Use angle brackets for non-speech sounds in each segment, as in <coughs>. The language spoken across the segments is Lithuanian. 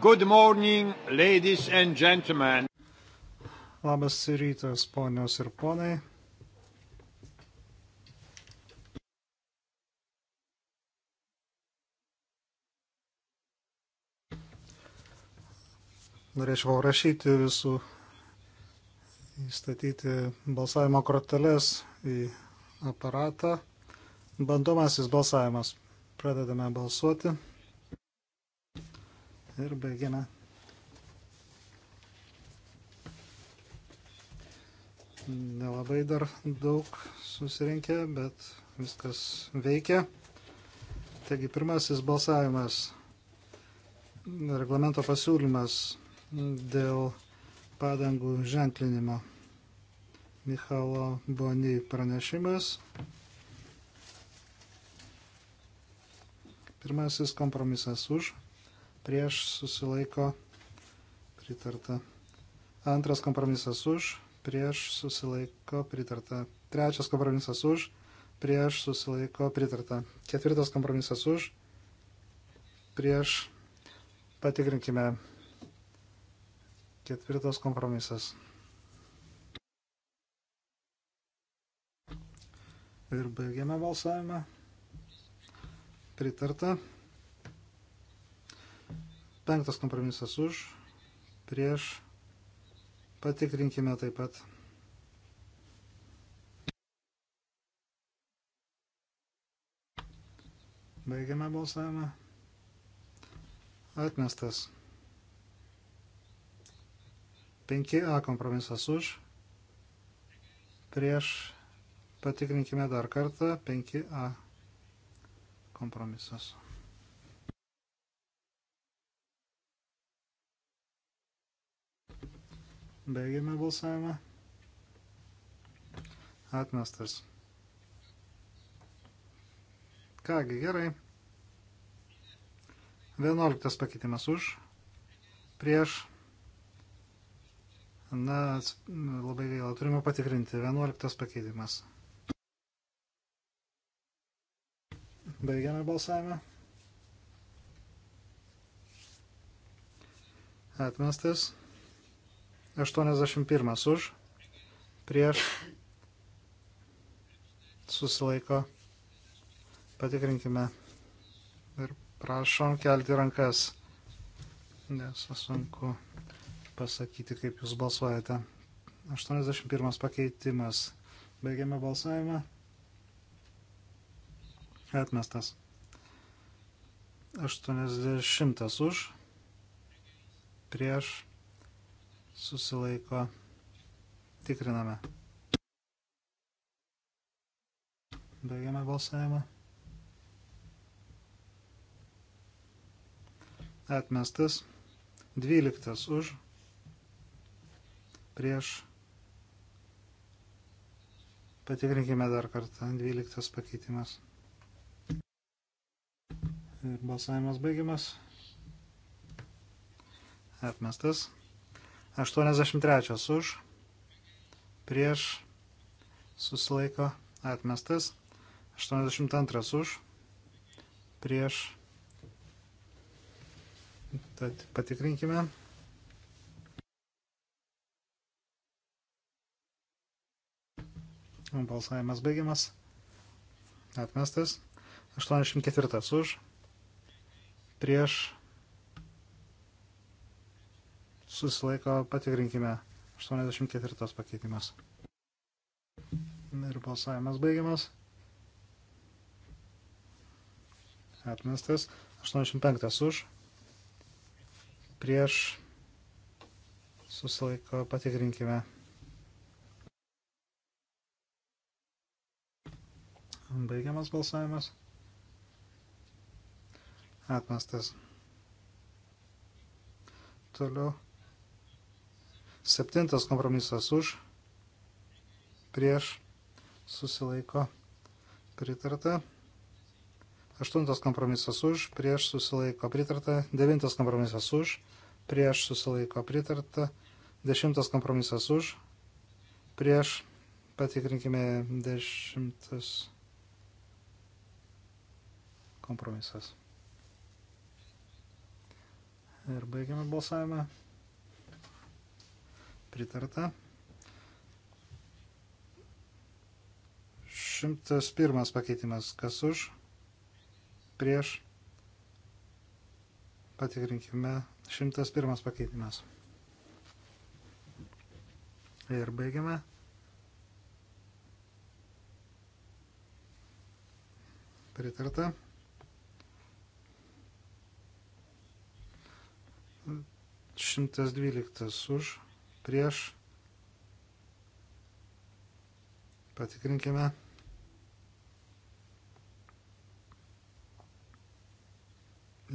Good morning, ladies and gentlemen. Labas rytas, ponios ir ponai. Norėčiau rašyti visų įstatyti balsavimo korteles į aparatą. Bandomasis balsavimas. Pradedame balsuoti ir baigiame. Nelabai dar daug susirinkę, bet viskas veikia. Taigi pirmasis balsavimas, reglamento pasiūlymas dėl padangų ženklinimo. Michalo Boni pranešimas. Pirmasis kompromisas už prieš susilaiko pritarta. Antras kompromisas už, prieš susilaiko pritarta. Trečias kompromisas už, prieš susilaiko pritarta. Ketvirtas kompromisas už, prieš patikrinkime. Ketvirtas kompromisas. Ir baigiame balsavimą. Pritarta. Penktas kompromisas už, prieš, patikrinkime taip pat. Baigiame balsavimą. Atmestas. 5A kompromisas už, prieš, patikrinkime dar kartą, 5A kompromisas. Baigiame balsavimą. Atmestas. Kągi, gerai. 11 pakeitimas už. Prieš. Na, labai gaila, turime patikrinti. 11 pakeitimas. Baigiame balsavimą. Atmestas. 81 už, prieš, susilaiko, patikrinkime ir prašom kelti rankas, nes sunku pasakyti, kaip jūs balsuojate. 81 pakeitimas. Baigiame balsavimą. Atmestas. 80 už, prieš, susilaiko, tikriname. Baigiame balsavimą. Atmestas 12 už prieš Patikrinkime dar kartą 12 pakeitimas. Ir balsavimas baigiamas. Atmestas. 83 už, prieš, susilaiko, atmestas. 82 už, prieš, tad patikrinkime. Balsavimas baigiamas. Atmestas. 84 už. Prieš susilaiko patikrinkime 84 pakeitimas. Ir balsavimas baigiamas. Atmestas. 85 už. Prieš susilaiko patikrinkime. Baigiamas balsavimas. Atmestas. Toliau. Septintas kompromisas už, prieš, susilaiko, pritarta. Aštuntas kompromisas už, prieš, susilaiko, pritarta. Devintas kompromisas už, prieš, susilaiko, pritarta. Dešimtas kompromisas už, prieš, patikrinkime dešimtas kompromisas. Ir baigiame balsavimą pritarta. 101 pakeitimas, kas už, prieš, patikrinkime, 101 pakeitimas. Ir baigiame. Pritarta. Šimtas dvyliktas už prieš. Patikrinkime.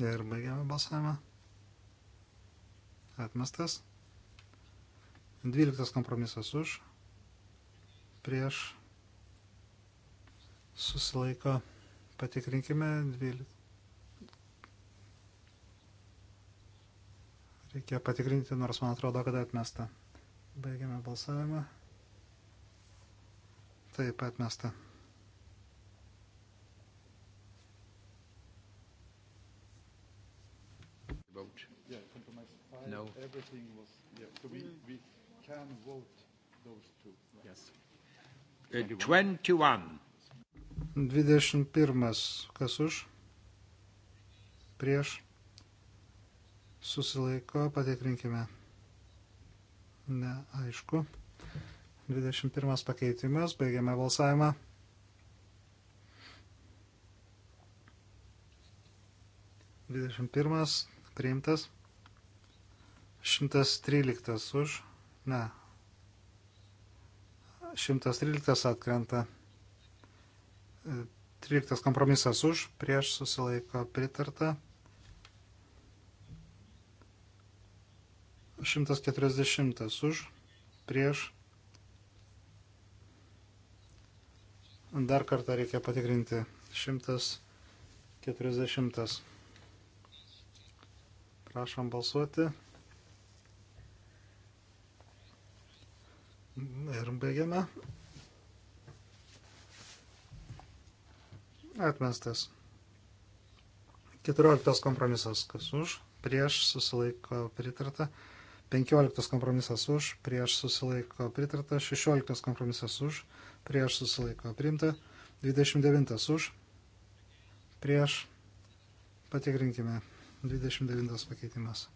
Ir baigiame balsavimą. Atmestas. 12 kompromisas už. Prieš. Susilaiko. Patikrinkime. 12. Reikia patikrinti, nors man atrodo, kad atmesta. Baigiame balsavimą. Taip atmesta. Vote. Yeah, compromise. Five, no. Everything was. Yeah. So we, we can vote those two. Right? Yes. 21. 21. Kas už? Prieš. Susilaiko, patikrinkime neaišku. 21 pakeitimas, baigiame balsavimą. Dvidešimt pirmas, priimtas. Šimtas tryliktas už, ne. Šimtas tryliktas atkrenta. Tryliktas kompromisas už, prieš susilaiko pritarta. 140 už, prieš. Dar kartą reikia patikrinti. 140. Prašom balsuoti. Ir baigiame. Atmestas. 14 kompromisas. Kas už, prieš, susilaiko pritarta. 15 kompromisas už, prieš susilaiko pritarta, 16 kompromisas už, prieš susilaiko priimta, 29 už, prieš patikrinkime, 29 pakeitimas.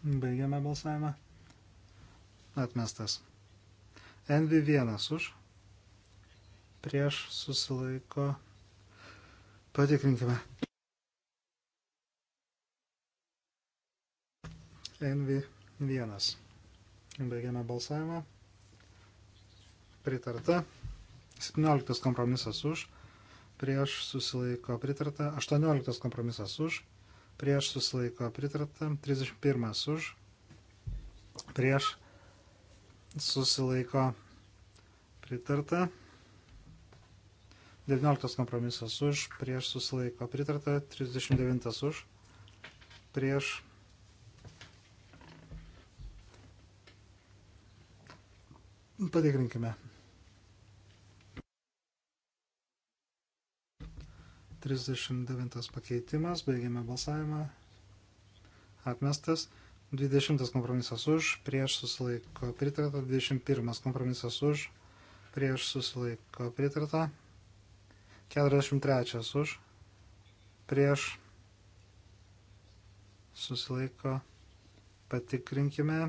Baigiame balsavimą. Atmestas. NV1 už, prieš susilaiko. Patikrinkime. NV1. Baigiame balsavimą. Pritarta. 17 kompromisas už. Prieš susilaiko pritarta. 18 kompromisas už. Prieš susilaiko pritarta. 31 už. Prieš susilaiko pritarta. 19 kompromisas už, prieš susilaiko pritarta, 39 už, prieš Patikrinkime. 39 pakeitimas, baigėme balsavimą. Atmestas. 20 kompromisas už, prieš susilaiko pritarta. 21 kompromisas už, prieš susilaiko pritarta. 43 už, prieš susilaiko patikrinkime.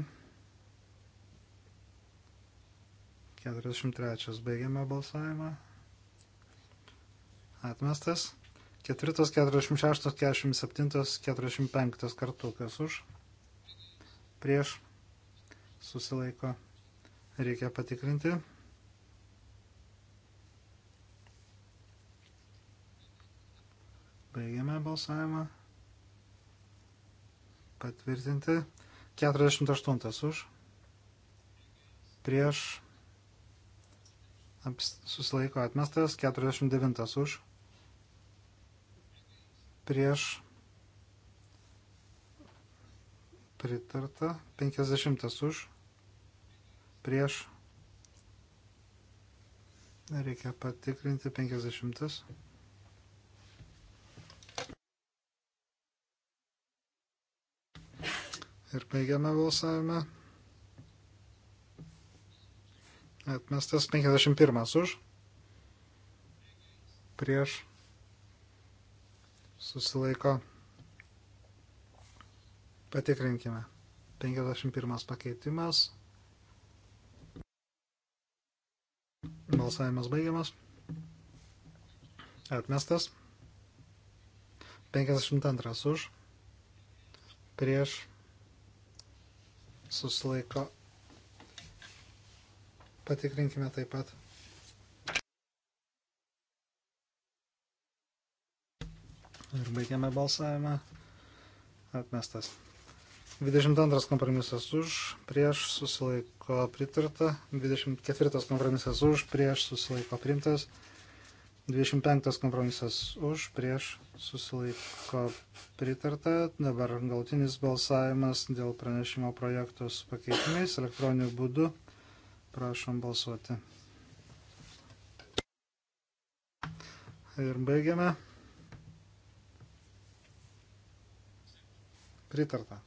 43 baigiame balsavimą. Atmestas. 4, 46, 47, 45 kartu, kas už. Prieš susilaiko. Reikia patikrinti. Baigiame balsavimą. Patvirtinti. 48 už. Prieš susilaiko atmestas, 49 už, prieš pritarta, 50 už, prieš reikia patikrinti 50. Ir baigiame balsavimą. Atmestas 51 už. Prieš. Susilaiko. Patikrinkime. 51 pakeitimas. Balsavimas baigiamas. Atmestas. 52 už. Prieš. Susilaiko Patikrinkime taip pat. Ir baigiame balsavimą. Atmestas. 22 kompromisas už, prieš susilaiko pritarta, 24 kompromisas už, prieš susilaiko priimtas, 25 kompromisas už, prieš susilaiko pritarta. Dabar galtinis balsavimas dėl pranešimo projektų su pakeitimais elektroniniu būdu. Prašom balsuoti. Ir baigiame. Pritarta.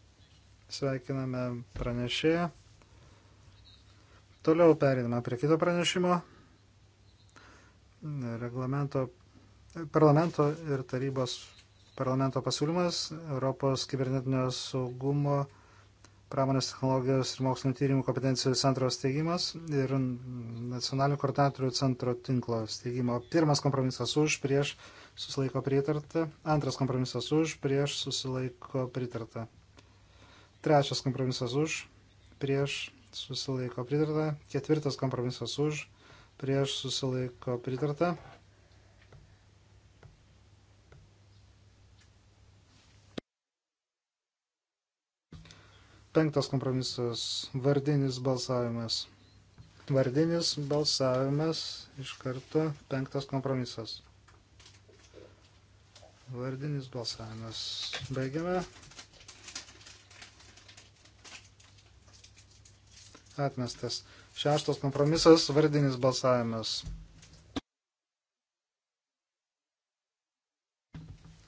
Sveikiname pranešėją. Toliau periname prie kito pranešimo. Reglamento, parlamento ir tarybos parlamento pasiūlymas Europos kibernetinio saugumo pramonės technologijos ir mokslinio tyrimų kompetencijų centro steigimas ir nacionalinio koordinatorių centro tinklo steigimo. Pirmas kompromisas už, prieš susilaiko pritarta. Antras kompromisas už, prieš susilaiko pritarta. Trečias kompromisas už, prieš susilaiko pritarta. Ketvirtas kompromisas už, prieš susilaiko pritarta. Penktas kompromisas - vardinis balsavimas. Vardinis balsavimas iš karto penktas kompromisas. Vardinis balsavimas. Baigiame. Atmestas. Šeštas kompromisas - vardinis balsavimas.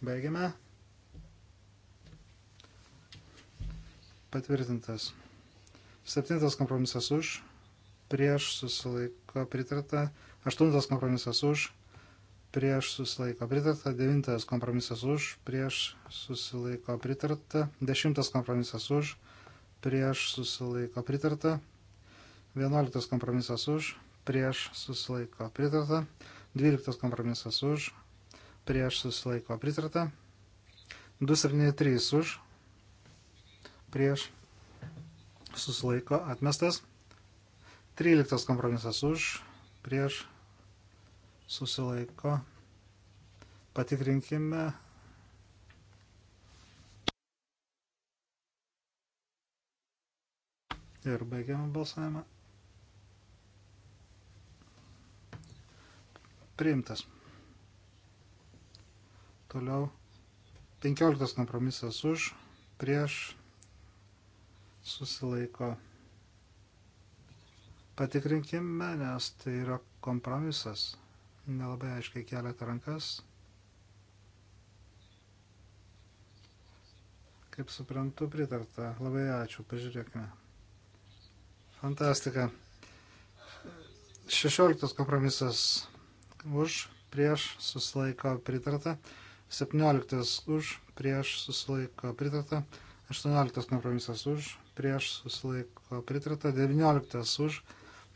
Baigiame. patvirtintas. Septintas kompromisas už, prieš susilaiko pritarta. Aštuntas kompromisas už, prieš susilaiko pritarta. Devintas kompromisas už, prieš susilaiko pritarta. Dešimtas kompromisas už, prieš susilaiko pritarta. Vienuoliktas kompromisas už, prieš susilaiko pritarta. Dvyliktas kompromisas už, prieš susilaiko pritarta. 273 už, prieš susilaiko atmestas. 13 kompromisas už prieš susilaiko. Patikrinkime. Ir baigiame balsavimą. Priimtas. Toliau 15 kompromisas už prieš susilaiko. Patikrinkime, nes tai yra kompromisas. Nelabai aiškiai keletą rankas. Kaip suprantu, pritarta. Labai ačiū, pažiūrėkime. Fantastika. 16 kompromisas už, prieš, susilaiko pritarta. 17 už, prieš, susilaiko pritarta. 18 kompromisas už, prieš susilaiko pritarta, 19 už,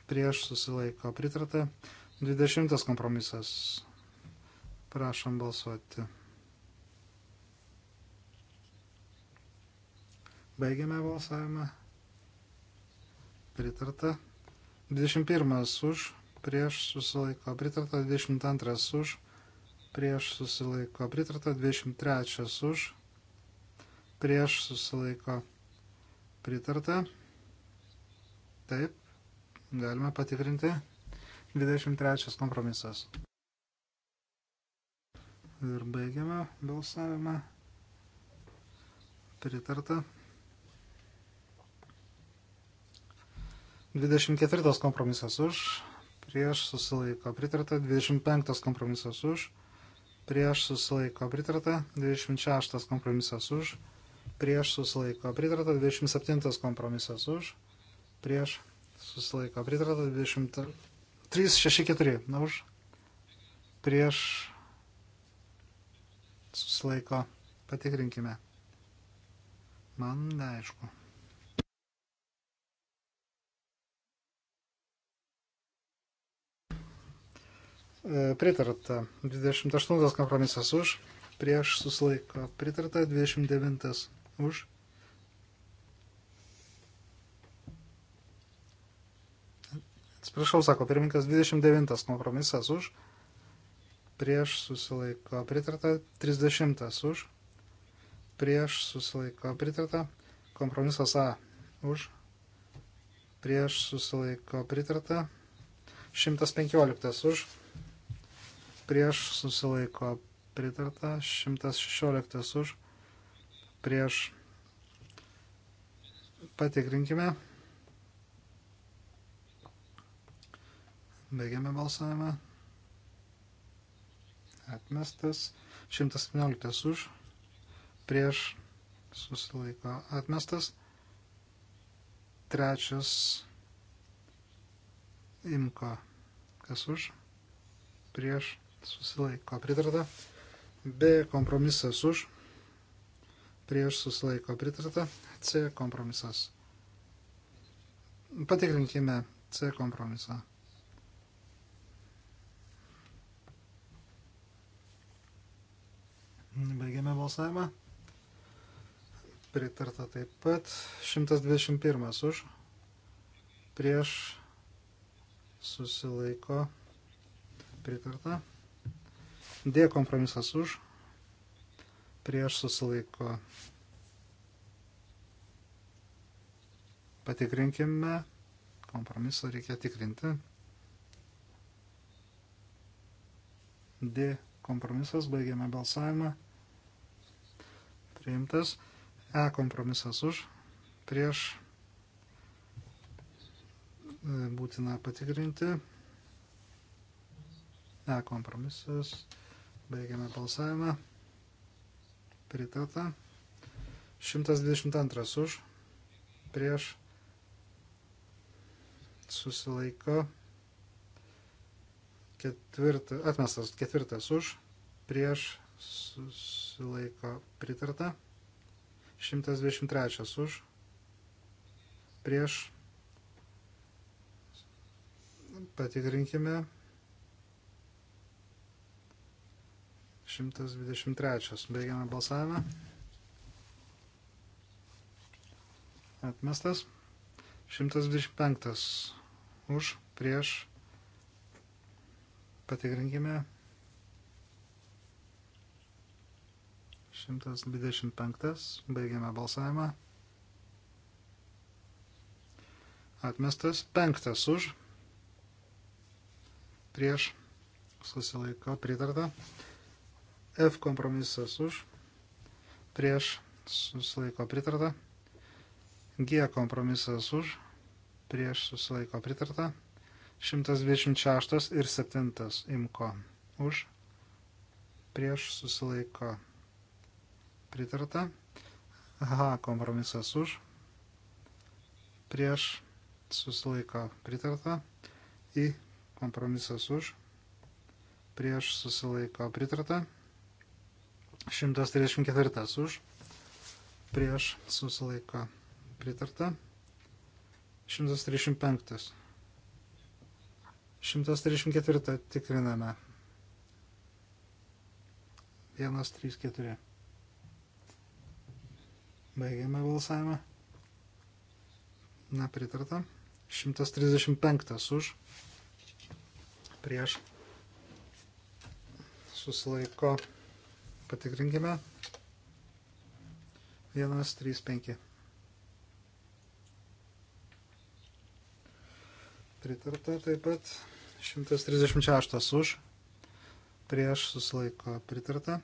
prieš susilaiko pritarta, 20 kompromisas. Prašom balsuoti. Baigiame balsavimą. Pritarta. 21 už, prieš susilaiko pritarta, 22 už, prieš susilaiko pritarta, 23 už, prieš susilaiko pritarta pritarta. Taip, galime patikrinti. 23 kompromisas. Ir baigiame balsavimą. Pritarta. 24 kompromisas už, prieš susilaiko pritarta, 25 kompromisas už, prieš susilaiko pritarta, 26 kompromisas už, prieš susilaiko pritarta, 27 kompromisas už, prieš susilaiko pritarta, 2364 už, prieš susilaiko patikrinkime. Man neaišku. E, pritarta 28 kompromisas už, prieš susilaiko pritarta 29 už. Atsiprašau, sako pirmininkas, 29 kompromisas už, prieš susilaiko pritarta, 30 už, prieš susilaiko pritarta, kompromisas A už, prieš susilaiko pritarta, 115 už, prieš susilaiko pritarta, 116 už, prieš. Patikrinkime. Baigiame balsavimą. Atmestas. 117 už. Prieš susilaiko atmestas. Trečias imko. Kas už? Prieš susilaiko pritarta. B kompromisas už prieš susilaiko pritarta, C kompromisas. Patikrinkime C kompromisą. Baigiame balsavimą. Pritarta taip pat. 121 už. Prieš susilaiko pritarta. D kompromisas už prieš susilaiko. Patikrinkime, kompromiso reikia tikrinti. D kompromisas, baigiame balsavimą. Priimtas. E kompromisas už, prieš būtina patikrinti. E kompromisas, baigiame balsavimą pritarta. 122 už, prieš, susilaiko, ketvirta, atmestas ketvirtas už, prieš, susilaiko, pritarta. 123 už, prieš, patikrinkime, 123. Baigiame balsavimą. Atmestas. 125. Už, prieš. Patikrinkime. 125. Baigiame balsavimą. Atmestas. Penktas už. Prieš. Susilaiko pritarta. F kompromisas už, prieš susilaiko pritarta. G kompromisas už, prieš susilaiko pritarta. 126 ir 7 imko už, prieš susilaiko pritarta. H kompromisas už, prieš susilaiko pritarta. I kompromisas už, prieš susilaiko pritarta. 134 už, prieš susilaiko pritarta. 135. 134 tikriname. 134. Baigiame balsavimą. Na, pritarta. 135 už. Prieš. Susilaiko. Patikrinkime. 1, 3, 5. Pritarta taip pat. 136 už. Prieš susilaiko pritarta.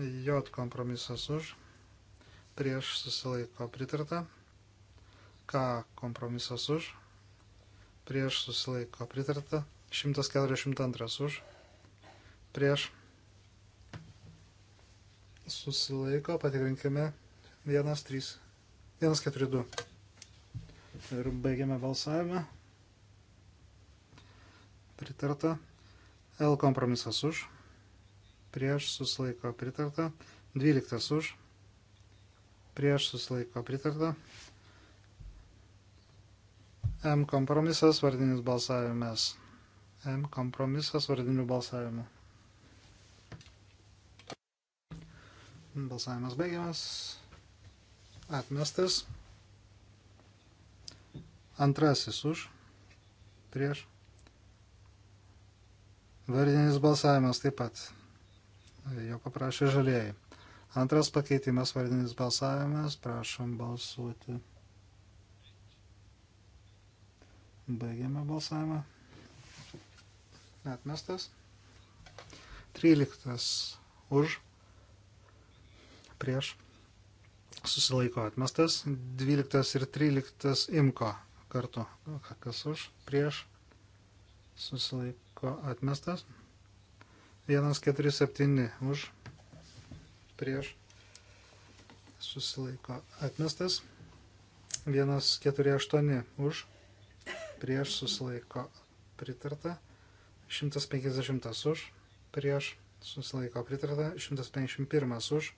J kompromisas už. Prieš susilaiko pritarta. K kompromisas už. Prieš susilaiko pritarta. 142 už. Prieš susilaiko, patikrinkime 1-3, 1-4-2. Ir baigiame balsavimą. Pritarta. L kompromisas už. Prieš susilaiko pritarta. 12 už. Prieš susilaiko pritarta. M kompromisas vardinis balsavimas. M kompromisas vardinių balsavimų. Balsavimas baigiamas. Atmestas. Antrasis už. Prieš. Vardinis balsavimas taip pat. Jo paprašė žalieji. Antras pakeitimas vardinis balsavimas. Prašom balsuoti. Baigiame balsavimą. Atmestas. Tryliktas už prieš susilaiko atmestas, 12 ir 13 imko kartu, kas už, prieš susilaiko atmestas, 147 už, prieš susilaiko atmestas, 148 už, prieš susilaiko pritarta, 150 už, prieš susilaiko pritarta, 151 už,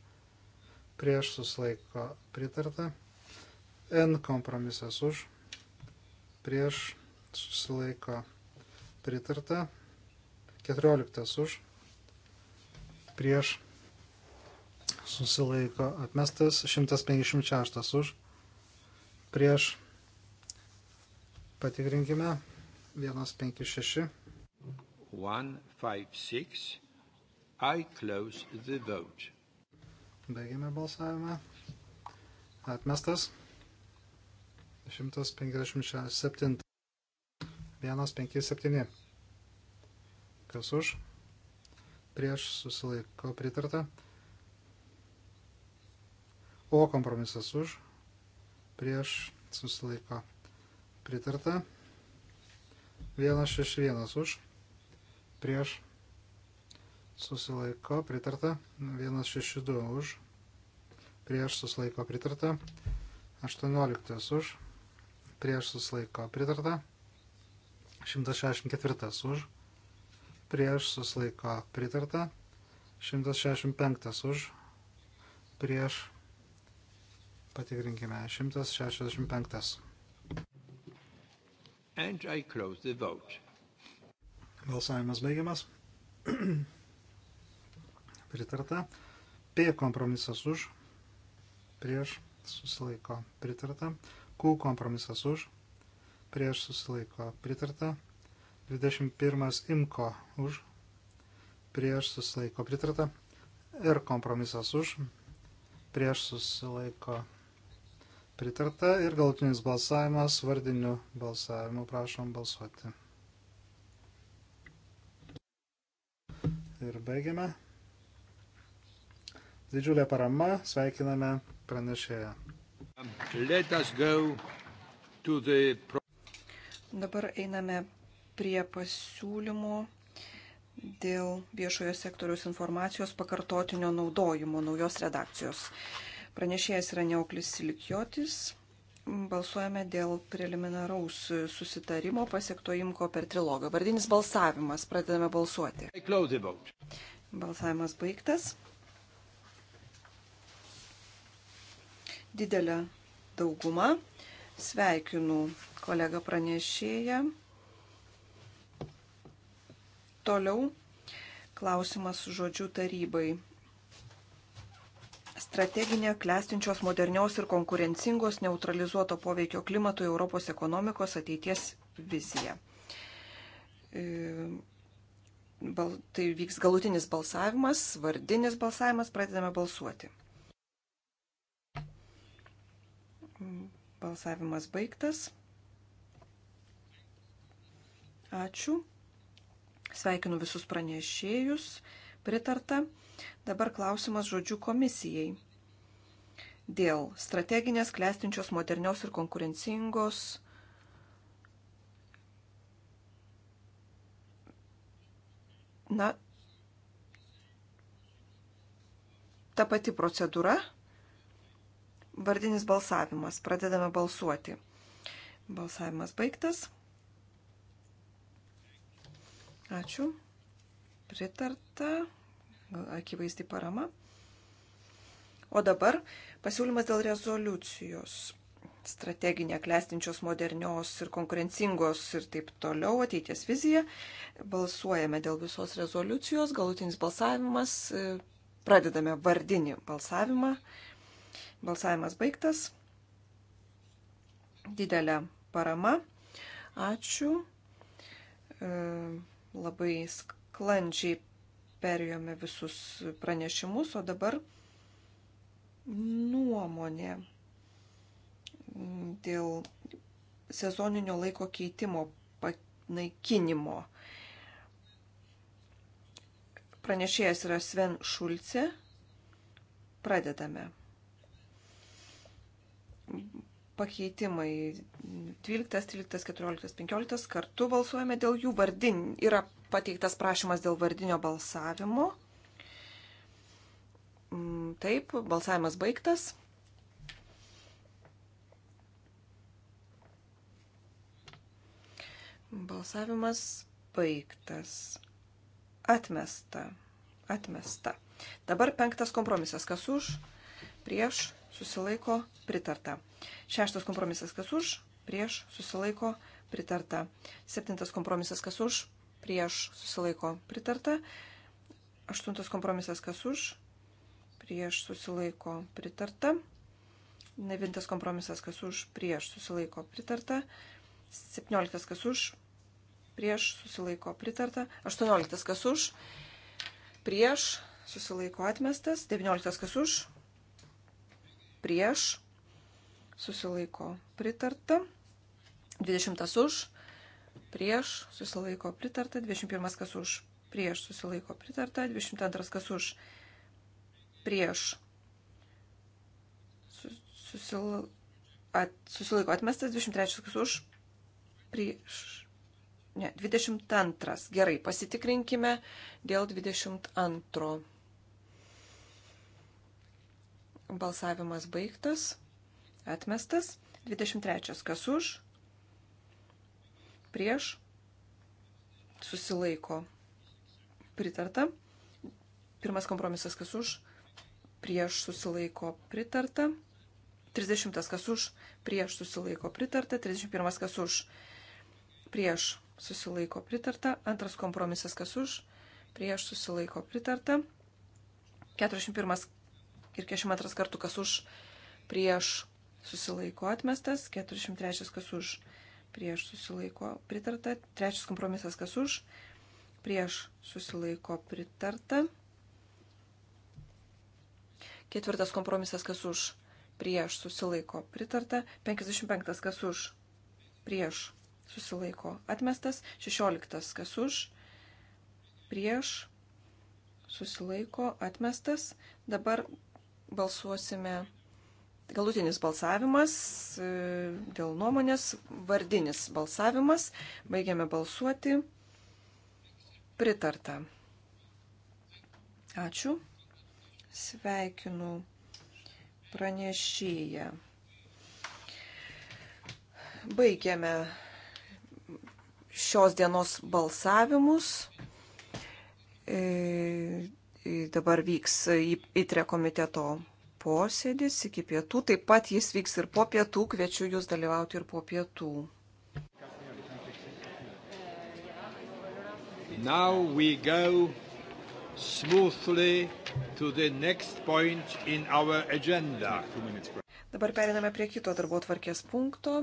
prieš susilaiko pritarta. N kompromisas už, prieš susilaiko pritarta. 14 už, prieš susilaiko atmestas. 156 už, prieš patikrinkime. 156. 156. I close the vote. Baigėme balsavimą. Atmestas. 157. 157. Kas už? Prieš susilaiko pritarta. O kompromisas už. Prieš susilaiko pritarta. 161 už. Prieš susilaiko pritarta, 162 už, prieš susilaiko pritarta, 18 už, prieš susilaiko pritarta, 164 už, prieš susilaiko pritarta, 165 už, prieš patikrinkime, 165. And I close the vote. Balsavimas baigiamas. <clears throat> pritarta. P kompromisas už, prieš susilaiko pritarta. Q kompromisas už, prieš susilaiko pritarta. 21 imko už, prieš susilaiko pritarta. R kompromisas už, prieš susilaiko pritarta. Ir galutinis balsavimas vardiniu balsavimu. Prašom balsuoti. Ir baigiame didžiulė parama, sveikiname pranešėją. The... Dabar einame prie pasiūlymų dėl viešojo sektoriaus informacijos pakartotinio naudojimo naujos redakcijos. Pranešėjas yra Neoklis Silikiotis. Balsuojame dėl preliminaraus susitarimo pasiekto imko per trilogą. Vardinis balsavimas. Pradedame balsuoti. Balsavimas baigtas. didelę daugumą. Sveikinu kolegą pranešėją. Toliau klausimas žodžių tarybai. Strateginė klestinčios modernios ir konkurencingos neutralizuoto poveikio klimatui Europos ekonomikos ateities vizija. E, bal, tai vyks galutinis balsavimas, vardinis balsavimas, pradedame balsuoti. Balsavimas baigtas. Ačiū. Sveikinu visus pranešėjus. Pritarta. Dabar klausimas žodžių komisijai. Dėl strateginės, klestinčios, modernios ir konkurencingos na, ta pati procedūra vardinis balsavimas. Pradedame balsuoti. Balsavimas baigtas. Ačiū. Pritarta. Akivaizdį parama. O dabar pasiūlymas dėl rezoliucijos. Strateginė klestinčios modernios ir konkurencingos ir taip toliau ateities vizija. Balsuojame dėl visos rezoliucijos. Galutinis balsavimas. Pradedame vardinį balsavimą. Balsavimas baigtas. Didelė parama. Ačiū. E, labai sklandžiai perėjome visus pranešimus, o dabar nuomonė dėl sezoninio laiko keitimo panaikinimo. Pranešėjas yra Sven Šulce. Pradedame pakeitimai 12, 13, 14, 15 kartu balsuojame dėl jų vardin. Yra pateiktas prašymas dėl vardinio balsavimo. Mm, taip, balsavimas baigtas. Balsavimas baigtas. Atmesta. Atmesta. Dabar penktas kompromisas. Kas už? Prieš susilaiko pritarta. Šeštas kompromisas kas už, prieš susilaiko pritarta. Septintas kompromisas kas už, prieš susilaiko pritarta. Aštuntas kompromisas kas už, prieš susilaiko pritarta. Devintas kompromisas kas už, prieš susilaiko pritarta. Septynioliktas kas už, prieš susilaiko pritarta. Aštuonioliktas kas už, prieš susilaiko atmestas. Devynioliktas kas už, prieš, susilaiko pritarta, 20 už, prieš, susilaiko pritarta, 21 kas už, prieš, susilaiko pritarta, 22 kas už, prieš, susil... At, susilaiko atmestas, 23 kas už, prieš, ne, 22, gerai, pasitikrinkime dėl 22. Balsavimas baigtas. Atmestas. 23. Kas už? Prieš. Susilaiko. Pritarta. Pirmas kompromisas. Kas už? Prieš. Susilaiko. Pritarta. 30. Kas už? Prieš. Susilaiko. Pritarta. 31. Kas už? Prieš. Susilaiko. Pritarta. Antras kompromisas. Kas už? Prieš. Susilaiko. Pritarta. 41 ir 42 kartų kas už prieš susilaiko atmestas, 403 kas už prieš susilaiko pritarta, trečias kompromisas kas už prieš susilaiko pritarta, ketvirtas kompromisas kas už prieš susilaiko pritarta, 55 kas už prieš susilaiko atmestas, 16 kas už prieš susilaiko atmestas, dabar balsuosime. Galutinis balsavimas e, dėl nuomonės, vardinis balsavimas. Baigiame balsuoti. Pritarta. Ačiū. Sveikinu pranešėją. Baigiame šios dienos balsavimus. E Dabar vyks įtre komiteto posėdis iki pietų. Taip pat jis vyks ir po pietų. Kviečiu jūs dalyvauti ir po pietų. Now we go smoothly to the next point in our agenda. Dabar periname prie kito darbo tvarkės punkto.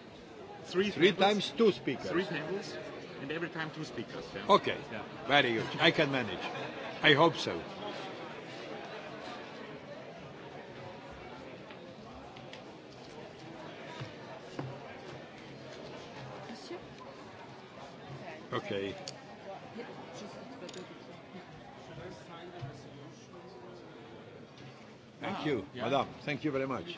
three, three tables, times two speakers. Three tables, and every time two speakers. Yeah. Okay, yeah. very good. I can manage. I hope so. Okay. Thank ah, you, yeah. madam. Thank you very much.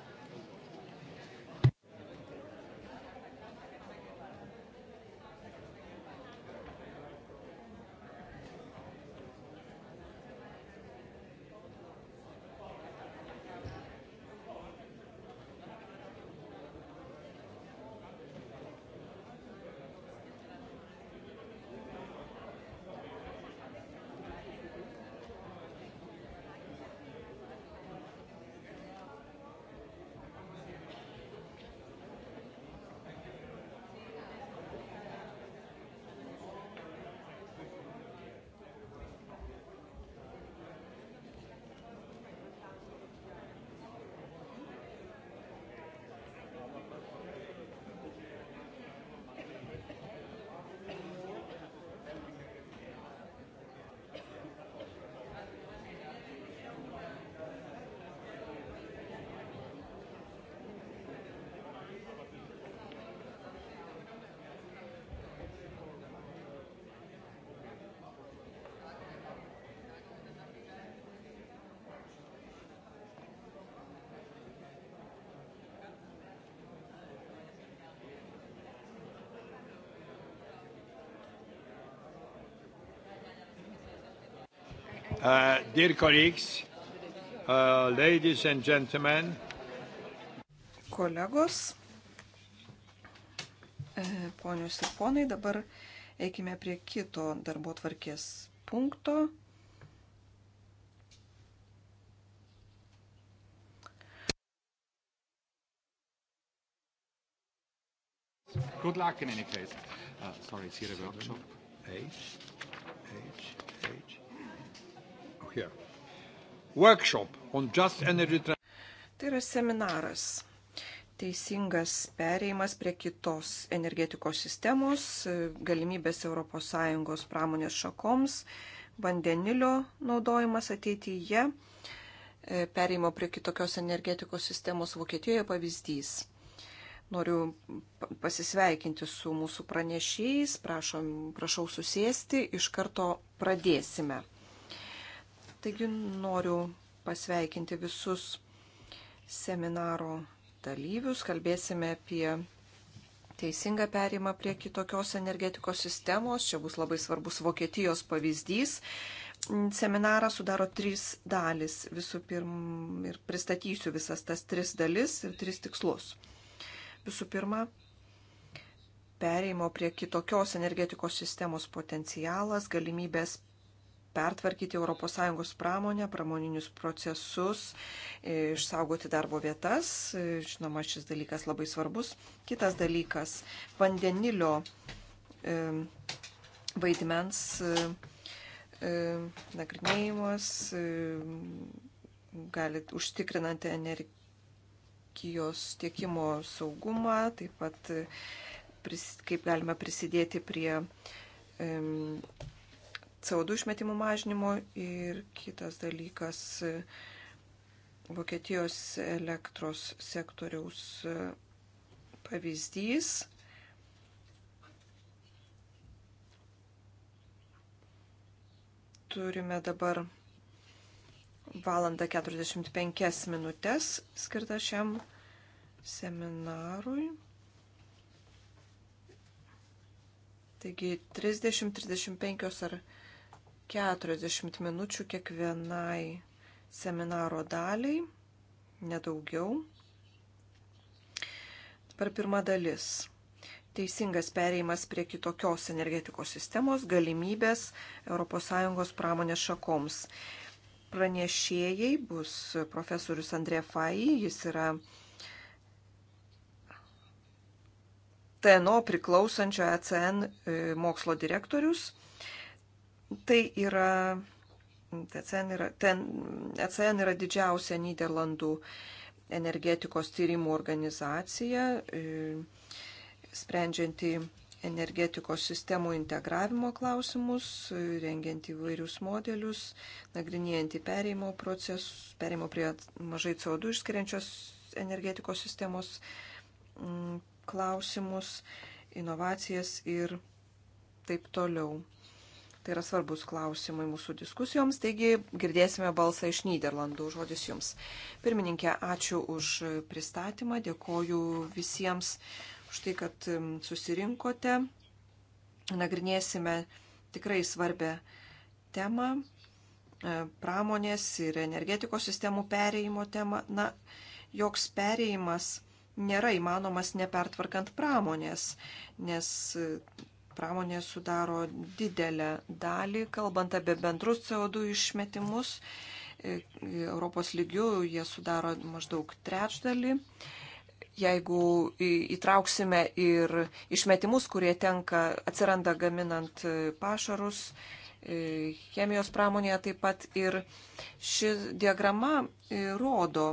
Uh, dear colleagues, uh, ladies and gentlemen. Kolegos, uh, ponios ir ponai, dabar eikime prie kito darbo tvarkės punkto. Good luck in any case. Uh, sorry, it's here a workshop. H, H, H here. Workshop on just energy Tai yra seminaras. Teisingas perėjimas prie kitos energetikos sistemos, galimybės ES pramonės šakoms, vandenilio naudojimas ateityje, e, perėjimo prie kitokios energetikos sistemos Vokietijoje pavyzdys. Noriu pasisveikinti su mūsų pranešėjais, prašom, prašau susėsti, iš karto pradėsime. Taigi noriu pasveikinti visus seminaro dalyvius. Kalbėsime apie teisingą perimą prie kitokios energetikos sistemos. Čia bus labai svarbus Vokietijos pavyzdys. Seminarą sudaro trys dalis. Visų pirma, ir pristatysiu visas tas tris dalis ir tris tikslus. Visų pirma, pereimo prie kitokios energetikos sistemos potencialas, galimybės pertvarkyti ES pramonę, pramoninius procesus, e, išsaugoti darbo vietas. E, žinoma, šis dalykas labai svarbus. Kitas dalykas - vandenilio e, vaidmens nagrinėjimas, galit užtikrinant energijos tiekimo saugumą, taip pat kaip galime prisidėti prie CO2 išmetimų mažinimo ir kitas dalykas e, Vokietijos elektros sektoriaus e, pavyzdys. Turime dabar valandą 45 minutės skirtą šiam seminarui. Taigi 30, 35 ar 40 minučių kiekvienai seminaro daliai, nedaugiau. Per pirmą dalis. Teisingas pereimas prie kitokios energetikos sistemos, galimybės ES pramonės šakoms. Pranešėjai bus profesorius Andrė Fai, jis yra TNO priklausančio ECN e, mokslo direktorius Tai yra, TCN yra, ten, ECN yra didžiausia Niderlandų energetikos tyrimų organizacija, e, sprendžianti energetikos sistemų integravimo klausimus, e, rengiant įvairius modelius, nagrinėjant į perėjimo procesus, perėjimo prie mažai CO2 išskiriančios energetikos sistemos klausimus, inovacijas ir taip toliau. Tai yra svarbus klausimai mūsų diskusijoms, taigi girdėsime balsą iš Niderlandų. Žodis jums. Pirmininkė, ačiū už pristatymą, dėkoju visiems už tai, kad susirinkote. Nagrinėsime tikrai svarbę temą e, pramonės ir energetikos sistemų pereimo temą. Na, joks pereimas nėra įmanomas nepertvarkant pramonės, nes pramonė sudaro didelę dalį, kalbant apie bendrus CO2 išmetimus. Europos lygių jie sudaro maždaug trečdalį. Jeigu įtrauksime ir išmetimus, kurie tenka, atsiranda gaminant e, pašarus, e, chemijos pramonėje taip pat ir ši diagrama e, rodo,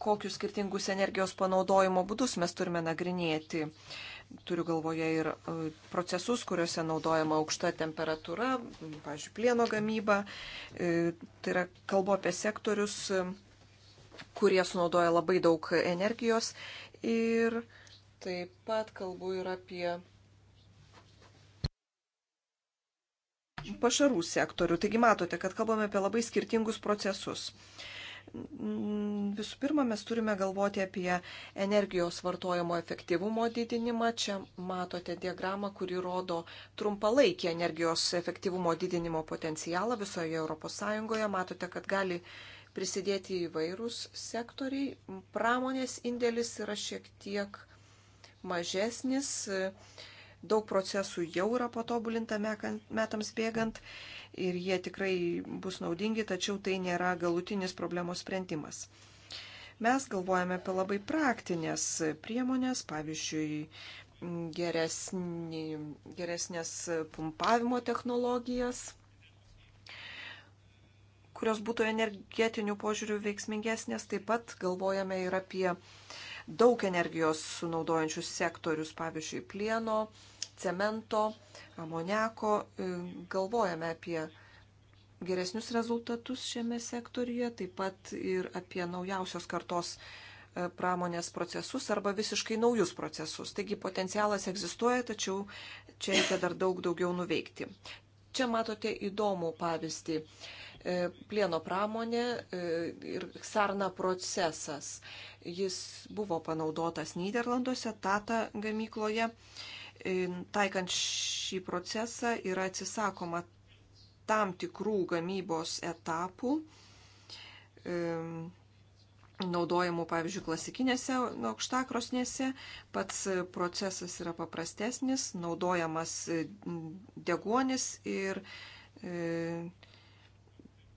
kokius skirtingus energijos panaudojimo būdus mes turime nagrinėti. Turiu galvoje ir e, procesus, kuriuose naudojama aukšta temperatūra, pavyzdžiui, plieno gamyba. E, tai yra kalbu apie sektorius, e, kurie sunaudoja labai daug energijos. Ir taip pat kalbu ir apie pašarų sektorių. Taigi matote, kad kalbame apie labai skirtingus procesus. Uh, Mm, visų pirma, mes turime galvoti apie energijos vartojimo efektyvumo didinimą. Čia matote diagramą, kuri rodo trumpalaikį energijos efektyvumo didinimo potencialą visoje ES. Matote, kad gali prisidėti įvairūs sektoriai. Pramonės indėlis yra šiek tiek mažesnis. Daug procesų jau yra patobulinta metams bėgant ir jie tikrai bus naudingi, tačiau tai nėra galutinis problemos sprendimas. Mes galvojame apie labai praktinės priemonės, pavyzdžiui, geresnį, geresnės pumpavimo technologijas kurios būtų energetinių požiūrių veiksmingesnės, taip pat galvojame ir apie daug energijos sunaudojančius sektorius, pavyzdžiui, plieno, uh, cemento, amoniako, e, galvojame apie geresnius rezultatus šiame sektoriuje, taip pat ir apie naujausios kartos e, pramonės procesus arba visiškai naujus procesus. Taigi potencialas egzistuoja, tačiau čia reikia dar daug daugiau nuveikti. Čia matote įdomų pavyzdį. E, plieno pramonė ir sarna procesas. Jis buvo panaudotas Niderlanduose, Tata gamykloje. E, taikant šį procesą yra atsisakoma tam tikrų gamybos etapų, e, naudojamų, pavyzdžiui, klasikinėse aukštakrosnėse. Pats procesas yra paprastesnis, naudojamas deguonis ir e,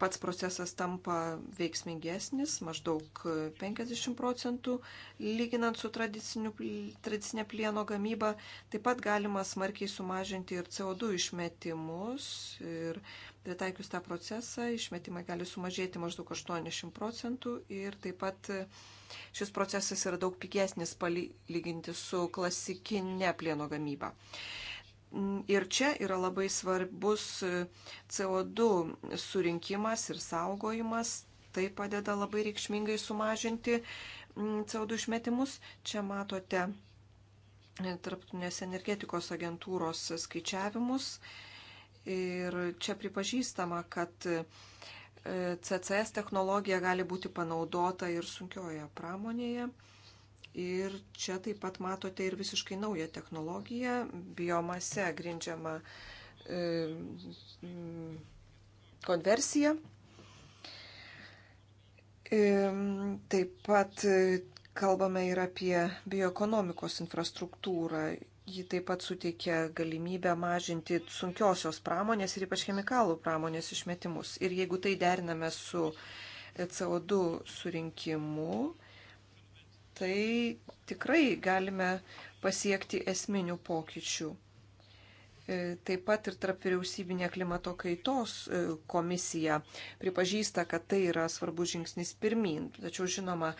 pats procesas tampa veiksmingesnis, maždaug 50 procentų, lyginant su tradicinė plieno gamyba. Taip pat galima smarkiai sumažinti ir CO2 išmetimus ir pritaikius tą procesą išmetimai gali sumažėti maždaug 80 procentų ir taip pat šis procesas yra daug pigesnis palyginti su klasikinė plieno gamyba. Mm, ir čia yra labai svarbus e, CO2 surinkimas ir saugojimas. Tai padeda labai reikšmingai sumažinti mm, CO2 išmetimus. Čia matote e, Tarptautinės energetikos agentūros skaičiavimus. Ir čia pripažįstama, kad e, CCS technologija gali būti panaudota ir sunkioje pramonėje. Ir čia taip pat matote ir visiškai naują technologiją, biomase grindžiama e, konversija. E, taip pat e, kalbame ir apie bioekonomikos infrastruktūrą. Ji taip pat suteikia galimybę mažinti sunkiosios pramonės ir ypač chemikalų pramonės išmetimus. Ir jeigu tai deriname su CO2 surinkimu, tai tikrai galime pasiekti esminių pokyčių. E, taip pat ir tarp vyriausybinė klimato kaitos e, komisija pripažįsta, kad tai yra svarbus žingsnis pirmin. Tačiau, žinoma,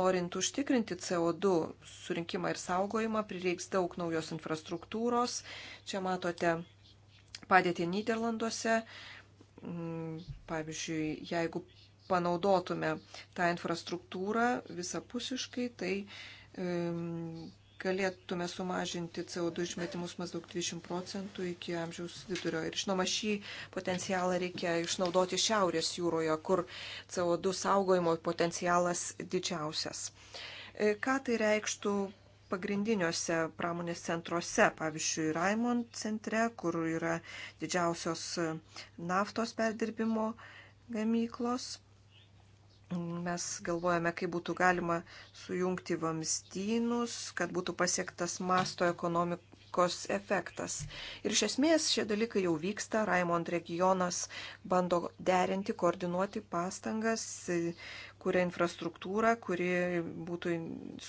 norint užtikrinti CO2 surinkimą ir saugojimą, prireiks daug naujos infrastruktūros. Čia matote padėtį Niderlanduose. Mm, pavyzdžiui, jeigu panaudotume tą infrastruktūrą visapusiškai, tai e, galėtume sumažinti CO2 išmetimus maždaug 20 procentų iki amžiaus vidurio. Ir žinoma, šį potencialą reikia išnaudoti Šiaurės jūroje, kur CO2 saugojimo potencialas didžiausias. E, ką tai reikštų pagrindiniuose pramonės centruose, pavyzdžiui, Raimond centre, kur yra didžiausios e, naftos perdirbimo gamyklos? Mes galvojame, kaip būtų galima sujungti vamstynus, kad būtų pasiektas masto ekonomikos efektas. Ir iš esmės šie dalykai jau vyksta. Raimond regionas bando derinti, koordinuoti pastangas, kuria infrastruktūra, kuri būtų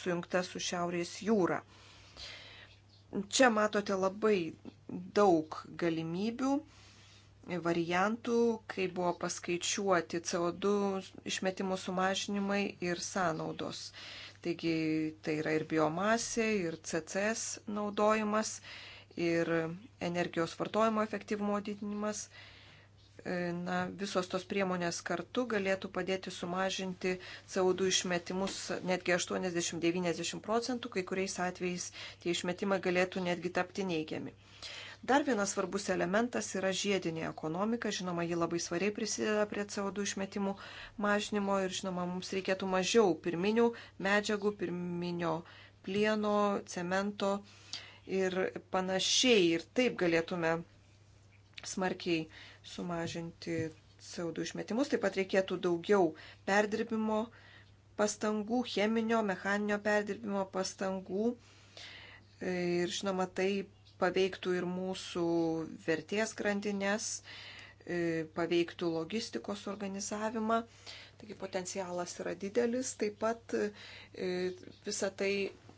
sujungta su Šiaurės jūra. Čia matote labai daug galimybių variantų, kai buvo paskaičiuoti CO2 išmetimų sumažinimai ir sąnaudos. Taigi tai yra ir biomasė, ir CCS naudojimas, ir energijos vartojimo efektyvumo didinimas. E, na, visos tos priemonės kartu galėtų padėti sumažinti CO2 išmetimus netgi 80-90 procentų, kai kuriais atvejais tie išmetimai galėtų netgi tapti neigiami. Dar vienas svarbus elementas yra žiedinė ekonomika. Žinoma, ji labai svariai prisideda prie CO2 išmetimų mažinimo ir, žinoma, mums reikėtų mažiau pirminių medžiagų, pirminio plieno, cemento ir panašiai. Ir taip galėtume smarkiai sumažinti CO2 išmetimus. Taip pat reikėtų daugiau perdirbimo pastangų, cheminio, mechaninio perdirbimo pastangų. Ir žinoma, tai paveiktų ir mūsų vertės grandinės, e, paveiktų logistikos organizavimą. Taigi potencialas yra didelis, taip pat e, visą tai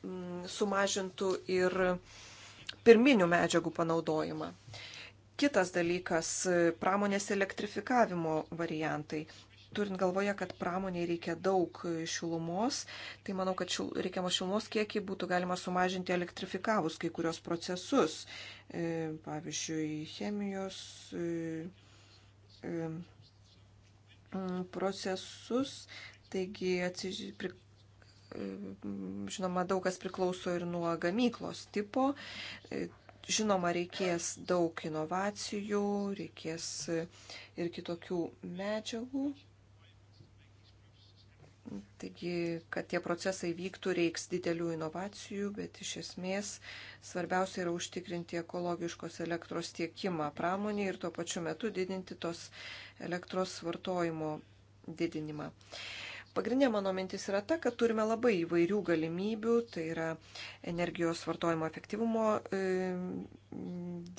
mm, sumažintų ir pirminių medžiagų panaudojimą. Kitas dalykas - pramonės elektrifikavimo variantai turint galvoje, kad pramoniai reikia daug šilumos, tai manau, kad šil, reikiamą šilumos kiekį būtų galima sumažinti elektrifikavus kai kurios procesus, e, pavyzdžiui, chemijos e, e, procesus. Taigi, atsiž... pri... žinoma, daug kas priklauso ir nuo gamyklos tipo. Žinoma, reikės daug inovacijų, reikės ir kitokių medžiagų. Taigi, kad tie procesai vyktų, reiks didelių inovacijų, bet iš esmės svarbiausia yra užtikrinti ekologiškos elektros tiekimą pramonį ir tuo pačiu metu didinti tos elektros vartojimo didinimą. Pagrindinė mano mintis yra ta, kad turime labai įvairių galimybių, tai yra energijos vartojimo efektyvumo e,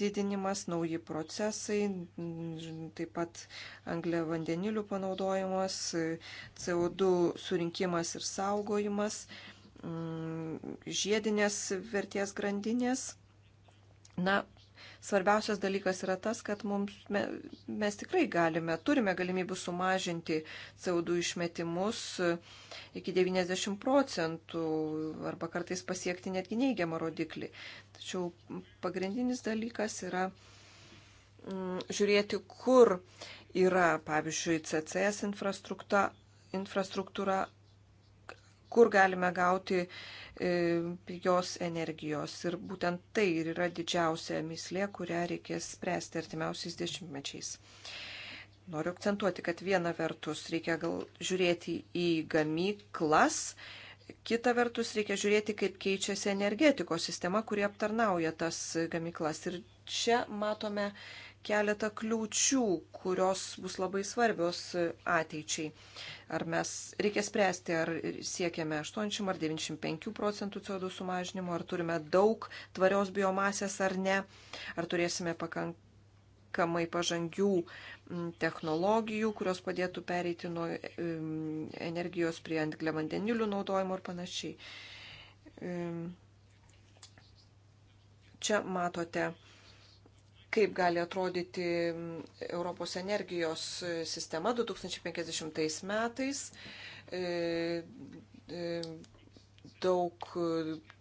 didinimas, nauji procesai, taip pat anglė vandenilių panaudojimas, CO2 surinkimas ir saugojimas, žiedinės vertės grandinės. Na, Svarbiausias dalykas yra tas, kad mums, me, mes tikrai galime, turime galimybių sumažinti CO2 išmetimus iki 90 procentų arba kartais pasiekti netgi neigiamą rodiklį. Tačiau pagrindinis dalykas yra m, mm, žiūrėti, kur yra, pavyzdžiui, CCS infrastruktūra, infrastruktūra kur galime gauti pigios e, energijos. Ir būtent tai ir yra didžiausia mislė, kurią reikės spręsti artimiausiais dešimtmečiais. Noriu akcentuoti, kad viena vertus reikia gal žiūrėti į gamyklas, Kita vertus, reikia žiūrėti, kaip keičiasi energetikos sistema, kurie aptarnauja tas gamyklas. Ir čia matome keletą kliūčių, kurios bus labai svarbios ateičiai. Ar mes reikia spręsti, ar siekiame 80 ar 95 procentų CO2 sumažinimo, ar turime daug tvarios biomasės ar ne, ar turėsime pakankamai pažangių technologijų, kurios padėtų pereiti nuo energijos prie angliavandenilių naudojimo ir panašiai. Čia matote kaip gali atrodyti Europos energijos e, sistema 2050 metais. E, e, daug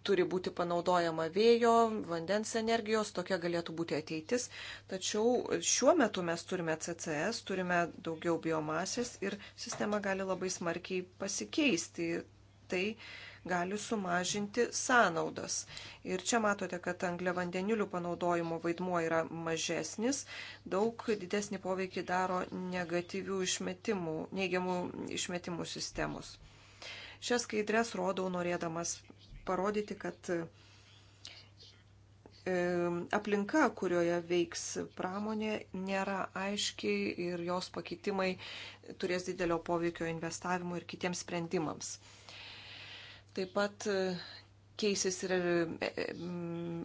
turi būti panaudojama vėjo, vandens energijos, tokia galėtų būti ateitis. Tačiau šiuo metu mes turime CCS, turime daugiau biomasės ir sistema gali labai smarkiai pasikeisti. Tai gali sumažinti sąnaudas. Ir čia matote, kad angliavandenilių panaudojimo vaidmuo yra mažesnis, daug didesnį poveikį daro negatyvių išmetimų, neigiamų išmetimų sistemos. Šias skaidrės rodau norėdamas parodyti, kad e, aplinka, kurioje veiks pramonė, nėra aiškiai ir jos pakitimai turės didelio poveikio investavimui ir kitiems sprendimams. Taip pat e, keisis ir e, e,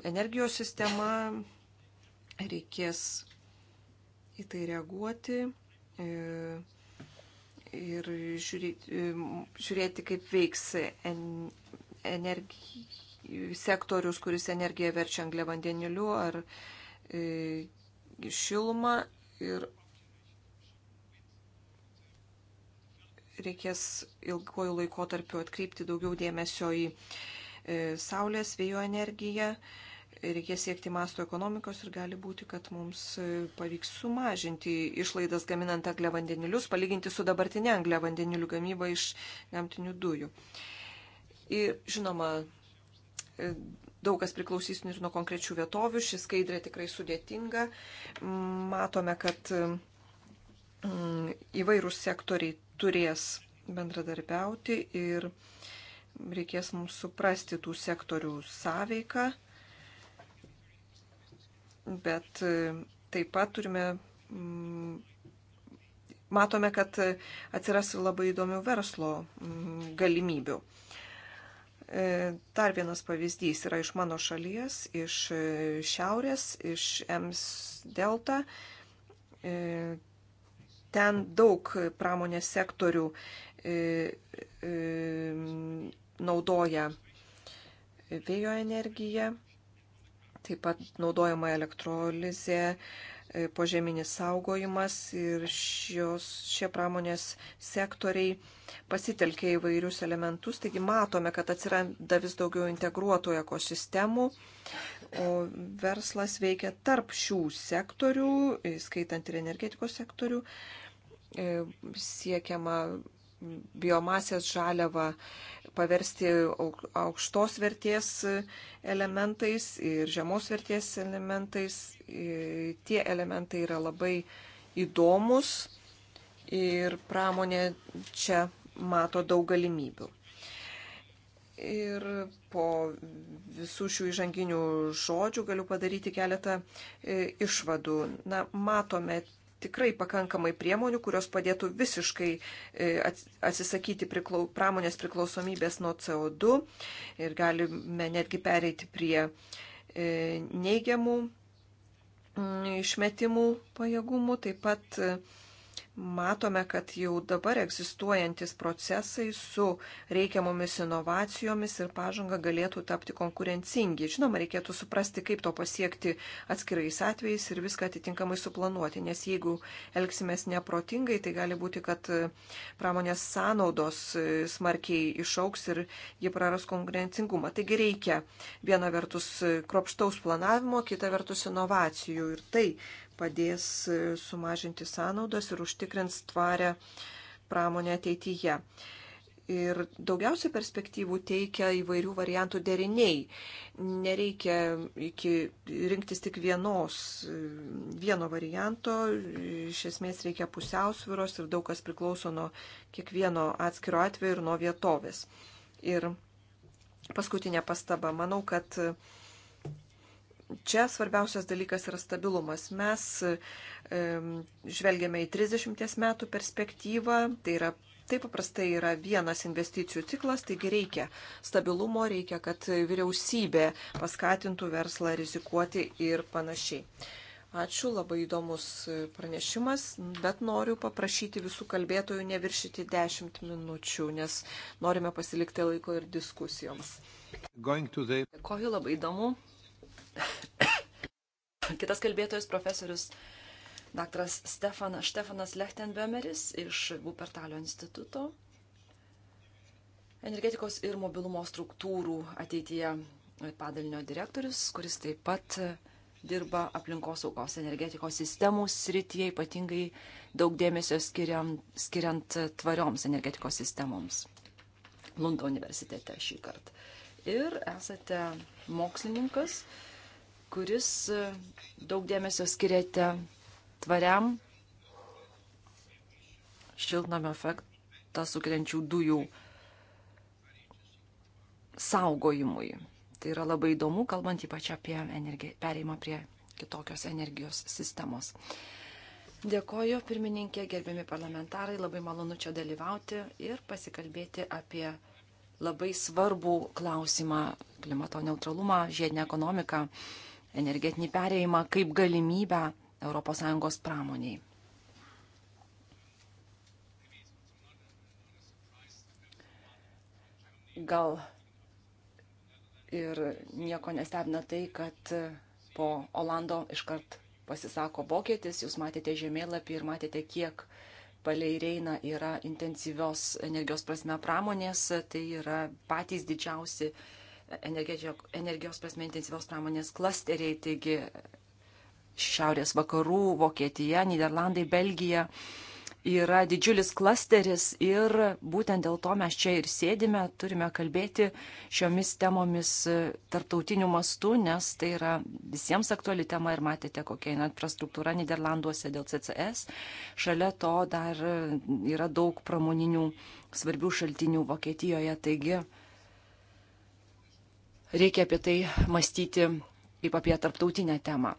energijos sistema, reikės į tai reaguoti ir žiūrėti, kaip veiks energi... sektorius, kuris energiją verčia angliavandeniliu ar šilumą ir reikės ilguoju laikotarpiu atkreipti daugiau dėmesio į e, saulės, vėjo energiją, reikės siekti masto ekonomikos ir gali būti, kad mums e, pavyks sumažinti išlaidas gaminant angliavandenilius, palyginti su dabartinė angliavandenilių gamyba iš gamtinių dujų. Ir žinoma, e, daug kas priklausys ir nuo konkrečių vietovių, ši skaidrė tikrai sudėtinga. Matome, kad Mm, įvairūs sektoriai turės bendradarbiauti ir reikės mums suprasti tų sektorių sąveiką, bet e, taip pat turime, mm, matome, kad atsiras labai įdomių verslo mm, galimybių. E, dar vienas pavyzdys yra iš mano šalies, iš e, šiaurės, iš Ems Delta ten daug pramonės sektorių e, e, naudoja vėjo energiją, taip pat naudojama elektrolizė, e, požeminis saugojimas ir šios, šie pramonės sektoriai pasitelkia įvairius elementus, taigi matome, kad atsiranda vis daugiau integruotų ekosistemų, o verslas veikia tarp šių sektorių, skaitant ir energetikos sektorių, e, siekiama biomasės žaliavą paversti aukštos vertės elementais ir žemos vertės elementais. E, tie elementai yra labai įdomus ir pramonė čia mato daug galimybių. Ir po visų šių įžanginių žodžių galiu padaryti keletą e, išvadų. Na, matome tikrai pakankamai priemonių, kurios padėtų visiškai e, atsisakyti priklau, pramonės priklausomybės nuo CO2 ir galime netgi pereiti prie e, neigiamų išmetimų pajėgumų. Taip pat matome, kad jau dabar egzistuojantis procesai su reikiamomis inovacijomis ir pažanga galėtų tapti konkurencingi. Žinoma, reikėtų suprasti, kaip to pasiekti atskirais atvejais ir viską atitinkamai suplanuoti, nes jeigu elgsimės neprotingai, tai gali būti, kad e, pramonės sąnaudos e, smarkiai išauks ir jie praras konkurencingumą. Taigi reikia viena vertus e, kropštaus planavimo, kita vertus inovacijų ir tai padės e, sumažinti sąnaudas ir užtikrins tvarę pramonę ateityje. Ir daugiausia perspektyvų teikia įvairių variantų deriniai. Nereikia iki, rinktis tik vienos, e, vieno varianto. Iš esmės reikia pusiausviros ir daug kas priklauso nuo kiekvieno atskiro atveju ir nuo vietovės. Ir paskutinė pastaba. Manau, kad čia svarbiausias dalykas yra stabilumas. Mes e, žvelgiame į 30 metų perspektyvą, tai yra Taip paprastai yra vienas investicijų ciklas, taigi reikia stabilumo, reikia, kad vyriausybė paskatintų verslą rizikuoti ir panašiai. Ačiū, labai įdomus pranešimas, bet noriu paprašyti visų kalbėtojų neviršyti 10 minučių, nes norime pasilikti laiko ir diskusijoms. The... Koju labai įdomu. <coughs> Kitas kalbėtojas profesorius dr. Stefan, Stefanas Lechtenbömeris iš Wuppertalio instituto. Energetikos ir mobilumo struktūrų ateityje padalinio direktorius, kuris taip pat dirba aplinkosaugos energetikos sistemų srityje, ypatingai daug dėmesio skiriant, skiriant tvarioms energetikos sistemoms Lundo universitete šį kartą. Ir esate mokslininkas, uh, kuris e, daug dėmesio skiriate tvariam šiltnamio efektą sukeliančių dujų saugojimui. Tai yra labai įdomu, kalbant ypač apie energiją, pereimą prie kitokios energijos sistemos. Dėkoju, pirmininkė, gerbiami parlamentarai, labai malonu čia dalyvauti ir pasikalbėti apie labai svarbų klausimą - klimato neutralumą, žiedinę ekonomiką energetinį perėjimą kaip galimybę ES pramoniai. Gal ir nieko nestebina tai, kad po Olando iškart pasisako vokietis, jūs matėte žemėlapį ir matėte, kiek palei Reina yra intensyvios energijos prasme pramonės, tai yra patys didžiausi uh, energijos prasme intensyvios pramonės klasteriai, taigi Šiaurės vakarų, Vokietija, Niderlandai, Belgija yra didžiulis klasteris ir būtent dėl to mes čia ir sėdime, turime kalbėti šiomis temomis e, tarptautiniu mastu, nes tai yra visiems aktuali tema ir matėte, kokia yra infrastruktūra Niderlanduose dėl CCS. Šalia to dar yra daug pramoninių svarbių šaltinių Vokietijoje, taigi reikia apie tai mąstyti kaip apie tarptautinę temą.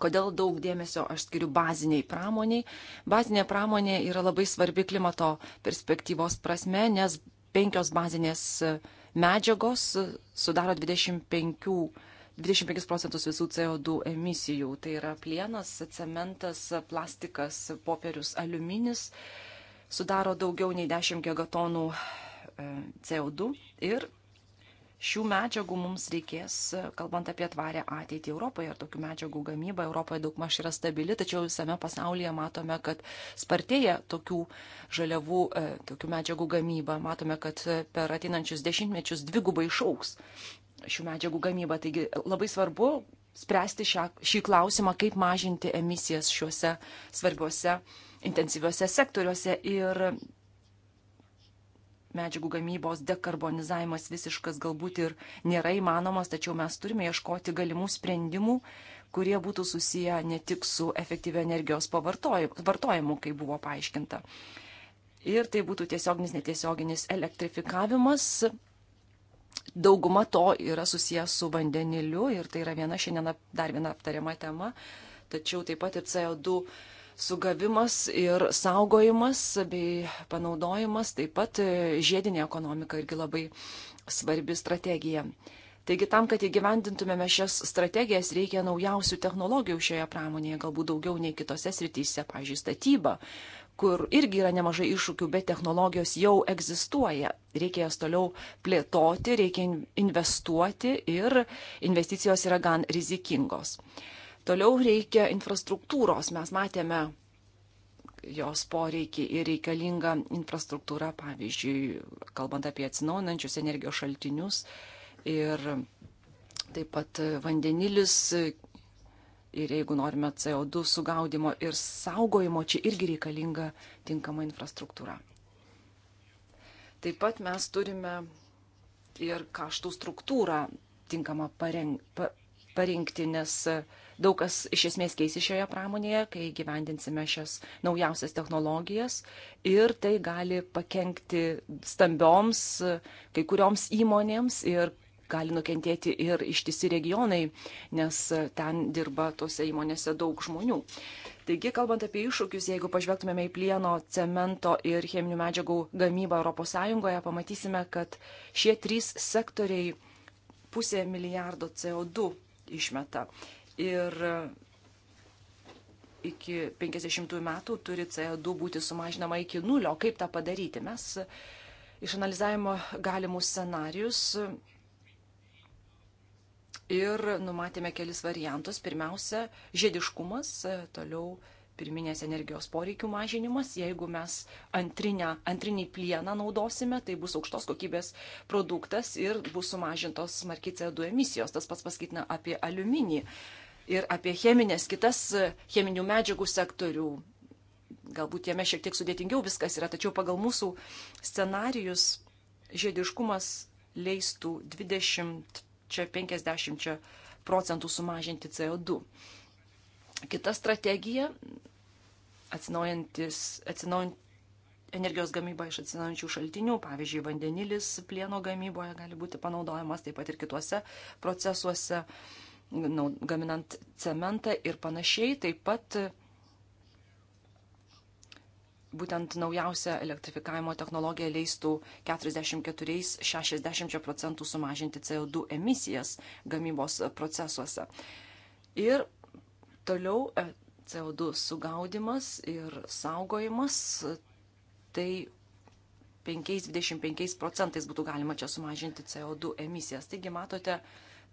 Kodėl daug dėmesio aš skiriu baziniai pramoniai? Bazinė pramonė yra labai svarbi klimato perspektyvos prasme, nes penkios bazinės medžiagos sudaro 25, 25 procentus visų CO2 emisijų. Tai yra plienas, cementas, plastikas, popierius, aliuminis sudaro daugiau nei 10 gigatonų CO2 ir šių medžiagų mums reikės, kalbant apie tvarę ateitį Europoje. Ir tokių medžiagų gamyba Europoje daugmaž yra stabili, tačiau visame pasaulyje matome, kad spartėja tokių žaliavų, e, tokių medžiagų gamyba. Matome, kad per ateinančius dešimtmečius dvigubai išauks šių medžiagų gamyba. Taigi labai svarbu spręsti šią, šį klausimą, kaip mažinti emisijas šiuose svarbiuose intensyviuose sektoriuose. Ir medžiagų gamybos dekarbonizavimas visiškas galbūt ir nėra įmanomas, tačiau mes turime ieškoti galimų sprendimų, kurie būtų susiję ne tik su efektyviu energijos vartojimu, kaip buvo paaiškinta. Ir tai būtų tiesioginis, netiesioginis elektrifikavimas. Dauguma to yra susijęs su vandeniliu ir tai yra viena šiandien dar viena aptariama tema, tačiau taip pat ir CO2 sugavimas ir saugojimas bei panaudojimas, taip pat e, žiedinė ekonomika irgi labai svarbi strategija. Taigi tam, kad įgyvendintumėme šias strategijas, reikia naujausių technologijų šioje pramonėje, galbūt daugiau nei kitose srityse, pavyzdžiui, statyba, kur irgi yra nemažai iššūkių, bet technologijos jau egzistuoja. Reikia jas toliau plėtoti, reikia investuoti ir investicijos yra gan rizikingos. Toliau reikia infrastruktūros. Mes matėme jos poreikį ir reikalingą infrastruktūrą, pavyzdžiui, kalbant apie atsinaunančius energijos šaltinius ir taip pat vandenilis. Ir jeigu norime CO2 sugaudimo ir saugojimo, čia irgi reikalinga tinkama infrastruktūra. Taip pat mes turime ir kaštų struktūrą tinkamą parengti, nes uh, daug kas iš esmės keisi šioje pramonėje, kai gyvendinsime šias naujausias technologijas ir tai gali pakengti stambioms, kai kurioms įmonėms ir gali nukentėti ir ištisi regionai, nes ten dirba tose įmonėse daug žmonių. Taigi, kalbant apie iššūkius, jeigu pažvelgtumėme į plieno, cemento ir cheminių medžiagų gamybą ES, pamatysime, kad šie trys sektoriai pusė milijardo CO2 išmeta ir iki 50 metų turi CO2 būti sumažinama iki nulio. Kaip tą padaryti? Mes išanalizavimo galimus scenarius ir numatėme kelis variantus. Pirmiausia, žiediškumas, toliau pirminės energijos poreikių mažinimas. Jeigu mes antrinę, antrinį plieną naudosime, tai bus aukštos kokybės produktas ir bus sumažintos smarkiai CO2 emisijos. Tas pats paskaitina apie aliuminį ir apie cheminės kitas e, cheminių medžiagų sektorių. Galbūt jame šiek tiek sudėtingiau viskas yra, tačiau pagal mūsų scenarius žiediškumas leistų 20-50 procentų sumažinti CO2. Kita strategija - atsinaujant energijos gamyba iš atsinaujančių šaltinių, pavyzdžiui, vandenilis plieno gamyboje gali būti panaudojamas taip pat ir kituose procesuose. Uh, gaminant cementą ir panašiai. Taip pat e, būtent naujausia elektrifikavimo technologija leistų 44-60 procentų sumažinti CO2 emisijas gamybos procesuose. Ir toliau e, CO2 sugaudimas ir saugojimas, tai 5-25 procentais būtų galima čia sumažinti CO2 emisijas. Taigi matote,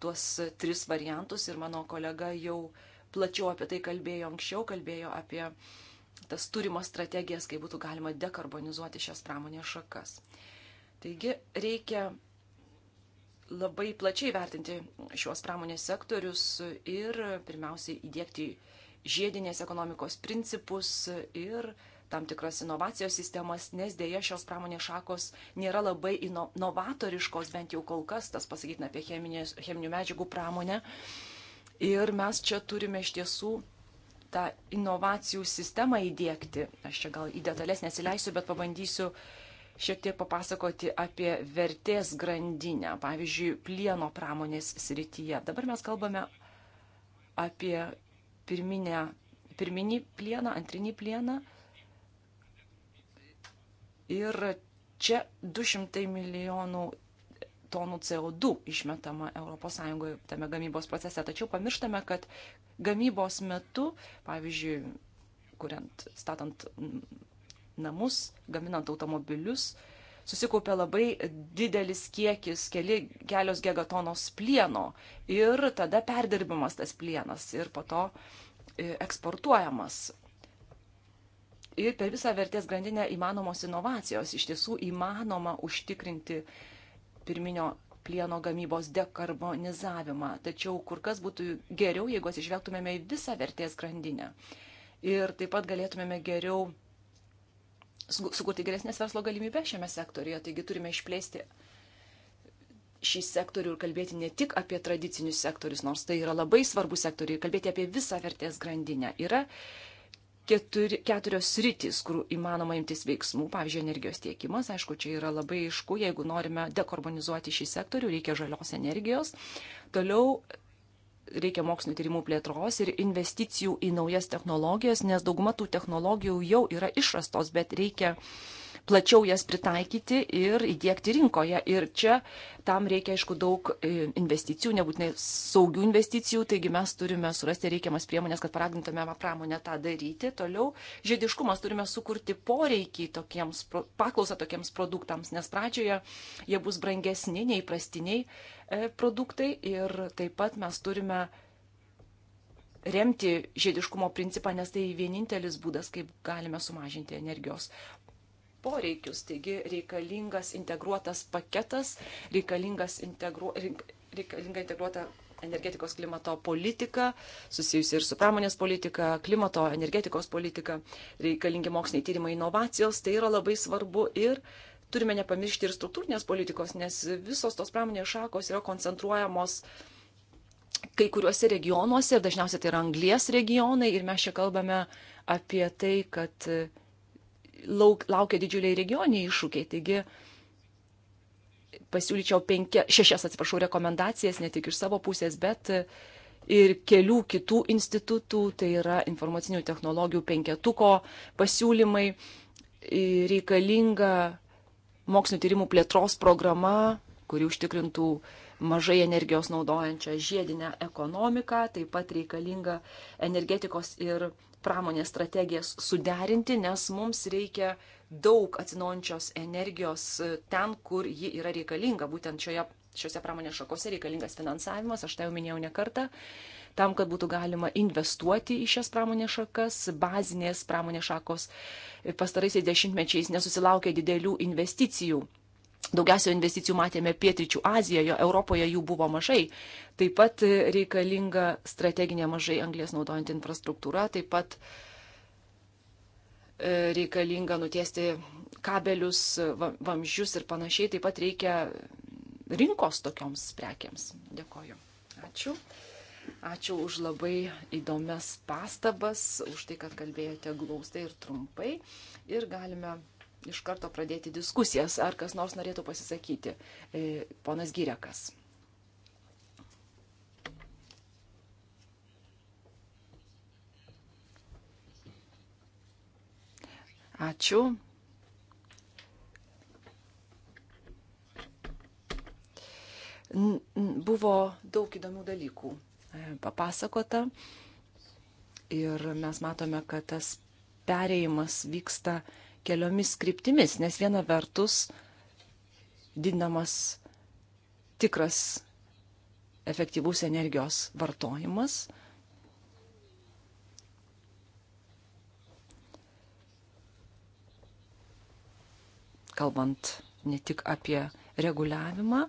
tuos tris variantus ir mano kolega jau plačiau apie tai kalbėjo anksčiau, kalbėjo apie tas turimas strategijas, kaip būtų galima dekarbonizuoti šias pramonės šakas. Taigi reikia labai plačiai vertinti šios pramonės sektorius ir pirmiausiai įdėkti žiedinės ekonomikos principus ir tam tikras inovacijos sistemas, nes dėja šios pramonės šakos nėra labai inovatoriškos, bent jau kol kas, tas pasakytina apie cheminės, cheminių medžiagų pramonę. Ir mes čia turime iš tiesų tą inovacijų sistemą įdėkti. Aš čia gal į detalės nesileisiu, bet pabandysiu šiek tiek papasakoti apie vertės grandinę, pavyzdžiui, plieno pramonės srityje. Dabar mes kalbame apie pirminę, pirminį plieną, antrinį plieną, Ir čia 200 milijonų tonų CO2 išmetama ES tame gamybos procese. Tačiau pamirštame, kad gamybos metu, pavyzdžiui, kuriant, statant namus, gaminant automobilius, susikaupė labai didelis kiekis, keli, kelios gigatonos plieno ir tada perdirbimas tas plienas ir po to e, eksportuojamas ir per visą vertės grandinę įmanomos inovacijos. Iš tiesų įmanoma užtikrinti pirminio plieno gamybos dekarbonizavimą. Tačiau kur kas būtų geriau, jeigu atsižvelgtumėme į visą vertės grandinę. Ir taip pat galėtumėme geriau sukurti geresnės verslo galimybę šiame sektorija. Taigi turime išplėsti šį sektorių ir kalbėti ne tik apie tradicinius sektorius, nors tai yra labai svarbu sektoriai, kalbėti apie visą vertės grandinę. Yra keturi, keturios sritys, kur įmanoma imtis veiksmų, pavyzdžiui, energijos tiekimas, aišku, čia yra labai aišku, jeigu norime dekarbonizuoti šį sektorių, reikia žalios energijos. Toliau reikia mokslinio tyrimų plėtros ir investicijų į naujas technologijas, nes dauguma tų technologijų jau yra išrastos, bet reikia uh, plačiau jas pritaikyti ir įdėkti rinkoje. Ir čia tam reikia, aišku, daug e, investicijų, nebūtinai saugių investicijų, taigi mes turime surasti reikiamas priemonės, kad paragintume pramonę tą daryti. Toliau žiediškumas turime sukurti poreikį tokiems, paklausą tokiems produktams, nes pradžioje jie bus brangesni nei prastiniai e, produktai ir taip pat mes turime remti žiediškumo principą, nes tai vienintelis būdas, kaip galime sumažinti energijos poreikius. Taigi reikalingas integruotas paketas, reikalingas integru, reikalinga integruota energetikos klimato politika, susijusi ir su pramonės politika, klimato energetikos politika, reikalingi moksliniai tyrimai, inovacijos, tai yra labai svarbu ir turime nepamiršti ir struktūrinės politikos, nes visos tos pramonės šakos yra koncentruojamos kai kuriuose regionuose, dažniausiai tai yra anglies regionai ir mes čia kalbame apie tai, kad lauk, laukia didžiuliai regioniai iššūkiai. Taigi pasiūlyčiau penkia, šešias, atsiprašau, rekomendacijas ne tik iš savo pusės, bet ir kelių kitų institutų, tai yra informacinių technologijų penketuko pasiūlymai, reikalinga mokslinio tyrimų plėtros programa, kuri užtikrintų mažai energijos naudojančią žiedinę ekonomiką, taip pat reikalinga energetikos ir pramonės strategijas suderinti, nes mums reikia daug atsinaujančios energijos ten, kur ji yra reikalinga. Būtent šioje, šiuose pramonės šakose reikalingas finansavimas, aš tai jau minėjau ne kartą, tam, kad būtų galima investuoti į šias pramonės šakas. Bazinės pramonės šakos pastaraisiais dešimtmečiais nesusilaukė didelių investicijų Daugiausia investicijų matėme Pietryčių Azijoje, Europoje jų buvo mažai. Taip pat reikalinga strateginė mažai anglės naudojant infrastruktūra, taip pat e, reikalinga nutiesti kabelius, vamzdžius ir panašiai, taip pat reikia rinkos tokioms prekiams. Dėkoju. Ačiū. Ačiū už labai įdomias pastabas, už tai, kad kalbėjote glaustai ir trumpai. Ir galime iš karto pradėti diskusijas, ar kas nors norėtų pasisakyti. E, ponas Gyrekas. Ačiū. Buvo daug įdomių dalykų e, papasakota ir mes matome, kad tas perėjimas vyksta keliomis kryptimis, nes viena vertus didinamas tikras efektyvus energijos vartojimas. Kalbant ne tik apie reguliavimą.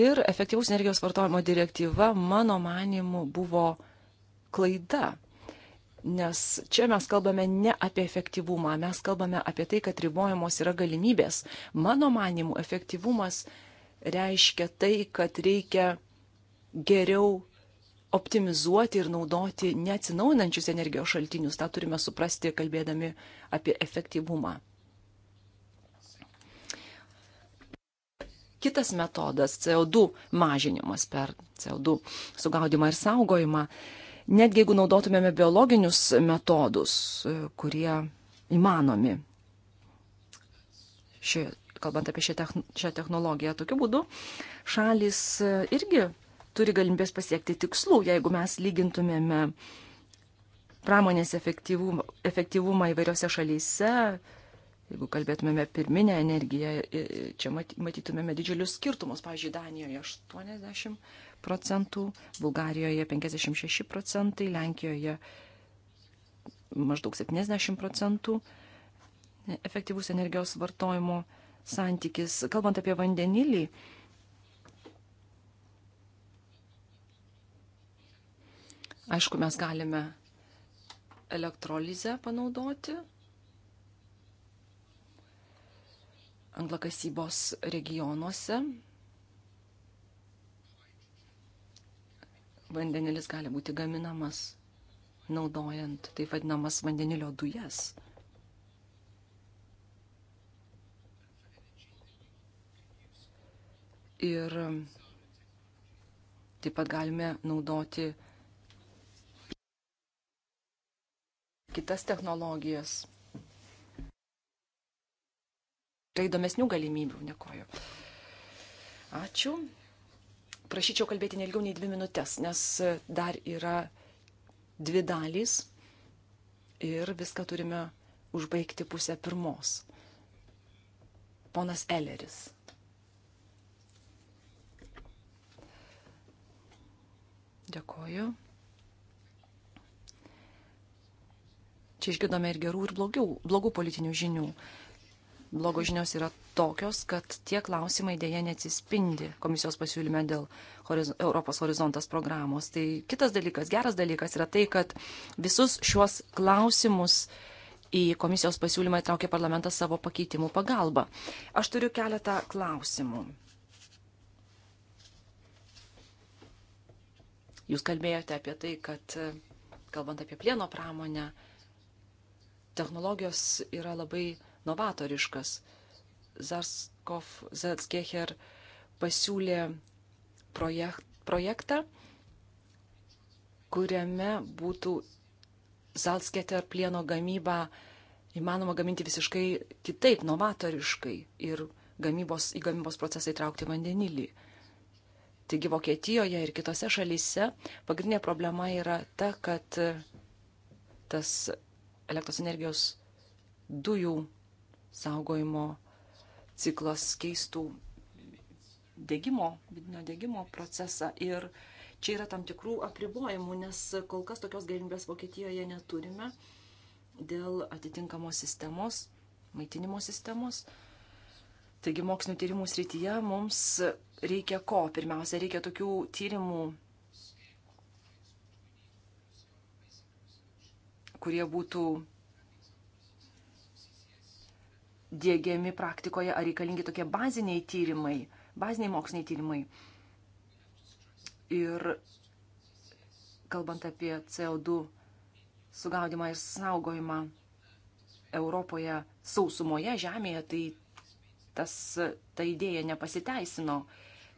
Ir efektyvaus energijos vartojimo direktyva, mano manimu, buvo klaida Nes čia mes kalbame ne apie efektyvumą, mes kalbame apie tai, kad ribojamos yra galimybės. Mano manimu, efektyvumas reiškia tai, kad reikia geriau optimizuoti ir naudoti neatsinaujinančius energijos šaltinius. Ta turime suprasti, kalbėdami apie efektyvumą. Kitas metodas - CO2 mažinimas per CO2 sugaudimą ir saugojimą netgi jeigu naudotumėme biologinius metodus, e, kurie įmanomi, ši, kalbant apie šią, techn, šią technologiją, tokiu būdu šalis e, irgi turi galimybės pasiekti tikslų, jeigu mes lygintumėme pramonės efektyvumą, efektyvumą įvairiose šalyse, jeigu kalbėtumėme pirminę energiją, čia matytumėme didžiulius skirtumus, pavyzdžiui, Danijoje 80 procentų, Bulgarijoje 56 procentai, Lenkijoje maždaug 70 procentų efektyvus energijos vartojimo santykis. Kalbant apie vandenilį, aišku, mes galime elektrolizę panaudoti. Anglakasybos regionuose vandenilis gali būti gaminamas naudojant taip vadinamas vandenilio dujas. Ir taip pat galime naudoti kitas technologijas. Tai įdomesnių galimybių, nekoju. Ačiū prašyčiau kalbėti nelgiau nei dvi minutės, nes e, dar yra dvi dalys ir viską turime užbaigti pusę pirmos. Ponas Elleris. Dėkoju. Čia išgirdome ir gerų, ir blogių, blogų politinių žinių. Uh, blogos žinios yra tokios, kad tie klausimai dėja neatsispindi komisijos pasiūlyme dėl horiz Europos horizontas programos. Tai kitas dalykas, geras dalykas yra tai, kad visus šiuos klausimus į komisijos pasiūlymą įtraukė parlamentas savo pakeitimų pagalba. Aš turiu keletą klausimų. Jūs kalbėjote apie tai, kad kalbant apie plieno pramonę, technologijos yra labai novatoriškas. Zarskov Zatskecher pasiūlė projekt, projektą, kuriame būtų Zalsketer plieno gamybą įmanoma gaminti visiškai kitaip, novatoriškai ir gamybos, į gamybos procesą įtraukti vandenilį. Taigi Vokietijoje ir kitose šalyse pagrindinė problema yra ta, kad tas elektros energijos dujų saugojimo ciklas keistų degimo, vidinio degimo procesą. Ir čia yra tam tikrų apribojimų, nes kol kas tokios galimybės Vokietijoje neturime dėl atitinkamos sistemos, maitinimo sistemos. Taigi mokslinio tyrimų srityje mums reikia ko? Pirmiausia, reikia tokių tyrimų, kurie būtų dėgiami praktikoje, ar reikalingi tokie baziniai tyrimai, baziniai moksliniai tyrimai. Ir kalbant apie CO2 sugaudimą ir saugojimą Europoje sausumoje, žemėje, tai tas, ta idėja nepasiteisino.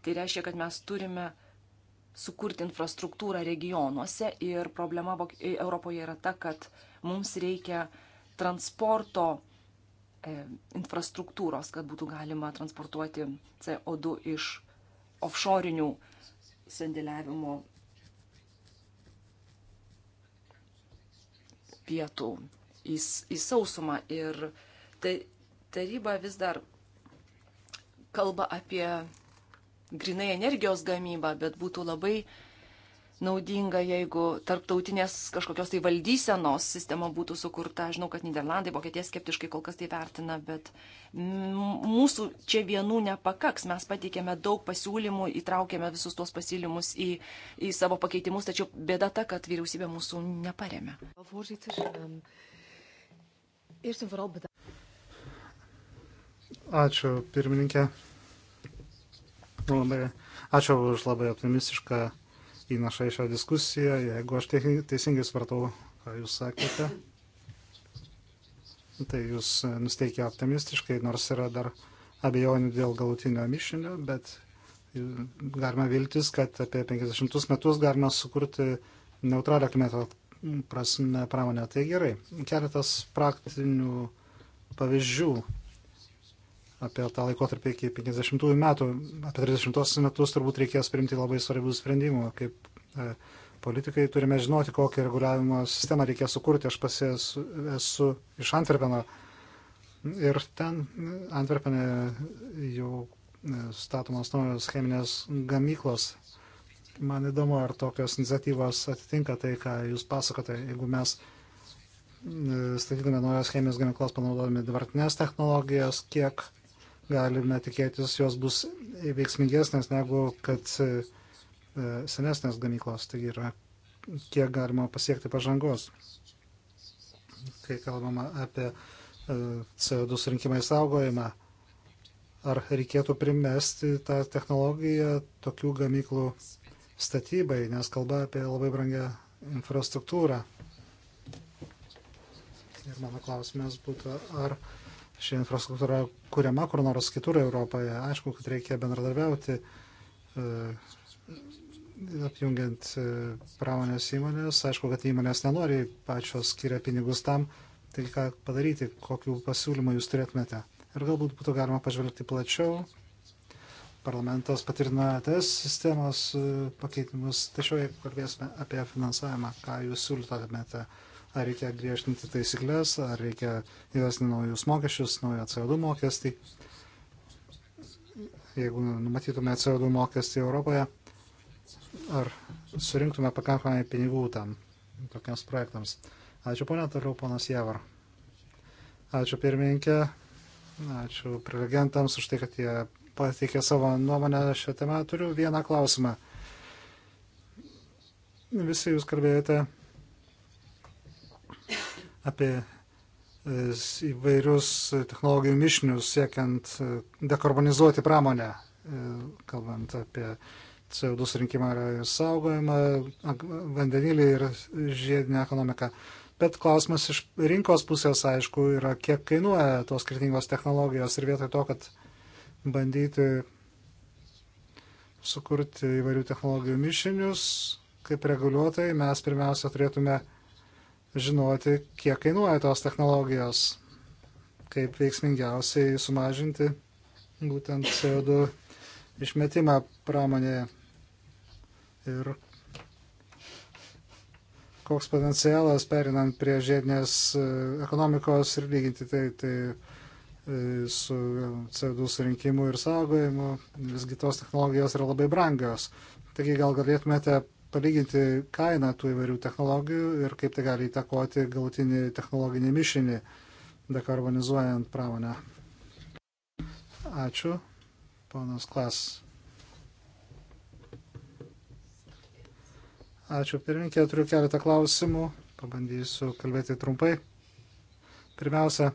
Tai reiškia, kad mes turime sukurti infrastruktūrą regionuose ir problema Europoje yra ta, kad mums reikia transporto E, infrastruktūros, kad būtų galima transportuoti CO2 iš offshorinių sandėliavimo vietų į, į sausumą. Ir tai, taryba vis dar kalba apie grinai energijos gamybą, bet būtų labai naudinga, jeigu tarptautinės kažkokios tai valdysenos sistema būtų sukurta. Žinau, kad Niderlandai, Vokietija skeptiškai kol kas tai vertina, bet mūsų čia vienų nepakaks. Mes pateikėme daug pasiūlymų, įtraukėme visus tuos pasiūlymus į, į savo pakeitimus, tačiau bėda ta, kad vyriausybė mūsų neparemė. Ehm, ačiū, pirmininkė. Labai, ačiū už labai optimistišką įnašą į šią diskusiją. Jeigu aš teisingai svartau, ką jūs sakėte, tai jūs nusteikia optimistiškai, nors yra dar abejonių dėl galutinio mišinio, bet galima viltis, kad apie 50 metus galima sukurti neutralią klimato prasme pramonę. Tai gerai. Keletas praktinių pavyzdžių apie tą laikotarpį iki 50 metų. Apie 30 metus turbūt reikės priimti labai svarbių sprendimų. Kaip e, politikai turime žinoti, kokią reguliavimo sistemą reikės sukurti. Aš pasi esu, esu iš Antverpeno ir ten e, Antverpene jau e, statomos naujos cheminės gamyklos. Man įdomu, ar tokios iniciatyvos atitinka tai, ką jūs pasakote. Jeigu mes statydami naujas chemijos gamyklas panaudodami dabartinės technologijas, kiek galime tikėtis, jos bus veiksmingesnės negu kad e, senesnės gamyklos. Taigi yra kiek galima pasiekti pažangos, kai kalbama apie e, CO2 surinkimą į saugojimą. Ar reikėtų primesti tą technologiją tokių gamyklų statybai, nes kalba apie labai brangę infrastruktūrą. Ir mano klausimas būtų, ar uh, ši infrastruktūra kuriama kur nors kitur Europoje. Aišku, kad reikia bendradarbiauti, e, apjungiant e, pramonės įmonės. Aišku, kad įmonės nenori pačios skiria pinigus tam. Tai ką padaryti, kokiu pasiūlymu jūs turėtumėte. Ir galbūt būtų galima pažvelgti plačiau. Parlamentas patvirtina ATS sistemos e, pakeitimus, tačiau jeigu kalbėsime apie finansavimą, ką jūs siūlytumėte. Uh, ar reikia griežtinti taisyklės, ar reikia įvesti naujus mokesčius, naują CO2 mokestį. Jeigu numatytume CO2 mokestį Europoje, ar surinktume pakankamai pinigų tam, tokiems projektams. Ačiū ponia, toliau ponas Jevar. Ačiū pirmininkė, ačiū prelegentams už tai, kad jie pateikė savo nuomonę šią temą. Turiu vieną klausimą. Visi jūs kalbėjote apie e, įvairius e, technologijų mišinius siekiant e, dekarbonizuoti pramonę, kalbant apie CO2 surinkimą ir saugojimą, vandenilį ir žiedinę ekonomiką. Bet klausimas iš rinkos pusės, aišku, yra, kiek kainuoja tos skirtingos technologijos ir vietoj to, kad bandyti sukurti įvairių technologijų mišinius, kaip reguliuotojai, mes pirmiausia turėtume žinoti, kiek kainuoja tos technologijos, kaip veiksmingiausiai sumažinti būtent CO2 išmetimą pramonėje ir koks potencialas perinant prie žiedinės e, ekonomikos ir lyginti tai, tai e, su CO2 surinkimu ir saugojimu, visgi tos technologijos yra labai brangios. Taigi gal galėtumėte palyginti kainą tų įvairių technologijų ir kaip tai gali įtakoti galutinį technologinį mišinį, dekarbonizuojant pramonę. Ačiū, ponas Klas. Ačiū, pirminkė, turiu keletą klausimų, pabandysiu kalbėti trumpai. Pirmiausia,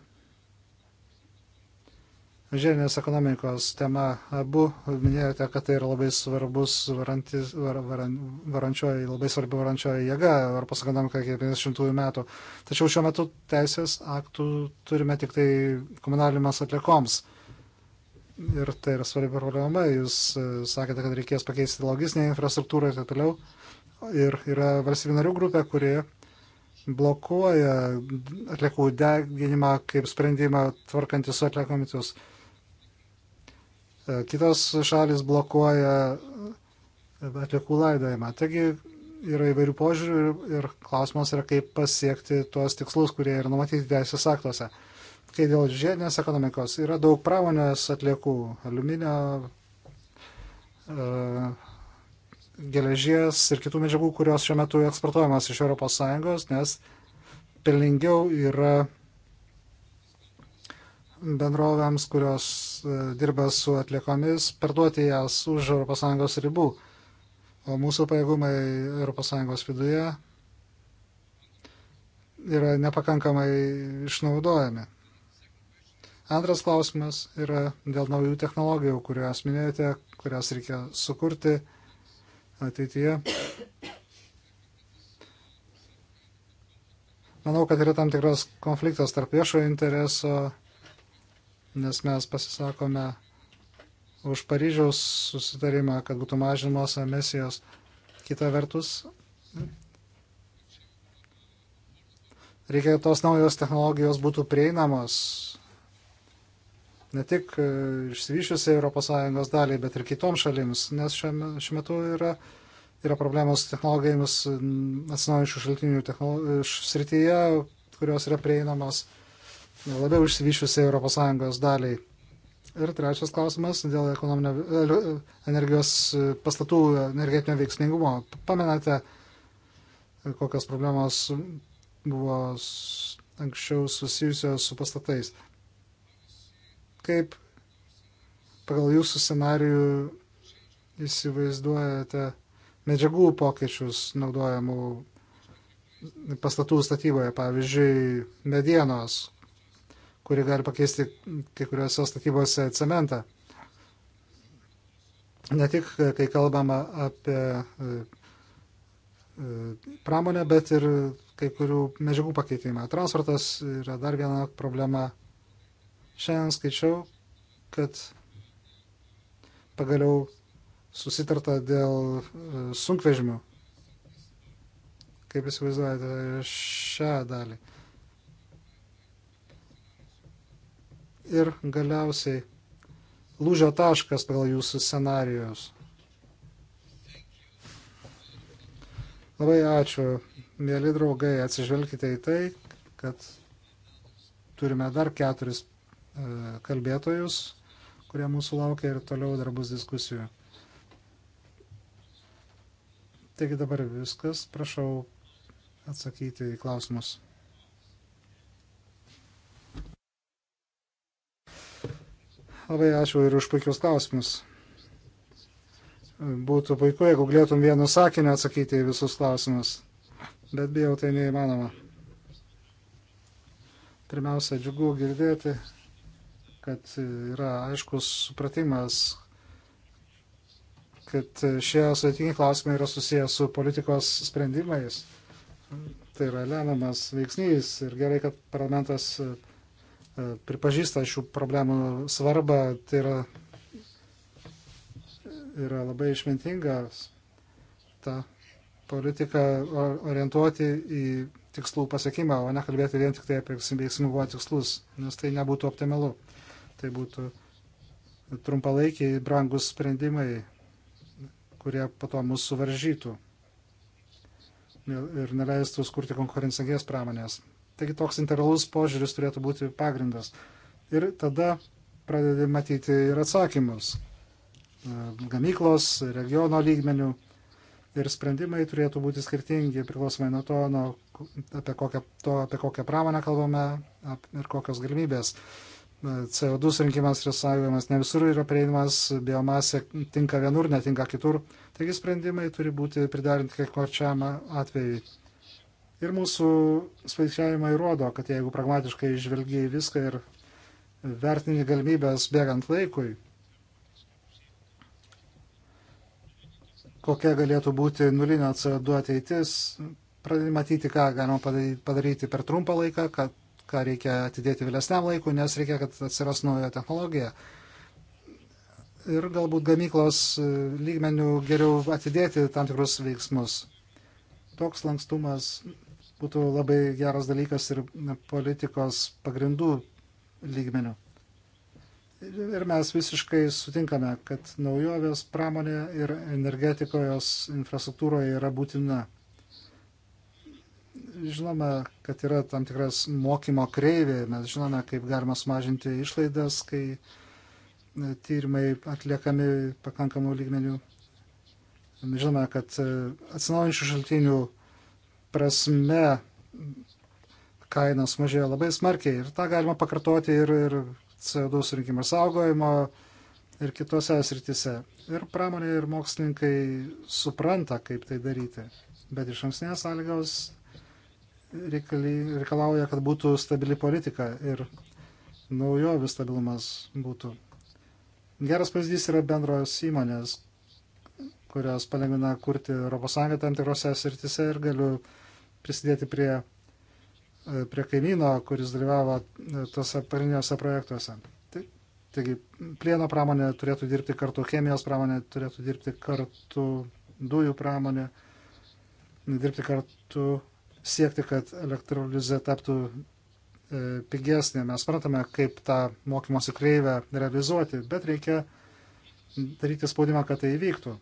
Žiedinės ekonomikos tema abu minėjote, kad tai yra labai svarbus varantis, var, varan, varančioji, labai svarbi varančioji jėga Europos ekonomika iki 50 metų. Tačiau šiuo metu teisės aktų turime tik tai komunalimas atliekoms. Ir tai yra svarbi problema. Jūs e, sakėte, kad reikės pakeisti logistinę infrastruktūrą ir taip toliau. Ir yra valstybių narių grupė, kurie blokuoja atliekų deginimą kaip sprendimą tvarkantis su atliekomis E, kitos šalis blokuoja e, atliekų laidojimą. Taigi yra įvairių požiūrių ir, ir klausimas yra, kaip pasiekti tuos tikslus, kurie yra numatyti teisės aktuose. Kai dėl žiedinės ekonomikos yra daug pramonės atliekų, aliuminio, e, geležies ir kitų medžiagų, kurios šiuo metu eksportuojamas iš ES, nes pelningiau yra bendrovėms, kurios E, dirba su atliekomis, parduoti jas už ES ribų. O mūsų pajėgumai ES viduje yra nepakankamai išnaudojami. Antras klausimas yra dėl naujų technologijų, kurias minėjote, kurias reikia sukurti ateityje. Manau, kad yra tam tikras konfliktas tarp viešojo intereso nes mes pasisakome už Paryžiaus susitarimą, kad būtų mažinamos emisijos. Kita vertus, reikia, kad tos naujos technologijos būtų prieinamos ne tik e, išsivyšiusiai ES daliai, bet ir kitoms šalims, nes šiuo, šiuo metu yra, yra problemos technologijomis atsinaujančių šaltinių srityje, kurios yra prieinamos labiau išsivyščiusiai ES daliai. Ir trečias klausimas dėl e, energijos e, pastatų energetinio veiksmingumo. Pamenate, kokios problemos buvo anksčiau susijusios su pastatais. Kaip pagal jūsų scenarijų įsivaizduojate medžiagų pokyčius naudojamų pastatų statyboje, pavyzdžiui, medienos, kuri gali pakeisti kai kuriuose statybose cementą. Ne tik, e, kai kalbama apie e, e, pramonę, bet ir kai kurių medžiagų pakeitimą. Transportas yra dar viena problema. Šiandien skaičiau, kad pagaliau susitarta dėl sunkvežimių. Kaip įsivaizduojate šią dalį? ir galiausiai lūžio taškas pagal jūsų scenarijus. Labai ačiū, mėly draugai, atsižvelkite į tai, kad turime dar keturis e, kalbėtojus, kurie mūsų laukia ir toliau dar bus diskusijų. Taigi dabar viskas, prašau atsakyti į klausimus. Labai ačiū ir už puikius klausimus. Būtų puiku, jeigu galėtum vienu sakiniu atsakyti į visus klausimus, bet bijau, tai neįmanoma. Pirmiausia, džiugu girdėti, kad yra aiškus supratimas, kad šie sudėtingi klausimai yra susijęs su politikos sprendimais. Tai yra lemiamas veiksnys ir gerai, kad parlamentas E, pripažįsta šių problemų svarbą, tai yra, yra labai išmintingas ta politika orientuoti į tikslų pasiekimą, o ne kalbėti vien tik tai apie veiksmingumo tikslus, nes tai nebūtų optimalu. Tai būtų trumpalaikiai brangus sprendimai, kurie po to mūsų suvaržytų ir neleistų skurti konkurencinės pramonės. Taigi toks integralus požiūris turėtų būti pagrindas. Ir tada pradedi matyti ir atsakymus. E, gamyklos, regiono lygmenių ir sprendimai turėtų būti skirtingi priklausomai nuo to, nuo, apie, kokią, to apie kokią pramonę kalbame ap, ir kokios galimybės. E, CO2 surinkimas ir saugojimas ne visur yra prieinamas, biomasė tinka vienur, netinka kitur. Taigi sprendimai turi būti pridarinti kiekviečiam atvejui. Ir mūsų skaičiavimai rodo, kad jeigu pragmatiškai žvelgiai viską ir vertini galimybės bėgant laikui, kokia galėtų būti nulinio CO2 ateitis, pradedi matyti, ką galima padaryti per trumpą laiką, kad, ką reikia atidėti vėlesniam laikui, nes reikia, kad atsiras nauja technologija. Ir galbūt gamyklos lygmenių geriau atidėti tam tikrus veiksmus. Toks lankstumas būtų labai geras dalykas ir politikos pagrindų lygmenių. Ir mes visiškai sutinkame, kad naujovės pramonė ir energetikos infrastruktūroje yra būtina. Žinome, kad yra tam tikras mokymo kreivė, mes žinome, kaip galima sumažinti išlaidas, kai tyrimai atliekami pakankamų lygmenių. Žinome, kad e, atsinaujančių šaltinių prasme kainos mažėjo labai smarkiai ir tą galima pakartoti ir, ir CO2 surinkimo saugojimo ir kitose sritise. Ir pramonė ir mokslininkai supranta, kaip tai daryti. Bet iš anksnės sąlygos reikalauja, kad būtų stabili politika ir naujovių stabilumas būtų. Geras pavyzdys yra bendros įmonės, kurios palengvina kurti ES tam tikrose sritise ir galiu prisidėti prie, e, prie kaimyno, kuris dalyvavo e, tose pagrindiniuose projektuose. Tai, taigi plieno pramonė turėtų dirbti kartu, chemijos pramonė turėtų dirbti kartu, dujų pramonė dirbti kartu, siekti, kad elektrolizė taptų e, pigesnė. Mes pratome, kaip tą mokymosi kreivę realizuoti, bet reikia daryti spaudimą, kad tai įvyktų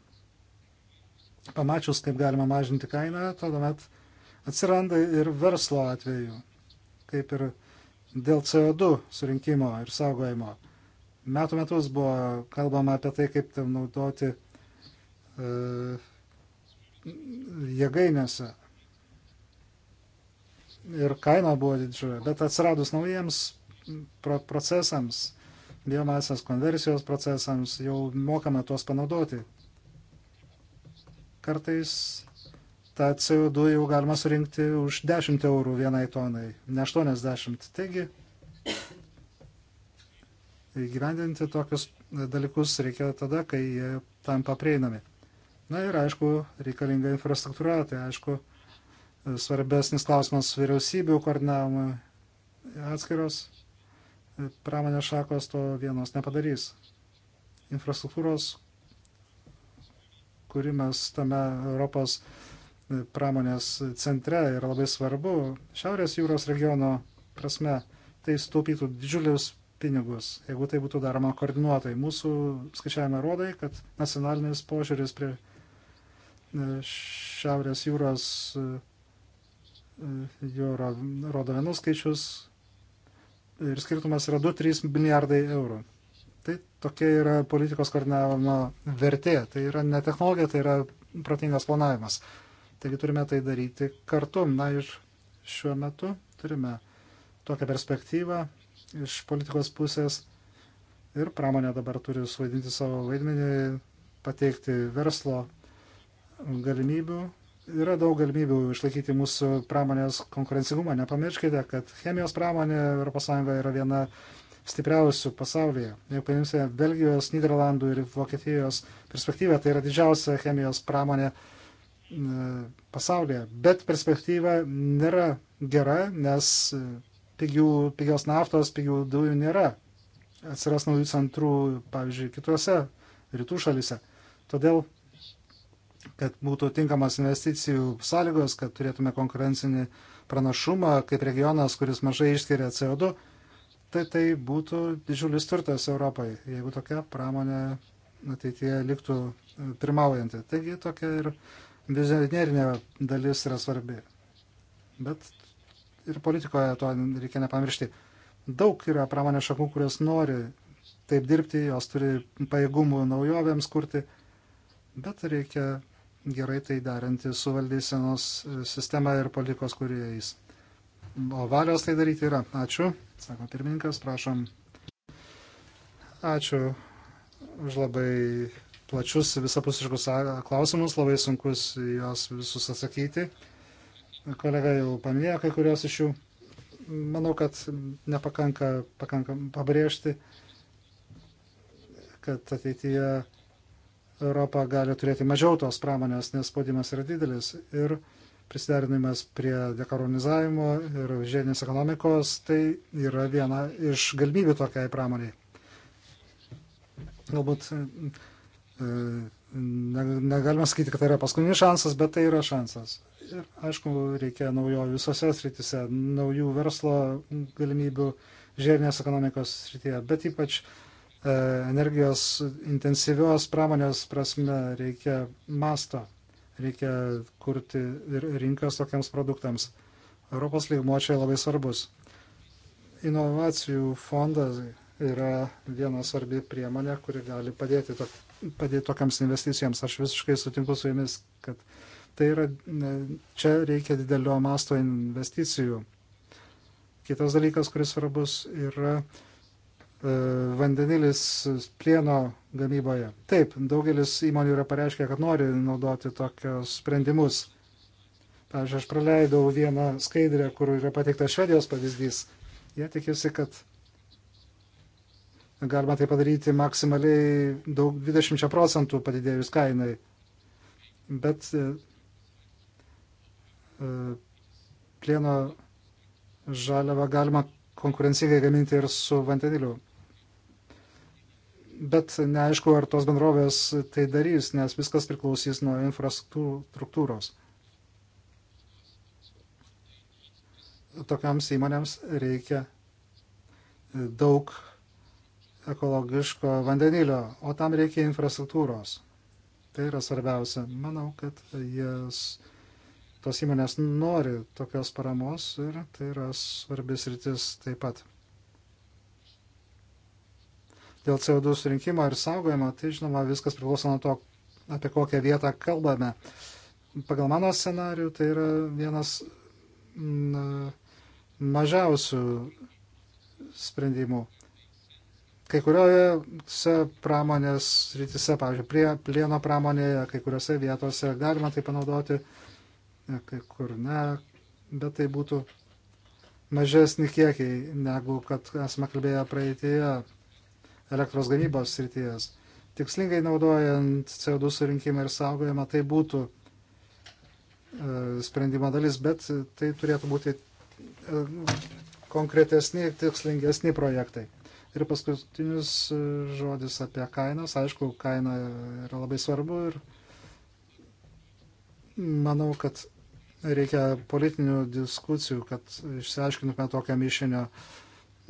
pamačius, kaip galima mažinti kainą, tuomet atsiranda ir verslo atveju, kaip ir dėl CO2 surinkimo ir saugojimo. Metų metus buvo kalbama apie tai, kaip tam naudoti e, jėgainėse. Ir kaina buvo didžiulė, bet atsiradus naujiems pro procesams, biomasės konversijos procesams, jau mokame tuos panaudoti. Kartais tą CO2 jau galima surinkti už 10 eurų vienai tonai, ne 80. Taigi, įgyvendinti tokius dalykus reikia tada, kai jie tam paprieinami. Na ir aišku, reikalinga infrastruktūra, tai aišku, svarbesnis klausimas vyriausybių koordinavimui atskiros pramonės šakos to vienos nepadarys. Infrastruktūros kurį mes tame Europos e, pramonės centre yra labai svarbu Šiaurės jūros regiono prasme. Tai sutaupytų didžiulius pinigus, jeigu tai būtų daroma koordinuotai. Mūsų skaičiavime rodai, kad nacionalinis požiūris prie e, Šiaurės jūros e, jo rodo vienus skaičius ir skirtumas yra 2-3 milijardai eurų. Tai tokia yra politikos koordinavimo vertė. Tai yra ne technologija, tai yra protingas planavimas. Taigi turime tai daryti kartu. Na ir šiuo metu turime tokią perspektyvą iš politikos pusės ir pramonė dabar turi suvaidinti savo vaidmenį, pateikti verslo galimybių. Yra daug galimybių išlaikyti mūsų pramonės konkurencingumą. Nepamirškite, kad chemijos pramonė ES yra viena stipriausių pasaulyje. Jeigu paimsime Belgijos, Niderlandų ir Vokietijos perspektyvą, tai yra didžiausia chemijos pramonė e, pasaulyje. Bet perspektyva nėra gera, nes e, pigių, pigios naftos, pigių dujų nėra. Atsiras naujų centrų, pavyzdžiui, kitose rytų šalise. Todėl, kad būtų tinkamas investicijų sąlygos, kad turėtume konkurencinį pranašumą kaip regionas, kuris mažai išskiria CO2, tai tai būtų didžiulis turtas Europai, jeigu tokia pramonė ateityje liktų e, pirmaujanti. Taigi tokia ir vizionerinė dalis yra svarbi. Bet ir politikoje to reikia nepamiršti. Daug yra pramonės šakų, kurios nori taip dirbti, jos turi pajėgumų naujovėms kurti, bet reikia gerai tai darinti su valdysenos e, sistema ir politikos kuriejais o valios tai daryti yra. Ačiū, sako pirmininkas, prašom. Ačiū už labai plačius visapusiškus klausimus, labai sunkus juos visus atsakyti. Kolega jau paminėjo kai kurios iš jų. Manau, kad nepakanka pakanka pabrėžti, kad ateityje Europa gali turėti mažiau tos pramonės, nes spaudimas yra didelis. Ir uh, prisiderinimas prie dekaronizavimu ir žiedinės ekonomikos, tai yra viena iš galimybių tokiai pramoniai. Galbūt e, negalima sakyti, kad tai yra paskutinis šansas, bet tai yra šansas. Ir aišku, reikia naujo visose srityse, naujų verslo galimybių žiedinės ekonomikos srityje, bet ypač e, energijos intensyvios pramonės prasme reikia masto reikia kurti ir rinkas tokiams produktams. Europos lygmo čia labai svarbus. Inovacijų fondas yra viena svarbi priemonė, kuri gali padėti, to, padėti tokiams investicijoms. Aš visiškai sutinku su jumis, kad tai yra, čia reikia didelio masto investicijų. Kitas dalykas, kuris svarbus, yra uh, E, vandenilis plieno gamyboje. Taip, daugelis įmonių yra pareiškę, kad nori naudoti tokius sprendimus. Pavyzdžiui, aš praleidau vieną skaidrę, kur yra pateiktas Švedijos pavyzdys. Jie tikisi, kad galima tai padaryti maksimaliai daug, 20 procentų padidėjus kainai. Bet e, e, plieno žaliavą galima konkurencingai gaminti ir su vandeniliu bet neaišku, ar tos bendrovės tai darys, nes viskas priklausys nuo infrastruktūros. Tokiams įmonėms reikia daug ekologiško vandenilio, o tam reikia infrastruktūros. Tai yra svarbiausia. Manau, kad jas, tos įmonės nori tokios paramos ir tai yra svarbis rytis taip pat. Dėl CO2 surinkimo ir saugojimo, tai žinoma, viskas priklauso nuo to, apie kokią vietą kalbame. Pagal mano scenarių tai yra vienas mm, mažiausių sprendimų. Kai kuriuose pramonės rytise, pavyzdžiui, prie plieno pramonėje, kai kuriuose vietose galima tai panaudoti, kai kur ne, bet tai būtų mažesni kiekiai negu kad esame kalbėję praeitėje elektros gamybos srities. Tikslingai naudojant CO2 surinkimą ir saugojimą, tai būtų e, sprendimo dalis, bet tai turėtų būti e, konkretesni, tikslingesni projektai. Ir paskutinis e, žodis apie kainas. Aišku, kaina yra labai svarbu ir manau, kad reikia politinių diskusijų, kad išsiaiškintume tokio mišinio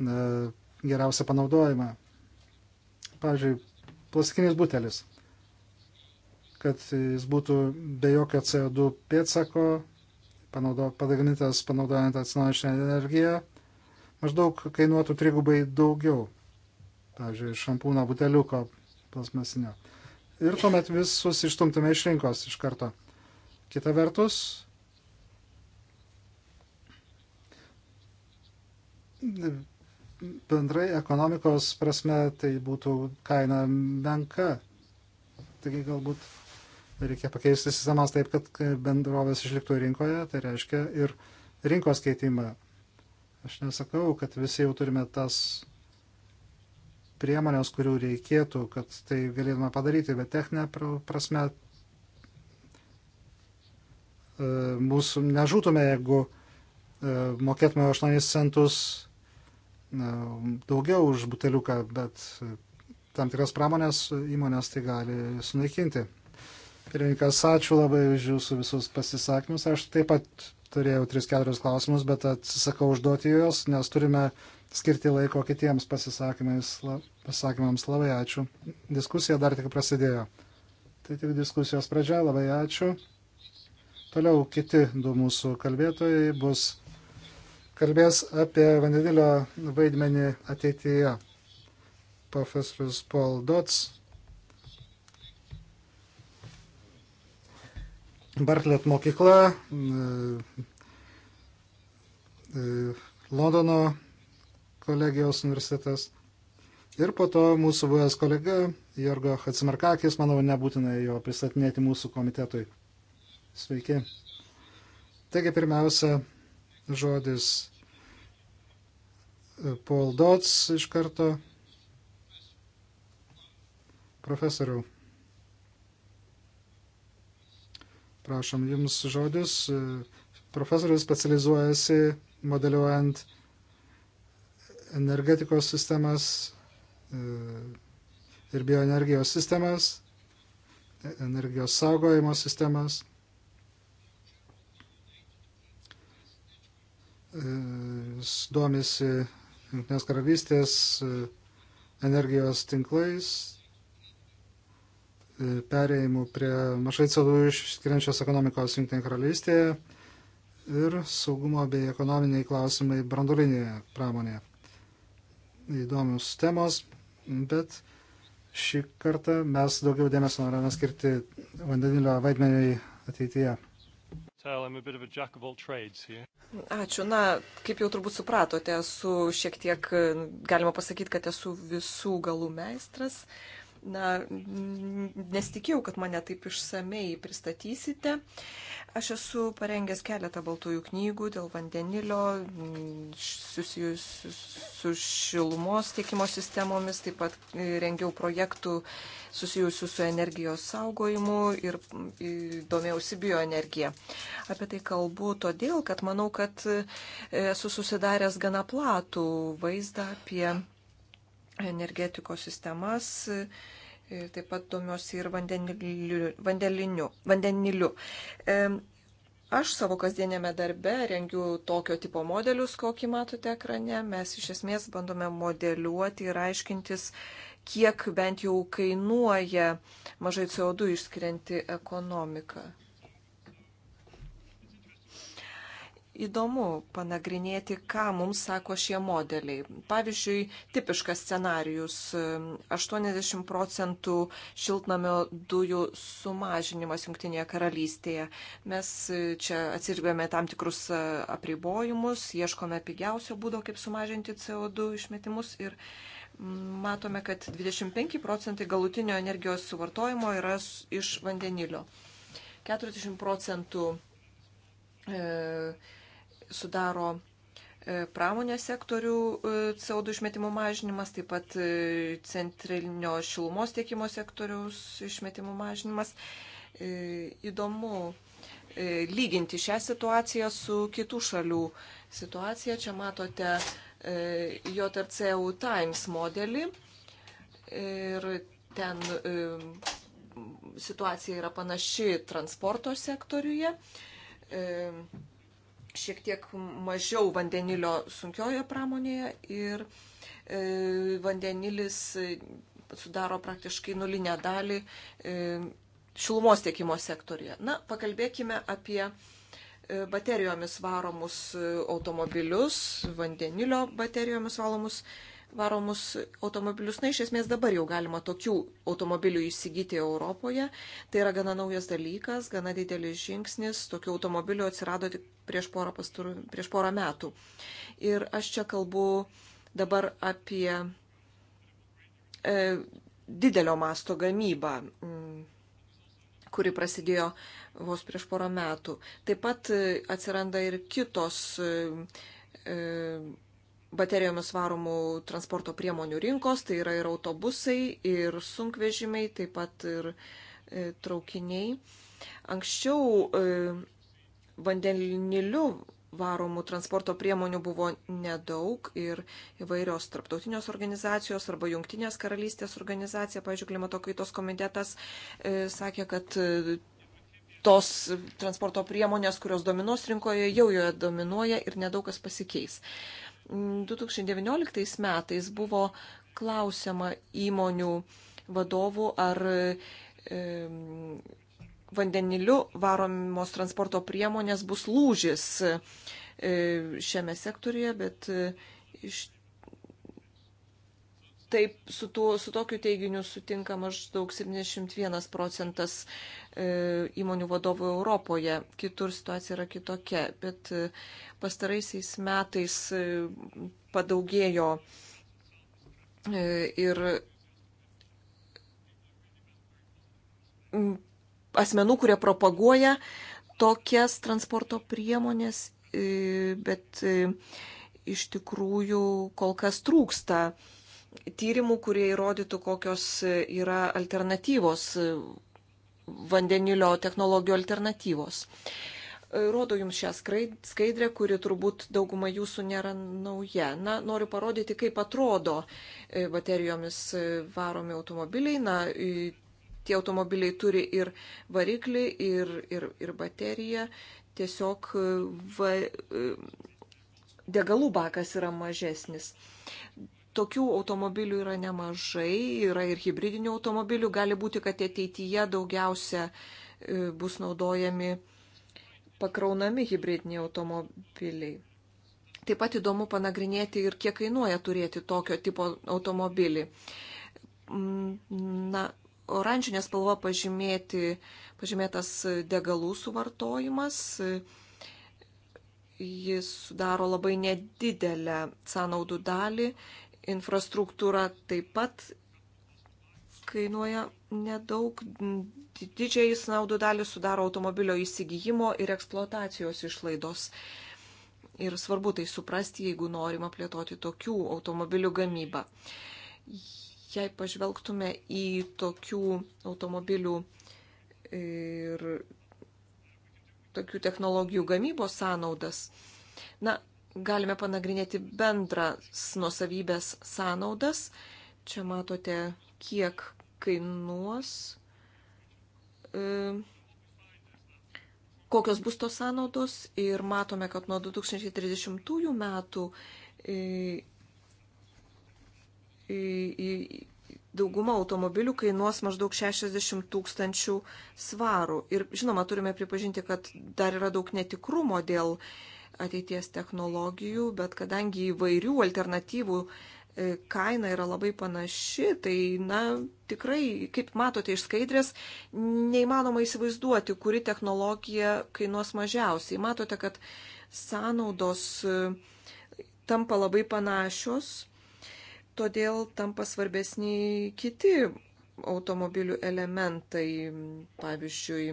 geriausią panaudojimą pavyzdžiui, plastikinis butelis, kad jis būtų be jokio CO2 pėtsako, panaudo, padarytas panaudojant atsinaujinančią energiją, maždaug kainuotų trigubai daugiau, pavyzdžiui, šampūno buteliuko plasmasinio. Ir tuomet visus ištumtume iš rinkos iš karto. Kita vertus, bendrai ekonomikos prasme tai būtų kaina menka. Taigi galbūt reikia pakeisti sistemas taip, kad bendrovės išliktų rinkoje, tai reiškia ir rinkos keitimą. Aš nesakau, kad visi jau turime tas priemonės, kurių reikėtų, kad tai galėtume padaryti, bet techninė prasme e, mūsų nežūtume, jeigu e, mokėtume 8 centus daugiau už buteliuką, bet tam tikras pramonės įmonės tai gali sunaikinti. Pirmininkas, ačiū labai už jūsų visus pasisakymus. Aš taip pat turėjau 3-4 klausimus, bet atsisakau užduoti juos, nes turime skirti laiko kitiems pasisakymams. Labai ačiū. Diskusija dar tik prasidėjo. Tai tik diskusijos pradžia. Labai ačiū. Toliau kiti du mūsų kalbėtojai bus kalbės apie vandenilio vaidmenį ateityje. Profesorius Paul Dots. Bartlett mokykla, e, e, Londono kolegijos universitetas. Ir po to mūsų buvęs kolega Jorgo Hatsimarkakis, manau, nebūtina jo pristatinėti mūsų komitetui. Sveiki. Taigi pirmiausia, žodis e, Paul Dots iš karto. Profesoriau, prašom jums žodis. E, profesorius specializuojasi modeliuojant energetikos sistemas e, ir bioenergijos sistemas, energijos saugojimo sistemas. domisi Junktinės karalystės e, energijos tinklais, e, perėjimų prie mažai CO2 išskiriančios ekonomikos Junktinėje karalystėje ir saugumo bei ekonominiai klausimai brandulinėje pramonėje. Įdomius temos, bet šį kartą mes daugiau dėmesio norime skirti vandenilio vaidmeniui ateityje. Ačiū. Na, kaip jau turbūt supratote, esu šiek tiek, galima pasakyti, kad esu visų galų meistras. Uh, na, nesitikėjau, kad mane taip išsamei pristatysite. Aš esu parengęs keletą baltųjų knygų dėl vandenilio, susijusių su šilumos tiekimo sistemomis, taip pat rengiau projektų susijusių su energijos saugojimu ir domėjausi bioenergiją. Apie tai kalbu todėl, kad manau, kad esu susidaręs gana platų vaizdą apie energetikos sistemas. Taip pat domiuosi ir vandeniliu. vandeniliu. Aš savo kasdienėme darbe rengiu tokio tipo modelius, kokį matote ekrane. Mes iš esmės bandome modeliuoti ir aiškintis, kiek bent jau kainuoja mažai CO2 išskirianti ekonomika. įdomu panagrinėti, ką mums sako šie modeliai. Pavyzdžiui, tipiškas scenarius - 80 procentų šiltnamio dujų sumažinimas Junktinėje karalystėje. Mes čia atsirgėme tam tikrus e, apribojimus, ieškome pigiausio būdo, kaip sumažinti CO2 išmetimus ir matome, kad 25 procentai galutinio energijos suvartojimo yra iš vandenilio. 40 procentų e, sudaro e, pramonės sektorių e, CO2 išmetimų mažinimas, taip pat e, centrinio šilumos tiekimo sektoriaus išmetimų mažinimas. Įdomu lyginti šią situaciją su kitų šalių situacija. Čia matote JRCU Times modelį ir ten situacija yra panaši transporto sektoriuje šiek tiek mažiau vandenilio sunkiojoje pramonėje ir e, vandenilis e, sudaro praktiškai nulinę dalį e, šilumos tiekimo sektorija. Na, pakalbėkime apie e, baterijomis varomus e, automobilius, vandenilio baterijomis varomus automobilius varomus automobilius. Na, iš esmės dabar jau galima tokių automobilių įsigyti Europoje. Tai yra gana naujas dalykas, gana didelis žingsnis. Tokių automobilių atsirado tik prieš porą, pastur, prieš porą metų. Ir aš čia kalbu dabar apie e, didelio masto gamybą, mm, kuri prasidėjo vos prieš porą metų. Taip pat e, atsiranda ir kitos e, e baterijomis varomų transporto priemonių rinkos, tai yra ir autobusai, ir sunkvežimiai, taip pat ir e, traukiniai. Anksčiau e, vandeniliu varomų transporto priemonių buvo nedaug ir įvairios tarptautinės organizacijos arba jungtinės karalystės organizacija, pavyzdžiui, klimato kaitos komitetas e, sakė, kad tos transporto priemonės, kurios dominuos rinkoje, jau joje dominuoja ir nedaug kas pasikeis. 2019 mm, metais buvo klausiama įmonių vadovų, ar e, vandeniliu varomos transporto priemonės bus lūžis e, šiame sektorije, bet e, iš taip su, tuo, su tokiu teiginiu sutinka maždaug 71 procentas e, įmonių vadovų Europoje. Kitur situacija yra kitokia, bet e, pastaraisiais metais e, padaugėjo e, ir asmenų, kurie propaguoja tokias transporto priemonės, e, bet e, iš tikrųjų kol kas trūksta e, tyrimų, kurie įrodytų, kokios yra alternatyvos, e, vandenilio technologijų alternatyvos. E, rodo jums šią skaidrę, kuri turbūt dauguma jūsų nėra nauja. Na, noriu parodyti, kaip atrodo e, baterijomis varomi automobiliai. Na, tie automobiliai turi ir variklį, ir, ir, ir bateriją. Tiesiog va, degalų bakas yra mažesnis. Tokių automobilių yra nemažai, yra ir hybridinių automobilių, gali būti, kad ateityje daugiausia e, bus naudojami pakraunami hybridiniai automobiliai. Taip pat įdomu panagrinėti ir kiek kainuoja turėti tokio tipo automobilį. Mm, na, oranžinė spalva pažymėti, pažymėtas degalų suvartojimas. E, jis sudaro labai nedidelę sąnaudų dalį infrastruktūra taip pat kainuoja nedaug. Didžiai snaudų dalį sudaro automobilio įsigijimo ir eksploatacijos išlaidos. Ir svarbu tai suprasti, jeigu norima plėtoti tokių automobilių gamybą. Jei pažvelgtume į tokių automobilių ir tokių technologijų gamybos sąnaudas, na, galime panagrinėti bendras nuosavybės sąnaudas. Čia matote, kiek kainuos, e, kokios bus tos sąnaudos ir matome, kad nuo 2030 metų e, e, dauguma automobilių kainuos maždaug 60 tūkstančių svarų. Ir žinoma, turime pripažinti, kad dar yra daug netikrumo dėl e, ateities technologijų, bet kadangi įvairių alternatyvų e, kaina yra labai panaši, tai, na, tikrai, kaip matote iš skaidrės, neįmanoma įsivaizduoti, kuri technologija kainuos mažiausiai. Matote, kad sąnaudos e, tampa labai panašios, todėl tampa svarbesni kiti automobilių elementai, pavyzdžiui,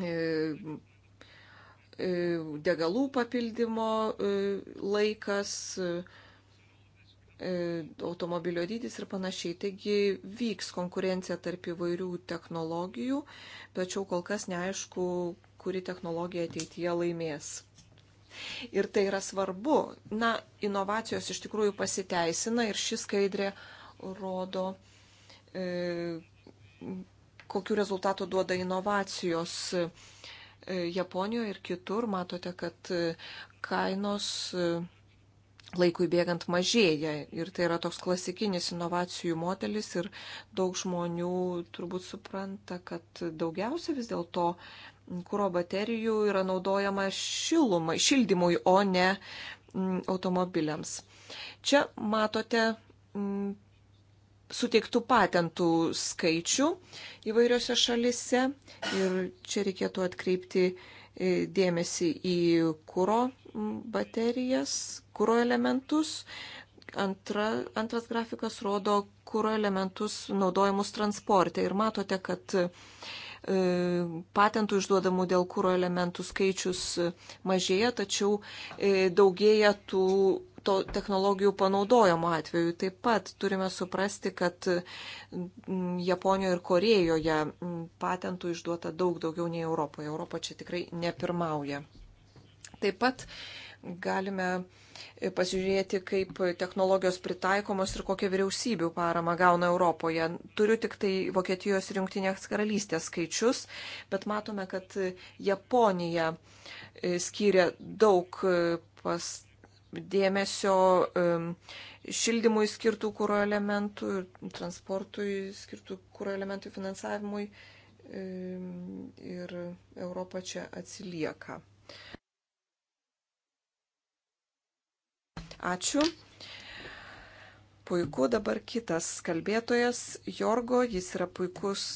e, E, degalų papildymo e, laikas, e, automobilio dydis ir panašiai. Taigi vyks konkurencija tarp įvairių technologijų, tačiau kol kas neaišku, kuri technologija ateityje laimės. Ir tai yra svarbu. Na, inovacijos iš tikrųjų pasiteisina ir ši skaidrė rodo, e, kokiu rezultatu duoda inovacijos. E, E, Japonijoje ir kitur matote, kad e, kainos e, laikui bėgant mažėja. Ir tai yra toks klasikinis inovacijų modelis ir daug žmonių turbūt supranta, kad daugiausia vis dėlto kūro baterijų yra naudojama šilumai, šildymui, o ne mm, automobiliams. Čia matote mm, suteiktų patentų skaičių įvairiose šalise ir čia reikėtų atkreipti e, dėmesį į kūro baterijas, kūro elementus. Antra, antras grafikas rodo kūro elementus naudojimus transporte ir matote, kad e, patentų išduodamų dėl kūro elementų skaičius mažėja, tačiau e, daugėja tų to technologijų panaudojimo atveju. Taip pat turime suprasti, kad mm, Japonijoje ir Korejoje mm, patentų išduota daug daugiau nei Europoje. Europa čia tikrai nepirmauja. Taip pat galime e, pasižiūrėti, kaip technologijos pritaikomos ir kokią vyriausybių paramą gauna Europoje. Turiu tik tai Vokietijos ir Junktinės karalystės skaičius, bet matome, kad Japonija e, skiria daug e, pastarų dėmesio šildymui skirtų kūro elementų, transportui skirtų kūro elementų finansavimui ir Europa čia atsilieka. Ačiū. Puiku, dabar kitas kalbėtojas Jorgo, jis yra puikus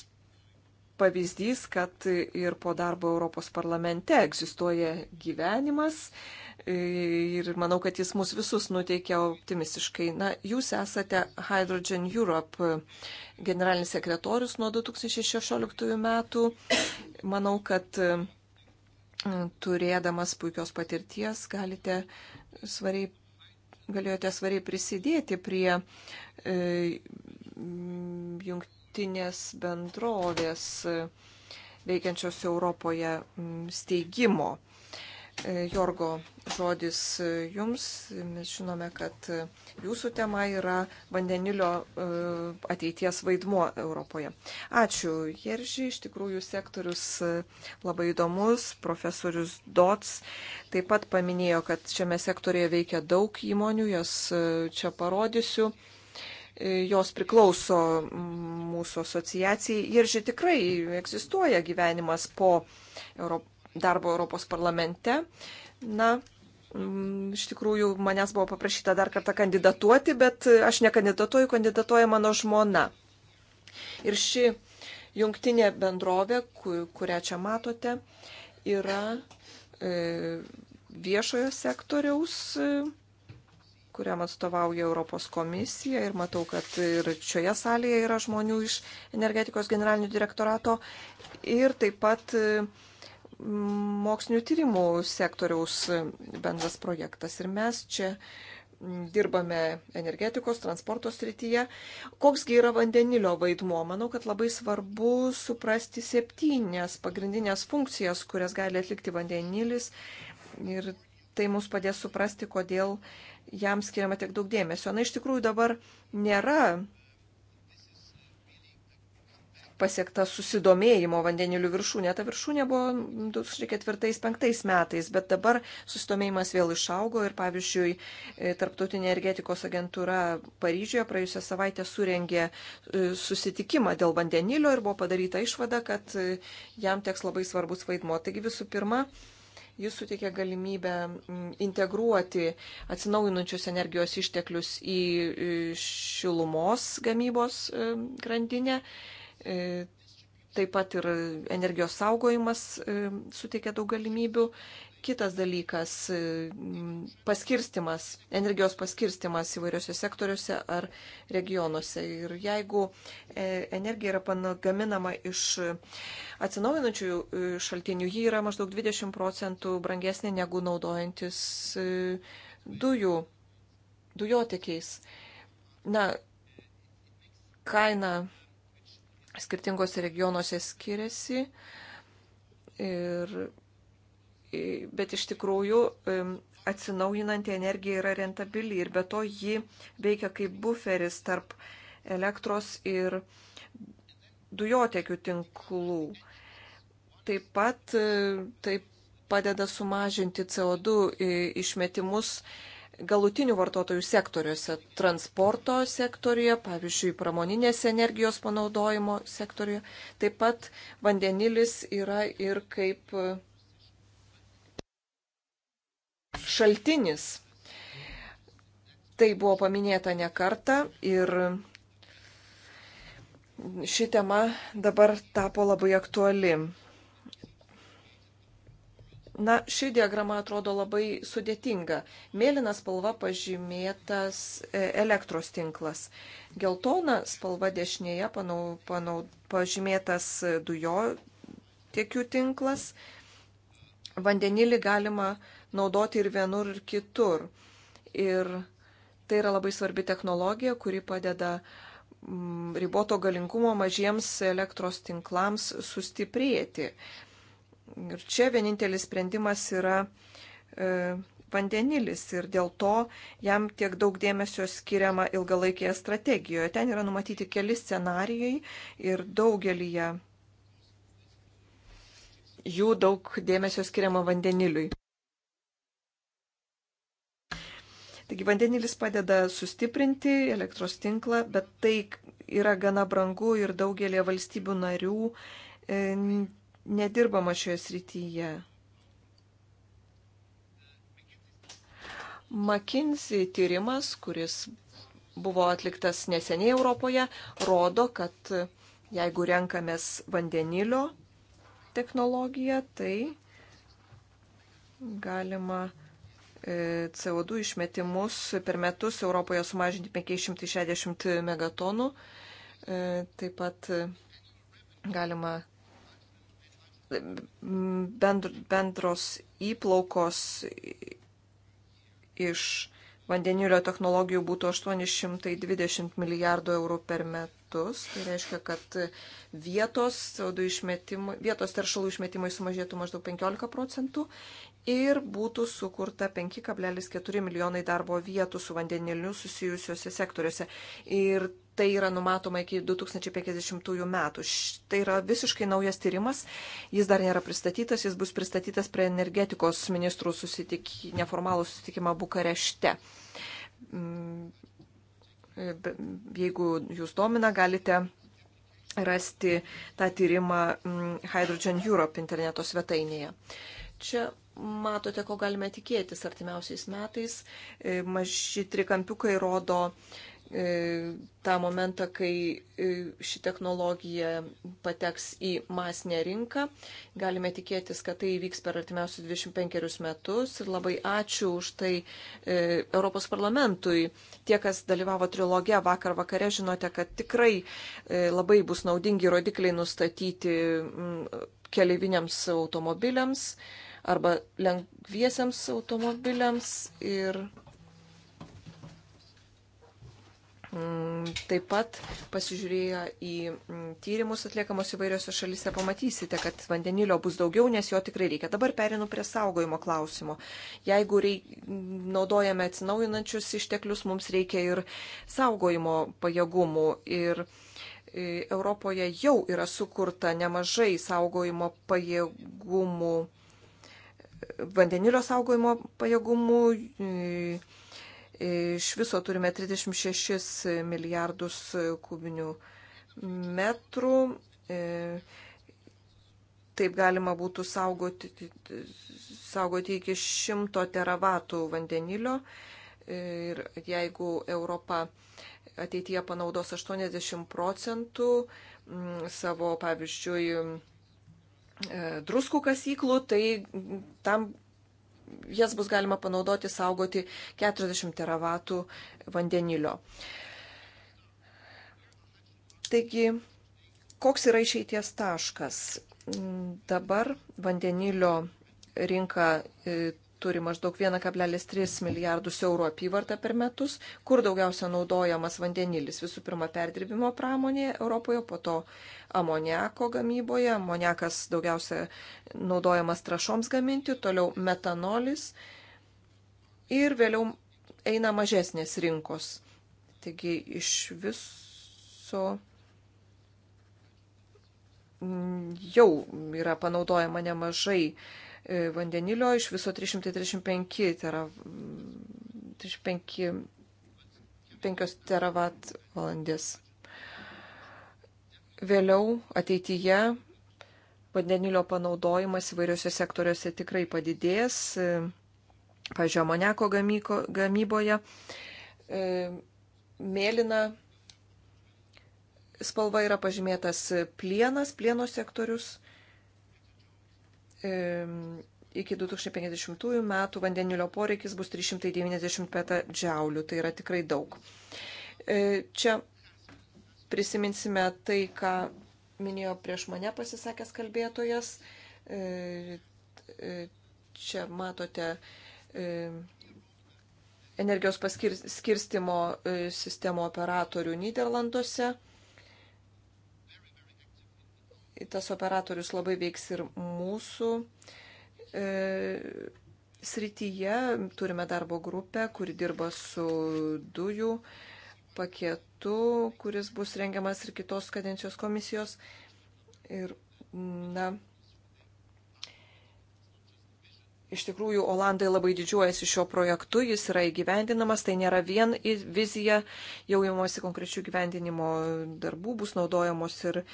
pavyzdys, kad ir po darbo Europos parlamente egzistuoja gyvenimas e, ir manau, kad jis mus visus nuteikia optimistiškai. Na, jūs esate Hydrogen Europe generalinis sekretorius nuo 2016 metų. Manau, kad e, turėdamas puikios patirties galite svariai, galėjote svariai prisidėti prie e, jungt tarptautinės bendrovės e, veikiančios Europoje steigimo. E, Jorgo žodis e, jums. Mes žinome, kad jūsų tema yra vandenilio ateities vaidmuo Europoje. Ačiū, Jeržiai. Iš tikrųjų, sektorius labai įdomus. Profesorius Dots taip pat paminėjo, kad šiame sektorėje veikia daug įmonių. Jas čia parodysiu. E, jos priklauso mūsų asociacijai ir ši tikrai egzistuoja gyvenimas po Europ darbo Europos parlamente. Na, iš tikrųjų, manęs buvo paprašyta dar kartą kandidatuoti, bet aš nekandidatuoju, kandidatuoja mano žmona. Ir ši jungtinė bendrovė, kurią čia matote, yra e, viešojo sektoriaus kuriam atstovauja Europos komisija ir matau, kad ir šioje salėje yra žmonių iš energetikos generalinių direktorato ir taip pat e, mokslinių tyrimų sektoriaus e, bendras projektas. Ir mes čia dirbame energetikos, transporto srityje. Koksgi yra vandenilio vaidmuo? Manau, kad labai svarbu suprasti septynės pagrindinės funkcijas, kurias gali atlikti vandenilis. Ir tai mums padės suprasti, kodėl jam skiriama tiek daug dėmesio. Na, iš tikrųjų dabar nėra pasiekta susidomėjimo vandenilių viršūnė. Ta viršūnė buvo 2004-2005 metais, bet dabar susidomėjimas vėl išaugo ir, pavyzdžiui, e, Tarptautinė energetikos agentūra Paryžioje praėjusią savaitę surengė e, susitikimą dėl vandenilio ir buvo padaryta išvada, kad e, jam teks labai svarbus vaidmo. Taigi visų pirma, Jis suteikia galimybę mm, integruoti atsinaujinančius energijos išteklius į šilumos gamybos e, grandinę. E, taip pat ir energijos saugojimas e, suteikia daug galimybių Kitas dalykas mm, - paskirstimas, energijos paskirstimas įvairiose sektoriuose ar regionuose. Ir jeigu e, energija yra panagaminama iš atsinaujinančių e, šaltinių, ji yra maždaug 20 procentų brangesnė negu naudojantis e, dujų, dujotekiais. Na, kaina skirtingose regionuose skiriasi. Ir E, bet iš tikrųjų e, atsinaujinanti energija yra rentabili ir be to ji veikia kaip buferis tarp elektros ir dujotekių tinklų. Taip pat e, taip padeda sumažinti CO2 išmetimus galutinių vartotojų sektoriuose - transporto sektoriuje, pavyzdžiui, pramoninės energijos panaudojimo sektoriuje. Taip pat vandenilis yra ir kaip šaltinis. Tai buvo paminėta ne kartą ir ši tema dabar tapo labai aktuali. Na, ši diagrama atrodo labai sudėtinga. Mėlyna spalva pažymėtas e, elektros tinklas. Geltona spalva dešinėje panau, panau, pažymėtas dujo tiekių tinklas. Vandenilį galima naudoti ir vienur, ir kitur. Ir tai yra labai svarbi technologija, kuri padeda mm, riboto galinkumo mažiems elektros tinklams sustiprėti. Ir čia vienintelis sprendimas yra e, vandenilis ir dėl to jam tiek daug dėmesio skiriama ilgalaikėje strategijoje. Ten yra numatyti keli scenarijai ir daugelį jų daug dėmesio skiriama vandeniliui. Taigi vandenilis padeda sustiprinti elektros tinklą, bet tai yra gana brangu ir daugelie valstybių narių e, nedirbama šioje srityje. McKinsey tyrimas, kuris buvo atliktas neseniai Europoje, rodo, kad jeigu renkamės vandenilio technologiją, tai galima E, CO2 išmetimus per metus Europoje sumažinti 560 megatonų. E, taip pat e, galima bendros įplaukos iš vandenilio technologijų būtų 820 milijardų eurų per metus. Tai reiškia, kad vietos, CO2 išmetimai, vietos teršalų išmetimai sumažėtų maždaug 15 procentų ir būtų sukurta 5,4 milijonai darbo vietų su vandeniliu susijusiuose sektoriuose. Ir tai yra numatoma iki 2050 metų. Tai yra visiškai naujas tyrimas, jis dar nėra pristatytas, jis bus pristatytas prie energetikos ministrų susitik... neformalų susitikimą Bukarešte. Mm, jeigu jūs domina, galite rasti tą tyrimą mm, Hydrogen Europe interneto svetainėje. Čia matote, ko galime tikėtis artimiausiais metais. E, maži trikampiukai rodo e, tą momentą, kai e, ši technologija pateks į masinę rinką. Galime tikėtis, kad tai įvyks per artimiausius 25 metus. Ir labai ačiū už tai Europos parlamentui. Tie, kas dalyvavo trilogė vakar vakare, žinote, kad tikrai labai bus naudingi rodikliai nustatyti keleiviniams automobiliams arba lengviesiams automobiliams ir mm, Taip pat pasižiūrėję į mm, tyrimus atliekamos įvairiose šalise pamatysite, kad vandenilio bus daugiau, nes jo tikrai reikia. Dabar perinu prie saugojimo klausimo. Jeigu reik, naudojame atsinaujinančius išteklius, mums reikia ir saugojimo pajėgumų. Ir e, Europoje jau yra sukurta nemažai saugojimo pajėgumų vandenilio saugojimo pajėgumų. Iš viso turime 36 milijardus kubinių metrų. Taip galima būtų saugoti, saugoti iki 100 teravatų vandenilio. Ir jeigu Europa ateityje panaudos 80 procentų savo, pavyzdžiui, E, druskų kasyklų, tai tam jas bus galima panaudoti saugoti 40 teravatų vandenilio. Taigi, koks yra išeities taškas? Dabar vandenilio rinka e, turi maždaug 1,3 milijardus eurų apyvartą per metus, kur daugiausia naudojamas vandenilis. Visų pirma, perdirbimo pramonėje Europoje, po to amoniako gamyboje. Amoniakas daugiausia naudojamas trašoms gaminti, toliau metanolis ir vėliau eina mažesnės rinkos. Taigi iš viso jau yra panaudojama nemažai E, vandenilio, iš viso 335 tera, 35 5 teravat valandės. Vėliau ateityje vandenilio panaudojimas įvairiose sektoriuose tikrai padidės, e, pažiūrėjau, Moneko gamyko, gamyboje. E, mėlyna spalva yra pažymėtas plienas, plieno sektorius iki 2050 metų vandenilio poreikis bus 390 petadžiaulių. Tai yra tikrai daug. E, čia prisiminsime tai, ką minėjo prieš mane pasisakęs kalbėtojas. E, e, čia matote energijos paskirstimo sistemo operatorių Niderlanduose tas operatorius labai veiks ir mūsų e, srityje. Turime darbo grupę, kuri dirba su dujų paketu, kuris bus rengiamas ir kitos kadencijos komisijos. Ir, na, Iš tikrųjų, Olandai labai didžiuojasi šiuo projektu, jis yra įgyvendinamas, tai nėra vien vizija, jau įmosi konkrečių gyvendinimo darbų, bus naudojamos ir e,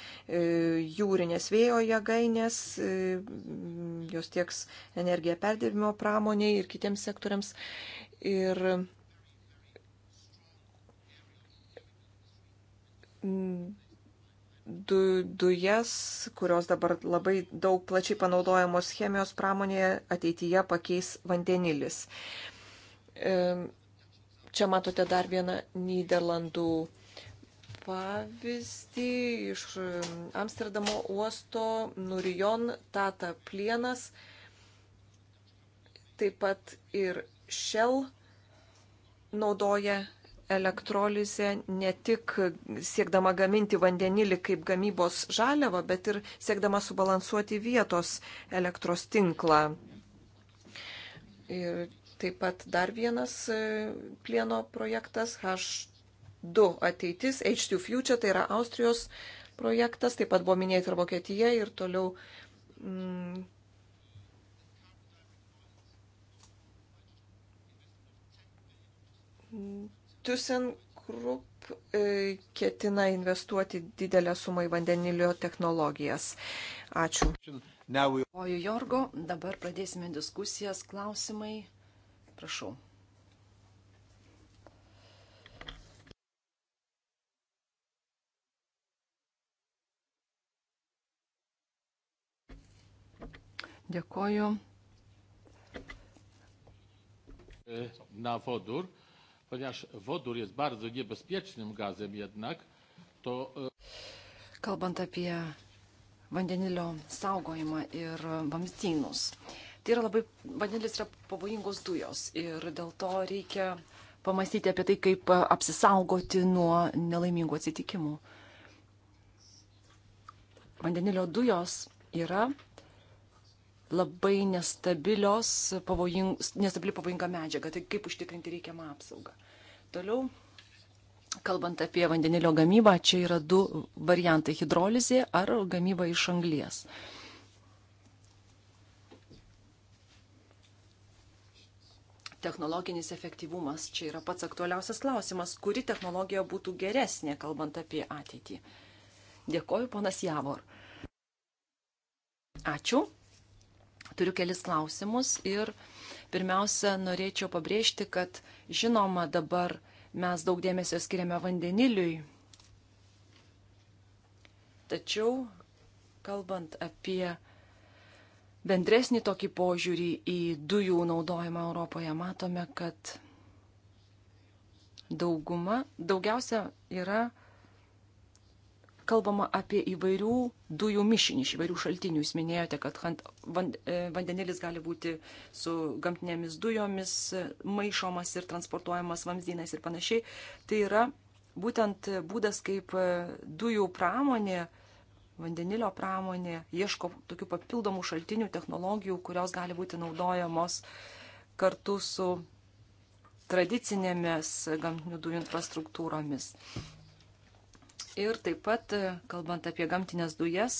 jūrinės vėjo jėgainės, e, jos tieks energiją perdirbimo pramoniai ir kitiems sektoriams. Ir m, du, dujas, kurios dabar labai daug plačiai panaudojamos chemijos pramonėje, ateityje pakeis vandenilis. Čia matote dar vieną Niderlandų pavyzdį iš Amsterdamo uosto Nurijon Tata plienas, taip pat ir Shell naudoja elektrolizė ne tik siekdama gaminti vandenilį kaip gamybos žaliavą, bet ir siekdama subalansuoti vietos elektros tinklą. Ir taip pat dar vienas e, plieno projektas H2 ateitis, H2 Future, tai yra Austrijos projektas, taip pat buvo minėta ir Vokietija ir toliau. Mm, ThyssenKrupp e, ketina investuoti didelę sumą į vandenilio technologijas. Ačiū. Oju Jorgo, dabar pradėsime diskusijas, klausimai. Prašau. Dėkoju. Na, fodur ponieważ wodór jest bardzo niebezpiecznym gazem jednak, to... E, Kalbant apie vandenilio saugojimą ir vamzdynus. Tai yra labai, vandenilis yra pavojingos dujos ir dėl to reikia pamastyti apie tai, kaip apsisaugoti nuo nelaimingų atsitikimų. Vandenilio dujos yra labai nestabilios, pavojing, nestabili pavojinga medžiaga, tai kaip užtikrinti reikiamą apsaugą. Toliau, kalbant apie vandenilio gamybą, čia yra du variantai - hidrolizė ar gamyba iš anglies. Technologinis efektyvumas čia yra pats aktualiausias klausimas, kuri technologija būtų geresnė, kalbant apie ateitį. Dėkoju, ponas Javor. Ačiū. Turiu kelis klausimus ir pirmiausia, norėčiau pabrėžti, kad žinoma dabar mes daug dėmesio skiriame vandeniliui. Tačiau, kalbant apie bendresnį tokį požiūrį į dujų naudojimą Europoje, matome, kad dauguma, daugiausia yra kalbama apie įvairių dujų mišinį iš įvairių šaltinių. Jūs minėjote, kad e, vandenilis gali būti su gamtinėmis dujomis maišomas ir transportuojamas vamzdynais ir panašiai. Tai yra būtent būdas, kaip e, dujų pramonė, vandenilio pramonė ieško tokių papildomų šaltinių, technologijų, kurios gali būti naudojamos kartu su tradicinėmis gamtinių dujų infrastruktūromis. Ir taip pat, e, kalbant apie gamtinės dujas,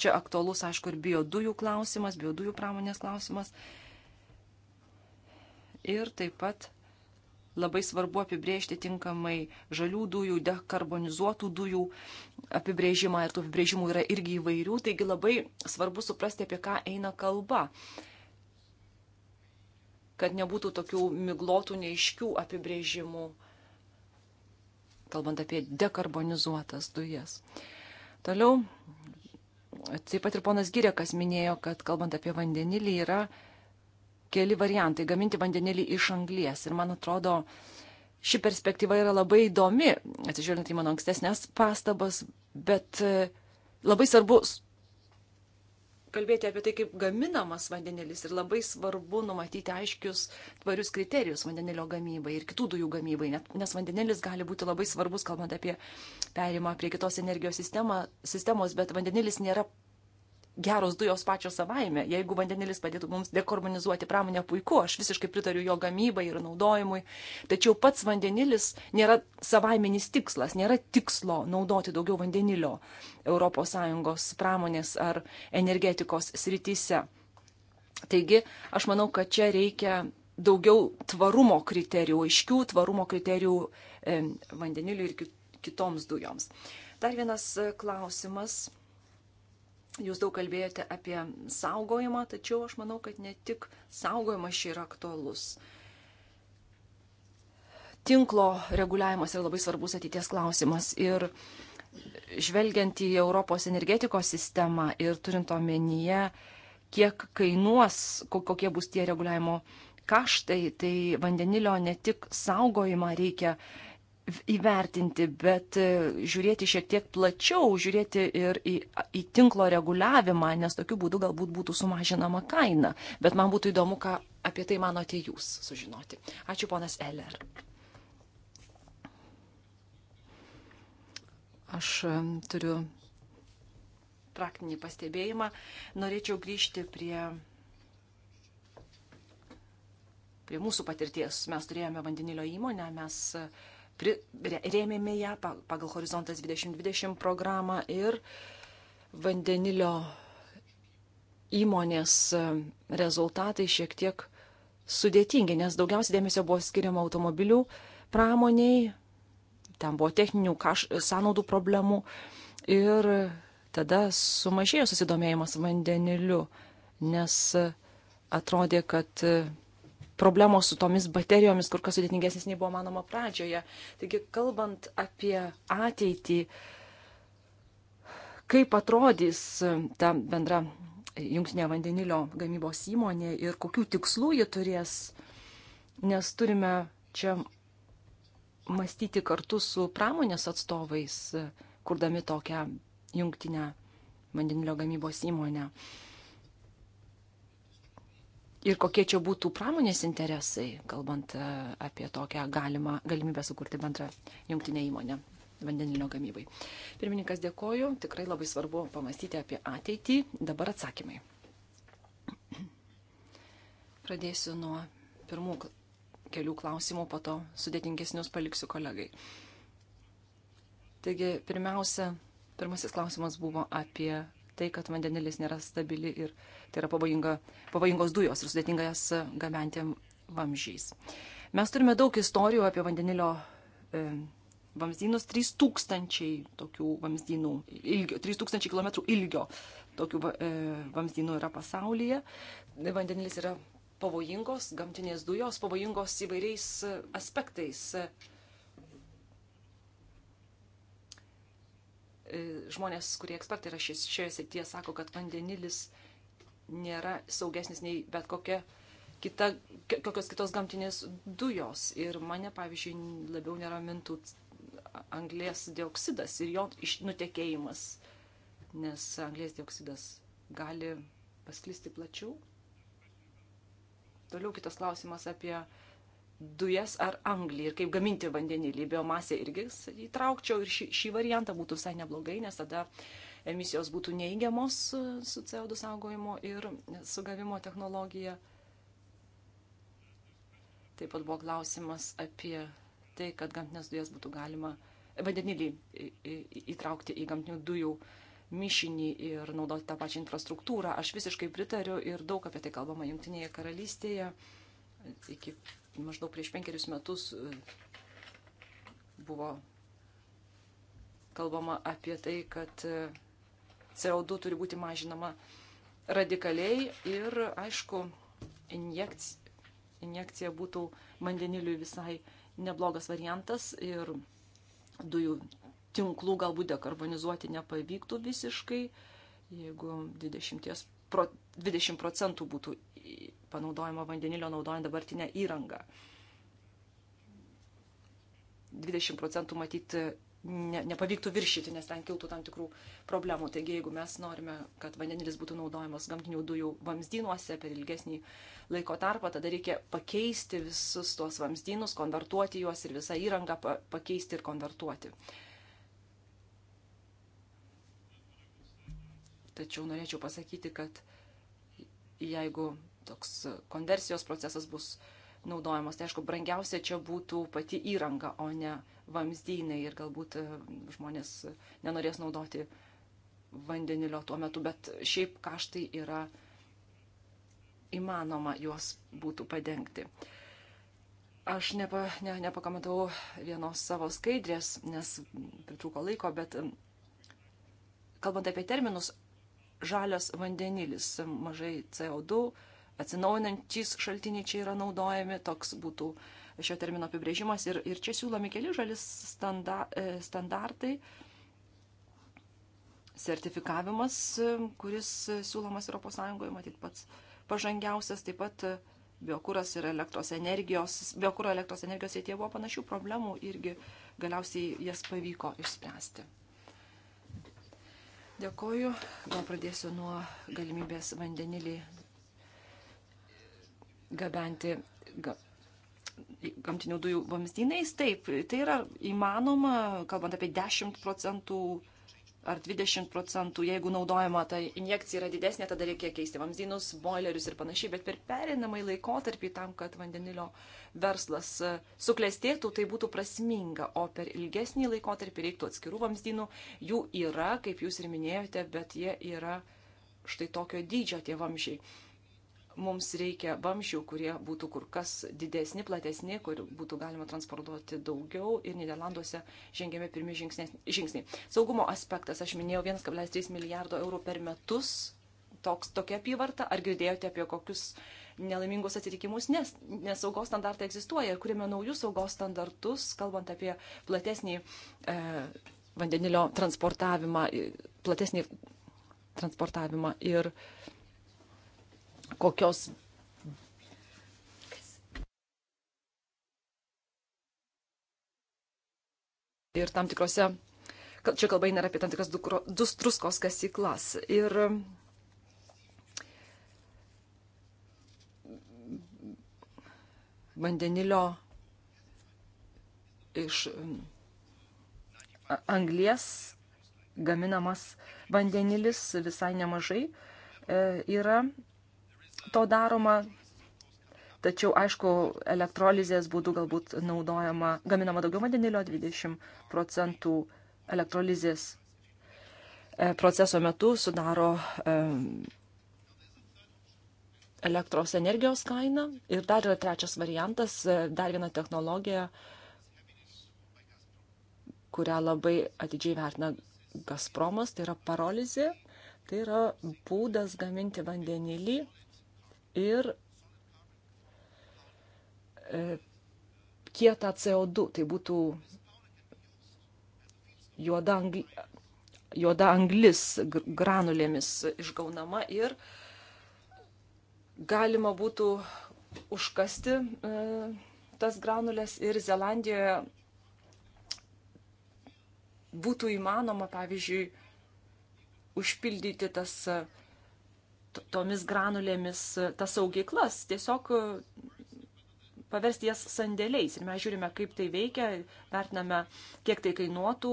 čia aktualus, aišku, ir biodujų klausimas, biodujų pramonės klausimas. Ir taip pat labai svarbu apibrėžti tinkamai žalių dujų, dekarbonizuotų dujų apibrėžimą ir tų apibrėžimų yra irgi įvairių, taigi labai svarbu suprasti, apie ką eina kalba kad nebūtų tokių miglotų, neiškių apibrėžimų kalbant apie dekarbonizuotas dujas. Toliau, taip pat ir ponas Gyrekas minėjo, kad kalbant apie vandenilį yra keli variantai gaminti vandenilį iš anglies. Ir man atrodo, ši perspektyva yra labai įdomi, atsižiūrint į mano ankstesnės pastabas, bet e, labai svarbus kalbėti apie tai, kaip gaminamas vandenilis ir labai svarbu numatyti aiškius tvarius kriterijus vandenilio gamybai ir kitų dujų gamybai, nes vandenilis gali būti labai svarbus, kalbant apie perimą prie kitos energijos sistema, sistemos, bet vandenilis nėra geros dujos pačios savaime. Jeigu vandenilis padėtų mums dekarbonizuoti pramonę, puiku, aš visiškai pritariu jo gamybai ir naudojimui. Tačiau pats vandenilis nėra savaiminis tikslas, nėra tikslo naudoti daugiau vandenilio ES pramonės ar energetikos srityse. Taigi, aš manau, kad čia reikia daugiau tvarumo kriterijų, aiškių tvarumo kriterijų e, vandeniliui ir kitoms dujoms. Dar vienas e, klausimas Jūs daug kalbėjote apie saugojimą, tačiau aš manau, kad ne tik saugojimas čia yra aktualus. Tinklo reguliavimas yra labai svarbus ateities klausimas. Ir žvelgiant į Europos energetikos sistemą ir turint omenyje, kiek kainuos, kokie bus tie reguliavimo kaštai, tai vandenilio ne tik saugojimą reikia uh, įvertinti, bet e, žiūrėti šiek tiek plačiau, žiūrėti ir į, į tinklo reguliavimą, nes tokiu būdu galbūt būtų sumažinama kaina. Bet man būtų įdomu, ką apie tai manote jūs sužinoti. Ačiū, ponas Eller. Aš e, turiu praktinį pastebėjimą. Norėčiau grįžti prie prie mūsų patirties. Mes turėjome vandenilio įmonę, mes pri, rėmėme ją pagal Horizontas 2020 programą ir vandenilio įmonės e, rezultatai šiek tiek sudėtingi, nes daugiausiai dėmesio buvo skiriama automobilių pramoniai, ten buvo techninių kaš, sąnaudų problemų ir tada sumažėjo susidomėjimas vandeniliu, nes atrodė, kad e, problemos su tomis baterijomis kur kas sudėtingesnis nei buvo manoma pradžioje. Taigi, kalbant apie ateitį, kaip atrodys ta bendra jungtinė vandenilio gamybos įmonė ir kokių tikslų ji turės, nes turime čia mąstyti kartu su pramonės atstovais, kurdami tokią jungtinę vandenilio gamybos įmonę ir kokie čia būtų pramonės interesai, kalbant e, apie tokią galimą, galimybę sukurti bendrą jungtinę įmonę vandenilio gamybai. Pirmininkas dėkoju, tikrai labai svarbu pamastyti apie ateitį. Dabar atsakymai. Pradėsiu nuo pirmų kelių klausimų, po to sudėtingesnius paliksiu kolegai. Taigi, pirmiausia, pirmasis klausimas buvo apie tai, kad vandenilis nėra stabili ir tai yra pavojinga, pavojingos dujos ir sudėtinga jas gabenti vamžiais. Mes turime daug istorijų apie vandenilio e, vamzdynus, 3000 tokių vamzdynų, ilgio, 3000 km ilgio tokių e, vamzdynų yra pasaulyje. Vandenilis yra pavojingos, gamtinės dujos pavojingos įvairiais aspektais. E, žmonės, kurie ekspertai yra šis, šioje srityje, sako, kad vandenilis nėra saugesnis nei bet kokia kita, kokios kitos gamtinės dujos. Ir mane, pavyzdžiui, labiau neramintų anglės dioksidas ir jo nutekėjimas, nes anglės dioksidas gali pasklisti plačiau. Toliau kitas klausimas apie dujas ar anglį ir kaip gaminti vandenilį. Biomasę irgi įtraukčiau ir šį, šį variantą būtų visai neblogai, nes tada emisijos būtų neįgiamos e, su CO2 saugojimo ir sugavimo technologija. Taip pat buvo klausimas apie tai, kad gamtinės dujas būtų galima e, vandenilį įtraukti į gamtinių dujų mišinį ir naudoti tą pačią infrastruktūrą. Aš visiškai pritariu ir daug apie tai kalbama Junktinėje karalystėje. Iki maždaug prieš penkerius metus e, buvo kalbama apie tai, kad e, CO2 turi būti mažinama radikaliai ir, aišku, injekcija, injekcija būtų vandeniliui visai neblogas variantas ir dujų tinklų galbūt dekarbonizuoti nepavyktų visiškai, jeigu 20, pro, 20 procentų būtų panaudojimo vandenilio naudojant dabartinę įrangą. 20 procentų matyti ne, nepavyktų viršyti, nes ten kiltų tam tikrų problemų. Taigi, jeigu mes norime, kad vandenilis būtų naudojamas gamtinių dujų vamzdynuose per ilgesnį laiko tarpą, tada reikia pakeisti visus tuos vamzdynus, konvertuoti juos ir visą įrangą pakeisti ir konvertuoti. Tačiau norėčiau pasakyti, kad jeigu toks konversijos procesas bus naudojamos. Tai aišku, brangiausia čia būtų pati įranga, o ne vamzdynai ir galbūt e, žmonės nenorės naudoti vandenilio tuo metu, bet šiaip kaštai yra įmanoma juos būtų padengti. Aš nepa, ne, nepakomentavau vienos savo skaidrės, nes pritruko laiko, bet kalbant apie terminus, žalias vandenilis, mažai CO2, atsinaujinančiais šaltiniai čia yra naudojami, toks būtų šio termino apibrėžimas. Ir, ir čia siūlomi keli žalis standa, e, standartai, sertifikavimas, e, kuris siūlomas ES, matyt, pats pažangiausias, taip pat e, biokuras ir elektros energijos, biokuro elektros energijos srityje buvo panašių problemų irgi galiausiai jas pavyko išspręsti. Dėkoju, gal pradėsiu nuo galimybės vandenilį gabenti ga, gamtinių dujų vamzdynais. Taip, tai yra įmanoma, kalbant apie 10 procentų ar 20 procentų, jeigu naudojama ta injekcija yra didesnė, tada reikia keisti vamzdynus, boilerius ir panašiai, bet per perinamąjį laikotarpį tam, kad vandenilio verslas e, suklestėtų, tai būtų prasminga, o per ilgesnį laikotarpį reiktų atskirų vamzdynų, jų yra, kaip jūs ir minėjote, bet jie yra štai tokio dydžio tie vamzdžiai mums reikia vamzdžių, kurie būtų kur kas didesni, platesni, kur būtų galima transportuoti daugiau ir Niderlanduose žengėme pirmi žingsniai. Saugumo aspektas, aš minėjau, 1,3 milijardo eurų per metus toks, tokia apyvarta, ar girdėjote apie kokius nelaimingus atsitikimus, nes, nes saugos standartai egzistuoja ir kuriame naujus saugos standartus, kalbant apie platesnį e, vandenilio transportavimą, platesnį transportavimą ir transportavimą kokios ir tam tikrose, čia kalba eina apie tam tikras druskos kasyklas. Ir vandenilio iš mm, anglies gaminamas vandenilis visai nemažai e, yra to daroma. Tačiau, aišku, elektrolizės būdu galbūt naudojama, gaminama daugiau vandenilio, 20 procentų elektrolizės e, proceso metu sudaro e, elektros energijos kaina. Ir dar yra trečias variantas, e, dar viena technologija, kurią labai atidžiai vertina Gazpromas, tai yra parolizė. Tai yra būdas gaminti vandenilį ir e, kietą CO2, tai būtų juoda, angli, juoda anglis granulėmis išgaunama ir galima būtų užkasti e, tas granulės ir Zelandijoje būtų įmanoma, pavyzdžiui, užpildyti tas uh, tomis granulėmis e, tas saugyklas, tiesiog e, paversti jas sandėliais. Ir mes žiūrime, kaip tai veikia, vertiname, kiek tai kainuotų.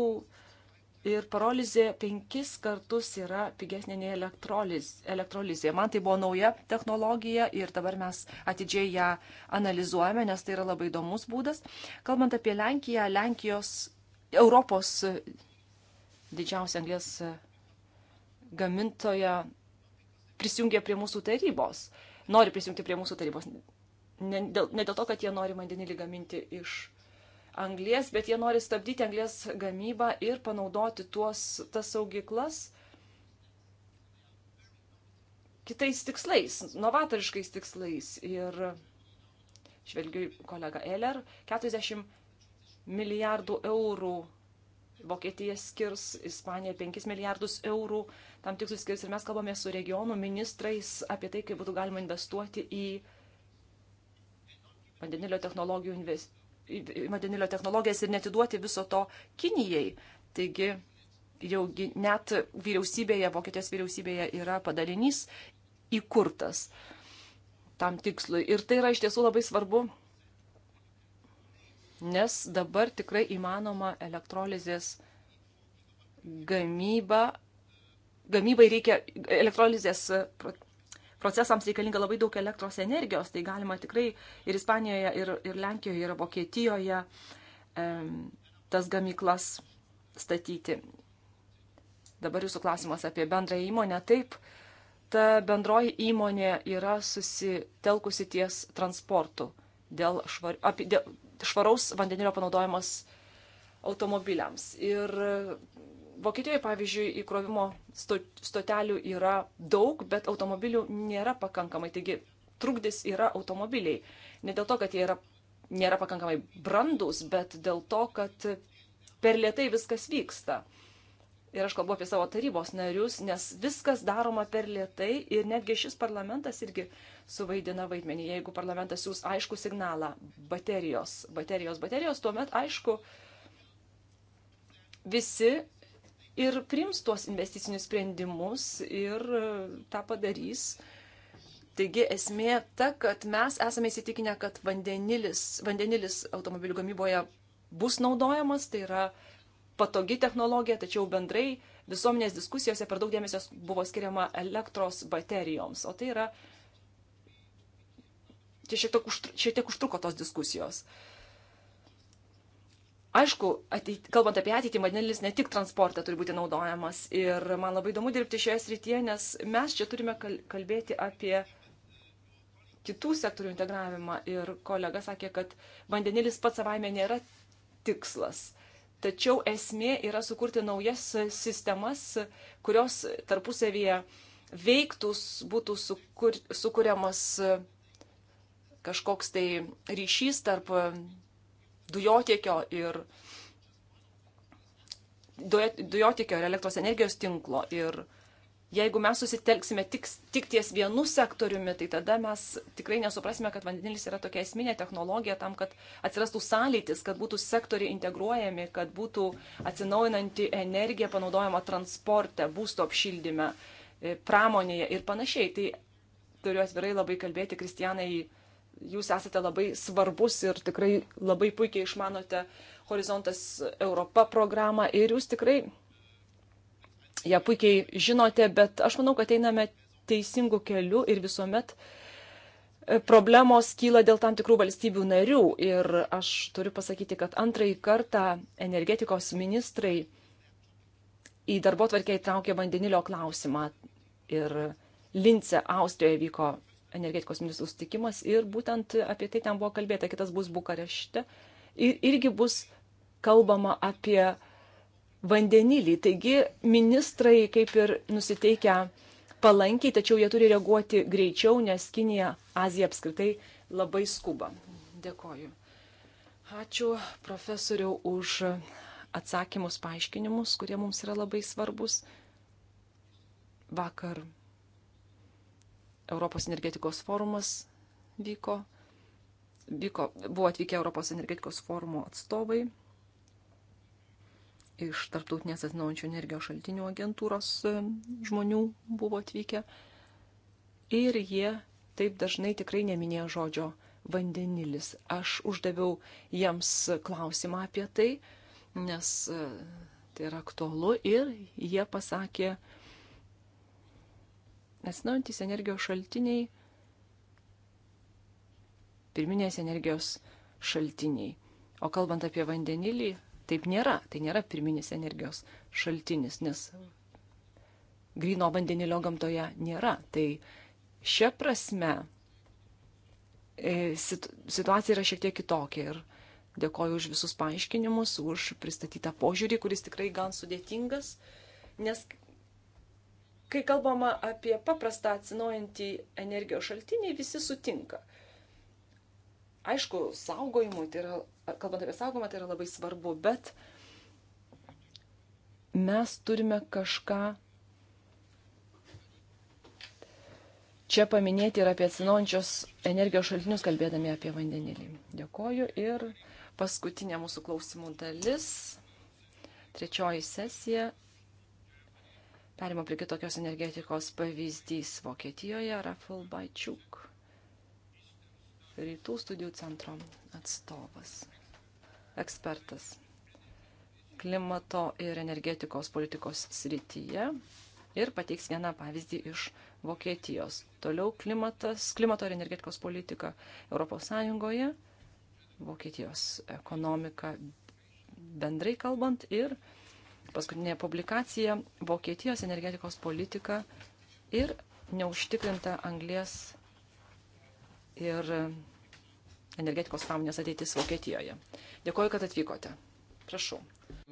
Ir parolizė penkis kartus yra pigesnė nei elektroliz, elektrolizė. Man tai buvo nauja technologija ir dabar mes atidžiai ją analizuojame, nes tai yra labai įdomus būdas. Kalbant apie Lenkiją, Lenkijos, Europos e, didžiausia anglės gamintoja prisijungia prie mūsų tarybos, nori prisijungti prie mūsų tarybos. Ne dėl, ne dėl to, kad jie nori vandenilį gaminti iš anglės, bet jie nori stabdyti anglės gamybą ir panaudoti tuos, tas saugyklas kitais tikslais, novatoriškais tikslais. Ir žvelgiu kolega Eller, 40 milijardų eurų Vokietija skirs, Ispanija 5 milijardus eurų, tam tikslus skirius ir mes kalbame su regionų ministrais apie tai, kaip būtų galima investuoti į vandenilio, invest... vandenilio technologijas ir netiduoti viso to Kinijai. Taigi jau net vyriausybėje, Vokietijos vyriausybėje yra padalinys įkurtas tam tikslui. Ir tai yra iš tiesų labai svarbu nes dabar tikrai įmanoma elektrolizės gamyba gamybai reikia elektrolizės e, procesams reikalinga labai daug elektros energijos, tai galima tikrai ir Ispanijoje, ir, ir Lenkijoje, ir Vokietijoje tas gamyklas statyti. Dabar jūsų klausimas apie bendrąją įmonę. Taip, ta bendroji įmonė yra susitelkusi ties transportu dėl, švar, apie, dėl švaraus vandenilio panaudojimas automobiliams. Ir Vokietijoje, pavyzdžiui, įkrovimo stotelių yra daug, bet automobilių nėra pakankamai. Taigi trukdis yra automobiliai. Ne dėl to, kad jie yra, nėra pakankamai brandus, bet dėl to, kad per lietai viskas vyksta. Ir aš kalbu apie savo tarybos narius, nes viskas daroma per lietai ir netgi šis parlamentas irgi suvaidina vaidmenį. Jeigu parlamentas siūs aišku signalą baterijos, baterijos, baterijos, tuomet aišku visi ir prims tuos investicinius sprendimus ir e, tą padarys. Taigi esmė ta, kad mes esame įsitikinę, kad vandenilis, vandenilis automobilių gamyboje bus naudojamas, tai yra patogi technologija, tačiau bendrai visuomenės diskusijose per daug dėmesio buvo skiriama elektros baterijoms, o tai yra. Čia šiek tiek, užtru, šiek tiek užtruko tos diskusijos. Uh, Aišku, ateit, kalbant apie ateitį, vandenilis ne tik transporte turi būti naudojamas. Ir man labai įdomu dirbti šioje srityje, nes mes čia turime kalbėti apie kitų sektorių integravimą. Ir kolega sakė, kad vandenilis pats savaime nėra tikslas. Tačiau esmė yra sukurti naujas sistemas, kurios tarpusavėje veiktus būtų sukur, sukūriamas kažkoks tai ryšys tarp dujotiekio ir dujotiekio ir elektros energijos tinklo. Ir jeigu mes susitelksime tik, tik ties vienu sektoriumi, tai tada mes tikrai nesuprasime, kad vandenilis yra tokia esminė technologija tam, kad atsirastų sąlytis, kad būtų sektoriai integruojami, kad būtų atsinaujinanti energija panaudojama transporte, būsto apšildyme, pramonėje ir panašiai. Tai turiu atvirai labai kalbėti, Kristijanai, į jūs esate labai svarbus ir tikrai labai puikiai išmanote Horizontas Europa programą ir jūs tikrai ją puikiai žinote, bet aš manau, kad einame teisingu keliu ir visuomet e, problemos kyla dėl tam tikrų valstybių narių. Ir aš turiu pasakyti, kad antrąjį kartą energetikos ministrai į darbo tvarkę įtraukė vandenilio klausimą. Ir Lince, Austrijoje vyko energetikos ministrų sutikimas ir būtent apie tai ten buvo kalbėta, kitas bus Bukarešte. Ir irgi bus kalbama apie vandenilį. Taigi ministrai kaip ir nusiteikia palankiai, tačiau jie turi reaguoti greičiau, nes Kinija, Azija apskritai labai skuba. Dėkoju. Ačiū profesoriau už atsakymus, paaiškinimus, kurie mums yra labai svarbus. Vakar Europos energetikos forumas vyko. vyko buvo atvykę Europos energetikos forumo atstovai iš Tarptautinės atsinaujančių energijos šaltinių agentūros e, žmonių buvo atvykę. Ir jie taip dažnai tikrai neminėjo žodžio vandenilis. Aš uždaviau jiems klausimą apie tai, nes e, tai yra aktualu ir jie pasakė, Atsinaujantis energijos šaltiniai, pirminės energijos šaltiniai. O kalbant apie vandenilį, taip nėra. Tai nėra pirminis energijos šaltinis, nes grino vandenilio gamtoje nėra. Tai šia prasme e, situacija yra šiek tiek kitokia ir dėkoju už visus paaiškinimus, už pristatytą požiūrį, kuris tikrai gan sudėtingas, nes Kai kalbama apie paprastą atsinaujantį energijos šaltinį, visi sutinka. Aišku, saugojimui, tai yra, kalbant apie saugojimą, tai yra labai svarbu, bet mes turime kažką čia paminėti ir apie atsinaujančios energijos šaltinius, kalbėdami apie vandenilį. Dėkoju ir paskutinė mūsų klausimų dalis, trečioji sesija Perimo prie kitokios energetikos pavyzdys Vokietijoje Rafal Baičiuk, rytų studijų centro atstovas, ekspertas klimato ir energetikos politikos srityje ir pateiks vieną pavyzdį iš Vokietijos. Toliau klimatas, klimato ir energetikos politika ES, Vokietijos ekonomika bendrai kalbant ir paskutinė publikacija - Vokietijos energetikos politika ir neužtikrinta anglės ir energetikos pramonės ateitis Vokietijoje. Dėkuoju, kad atvykote. Prašau.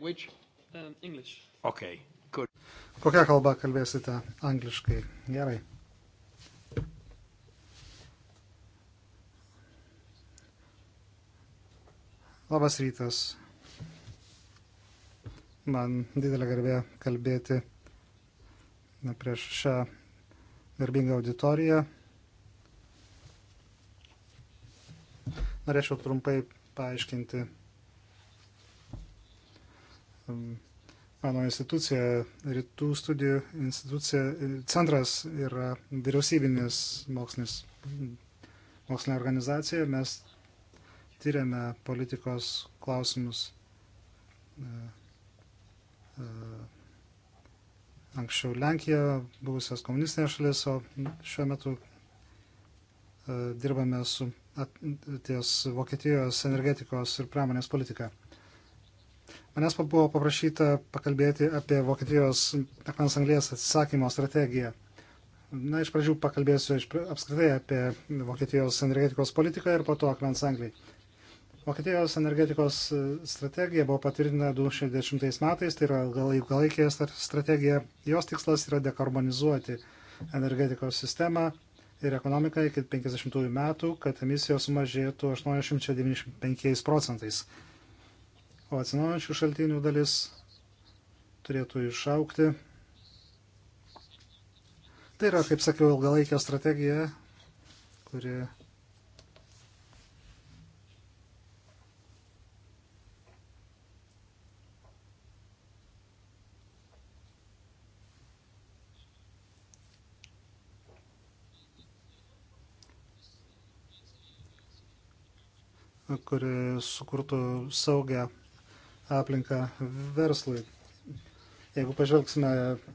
Which, um, English. okay, good. Kokią kalbą kalbėsite angliškai? Gerai. Labas rytas. Man didelė garbė kalbėti prieš šią garbingą auditoriją. Norėčiau trumpai paaiškinti um, mano institucija, rytų studijų institucija, centras yra vyriausybinis mokslinis, mokslinė organizacija. Mes tyriame politikos klausimus uh, anksčiau Lenkija, buvusios komunistinės šalis, o šiuo metu e, dirbame su at, ties Vokietijos energetikos ir pramonės politika. Manęs buvo paprašyta pakalbėti apie Vokietijos akmens anglės atsisakymo strategiją. Na, iš pradžių pakalbėsiu iš, apskritai apie Vokietijos energetikos politiką ir po to akmens angliai. Vokietijos energetikos e, strategija buvo patvirtinta 2010 metais, tai yra ilgalaikė strategija. Jos tikslas yra dekarbonizuoti energetikos sistemą ir ekonomiką iki 50 metų, kad emisijos sumažėtų 895 procentais. O atsinaujančių šaltinių dalis turėtų išaukti. Tai yra, kaip sakiau, ilgalaikė strategija, kuri kuri sukurtų saugę aplinką verslui. Jeigu pažvelgsime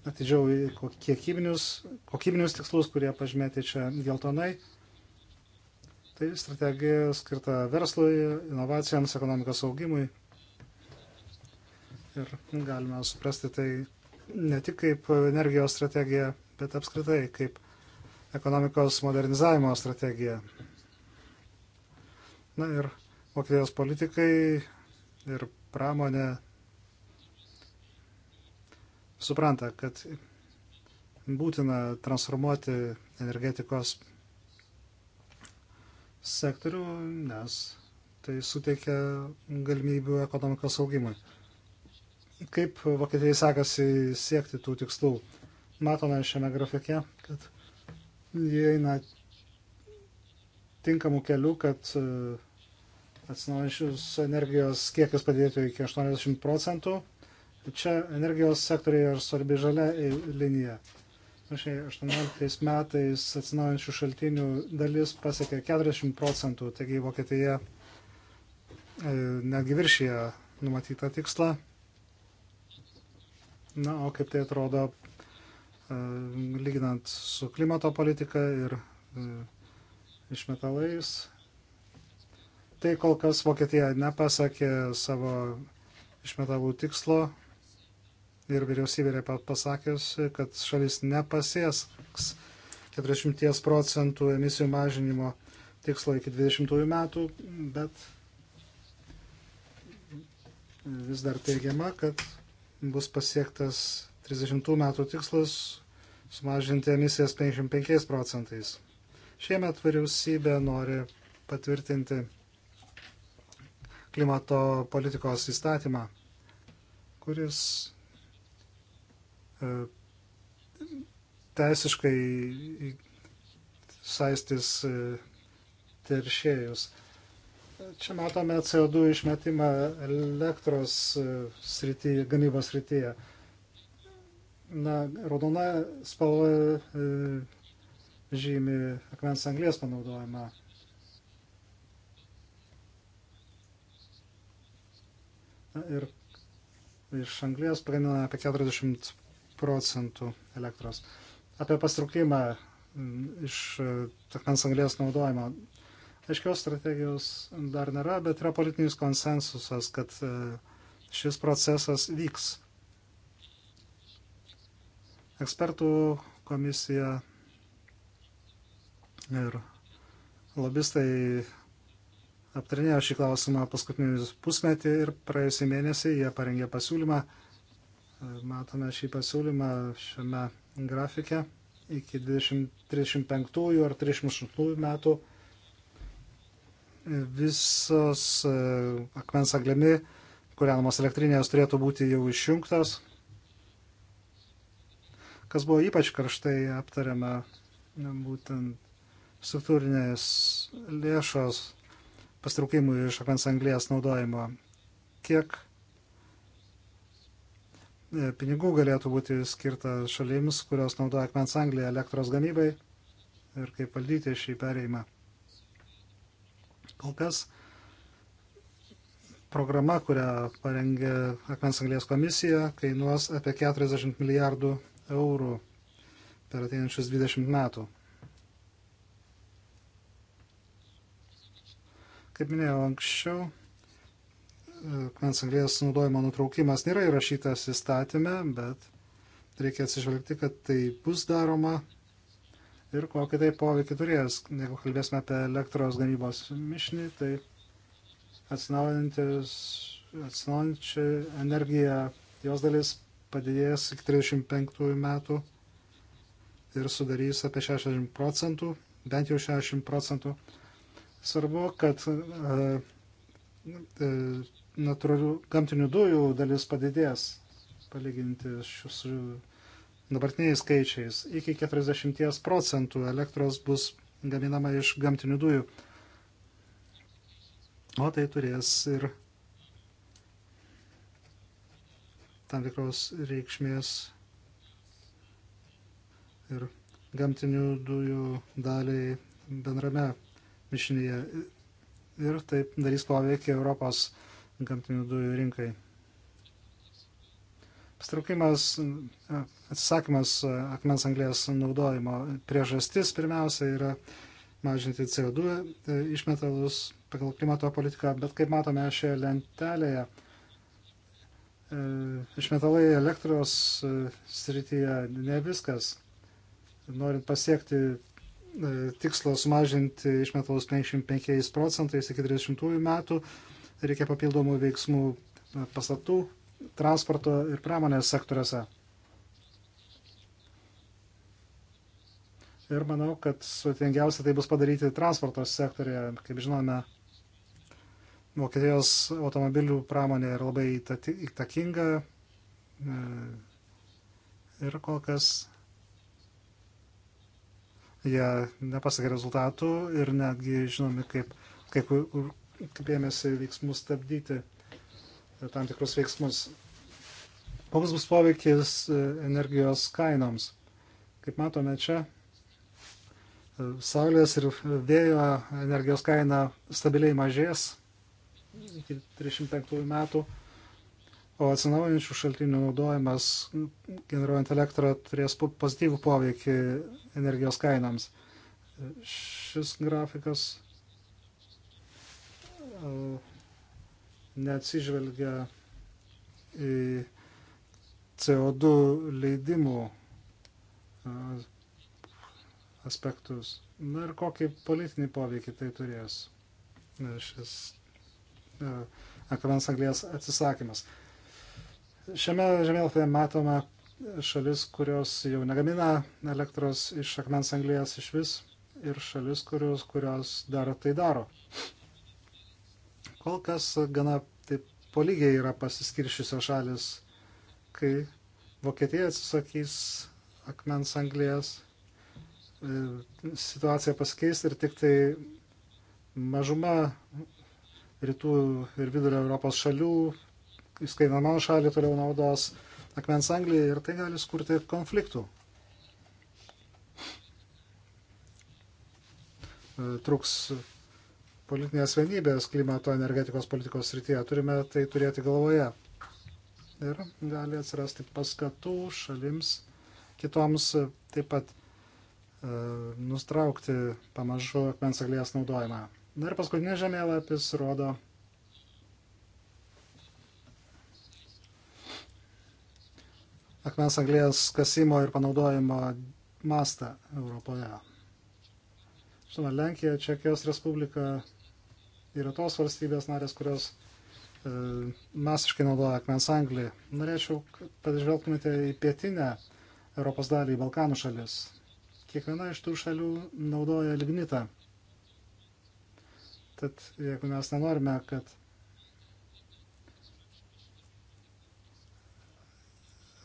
atidžiau į kiekybinius, kokybinius tikslus, kurie pažymėti čia geltonai, tai strategija skirta verslui, inovacijams, ekonomikos augimui. Ir galime suprasti tai ne tik kaip energijos strategija, bet apskritai kaip ekonomikos modernizavimo strategija. Na ir Vokietijos politikai ir pramonė supranta, kad būtina transformuoti energetikos sektorių, nes tai suteikia galimybių ekonomikos augimui. Kaip Vokietijai sekasi siekti tų tikslų? Matome šiame grafike, kad jie eina tinkamų kelių, kad uh, atsinaujančius energijos kiekis padėtų iki 80 procentų. Čia energijos sektoriai yra svarbi žalia linija. 2018 nu, metais atsinaujančių šaltinių dalis pasiekė 40 procentų, taigi Vokietija e, netgi viršyje numatytą tikslą. Na, o kaip tai atrodo e, lyginant su klimato politika ir e, išmetalais, tai kol kas Vokietija nepasakė savo išmetavų tikslo ir vyriausybė yra pasakęs, kad šalis nepasieks 40 procentų emisijų mažinimo tikslo iki 20 metų, bet vis dar teigiama, kad bus pasiektas 30 metų tikslas sumažinti emisijas 55 procentais. Šiemet vyriausybė nori patvirtinti klimato politikos įstatymą, kuris e, teisiškai saistys e, teršėjus. Čia matome CO2 išmetimą elektros e, srity, gamybos srityje. Na, raudona spalva žymi akmens anglės panaudojimą. ir iš anglės pagaminame apie 40 procentų elektros. Apie pastrukimą mm, iš e, takmens anglės naudojimo. Aiškios strategijos dar nėra, bet yra politinis konsensusas, kad e, šis procesas vyks. Ekspertų komisija ir lobistai aptarinėjo šį klausimą paskutinius pusmetį ir praėjusį mėnesį jie parengė pasiūlymą. Matome šį pasiūlymą šiame grafike iki 2035 ar 36 metų visos e, akmens aglimi kūrenamos elektrinės turėtų būti jau išjungtos. Kas buvo ypač karštai aptariama, būtent struktūrinės lėšos pastraukimui iš akmens anglės naudojimo. Kiek e, pinigų galėtų būti skirta šalims, kurios naudoja akmens anglį elektros gamybai ir kaip valdyti šį pereimą. Kol kas programa, kurią parengė akmens anglės komisija, kainuos apie 40 milijardų eurų per ateinančius 20 metų. Kaip minėjau anksčiau, e, akmens anglės naudojimo nutraukimas nėra įrašytas įstatymę, bet reikia atsižvelgti, kad tai bus daroma ir kokį tai poveikį turės. Jeigu kalbėsime apie elektros gamybos mišinį, tai atsinaujančią energiją jos dalis padidės iki 35 metų ir sudarys apie 60 procentų, bent jau 60 procentų Svarbu, kad e, e, natūralių gamtinių dujų dalis padidės palyginti su dabartiniais skaičiais. Iki 40 procentų elektros bus gaminama iš gamtinių dujų. O tai turės ir tam tikros reikšmės ir gamtinių dujų daliai bendrame mišinyje ir taip darys poveikį Europos gamtinių dujų rinkai. Pastraukimas, atsisakymas akmens anglės naudojimo priežastis pirmiausia yra mažinti CO2 išmetalus pagal klimato politiką, bet kaip matome šioje lentelėje, e, išmetalai elektros e, srityje ne viskas. Norint pasiekti E, tikslo sumažinti išmetalus 55 procentais iki 30 metų, reikia papildomų veiksmų e, pastatų, transporto ir pramonės sektoriuose. Ir manau, kad sutingiausia tai bus padaryti transporto sektorėje. Kaip žinome, Vokietijos automobilių pramonė yra labai įtakinga e, ir kol kas jie nepasakė rezultatų ir netgi žinomi, kaip, kaip, kaip ėmėsi veiksmus stabdyti e, tam tikrus veiksmus. Koks bus poveikis e, energijos kainoms? Kaip matome čia, e, saulės ir vėjo energijos kaina stabiliai mažės iki 305 metų o atsinaujančių šaltinių naudojimas generuojant elektrą turės pozityvų poveikį energijos kainams. Šis grafikas e, neatsižvelgia į CO2 leidimų e, aspektus. Na ir kokį politinį poveikį tai turės e, šis akmens anglės atsisakymas. Šiame žemėlapyje matome šalis, kurios jau negamina elektros iš akmens anglijas iš vis ir šalis, kurios, kurios dar tai daro. Kol kas gana taip polygiai yra pasiskiršiusios šalis, kai Vokietija atsisakys akmens anglijas, e, situacija pasikeis ir tik tai mažuma rytų ir vidurio Europos šalių įskaitant mano šalį, toliau naudos akmens anglį ir tai gali skurti konfliktų. E, truks politinės vienybės klimato energetikos politikos srityje. Turime tai turėti galvoje. Ir gali atsirasti paskatų šalims kitoms taip pat e, nustraukti pamažu akmens anglės naudojimą. Na ir paskutinis žemėlapis rodo akmens anglės kasimo ir panaudojimo mastą Europoje. Žinoma, Lenkija, Čekijos Respublika yra tos valstybės narės, kurios e, masiškai naudoja akmens anglį. Norėčiau, kad pažvelgtumėte į pietinę Europos dalį, į Balkanų šalis. Kiekviena iš tų šalių naudoja lignitą. Tad jeigu mes nenorime, kad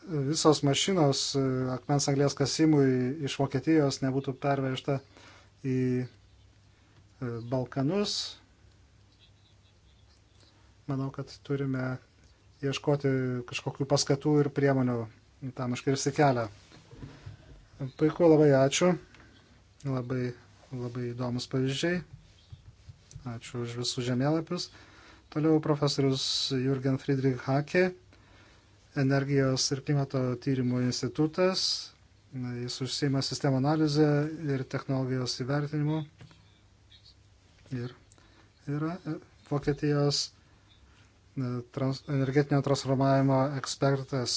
visos mašinos e, akmens anglės kasimui iš Vokietijos nebūtų pervežta į e, Balkanus. Manau, kad turime ieškoti kažkokių paskatų ir priemonių tam iškirsti kelią. Puiku, labai ačiū. Labai, labai įdomus pavyzdžiai. Ačiū už visus žemėlapius. Toliau profesorius Jürgen Friedrich Hake energijos ir klimato tyrimų institutas. Jis užsieima sistemą analizę ir technologijos įvertinimu. Ir yra e, Vokietijos e, trans, energetinio transformavimo ekspertas.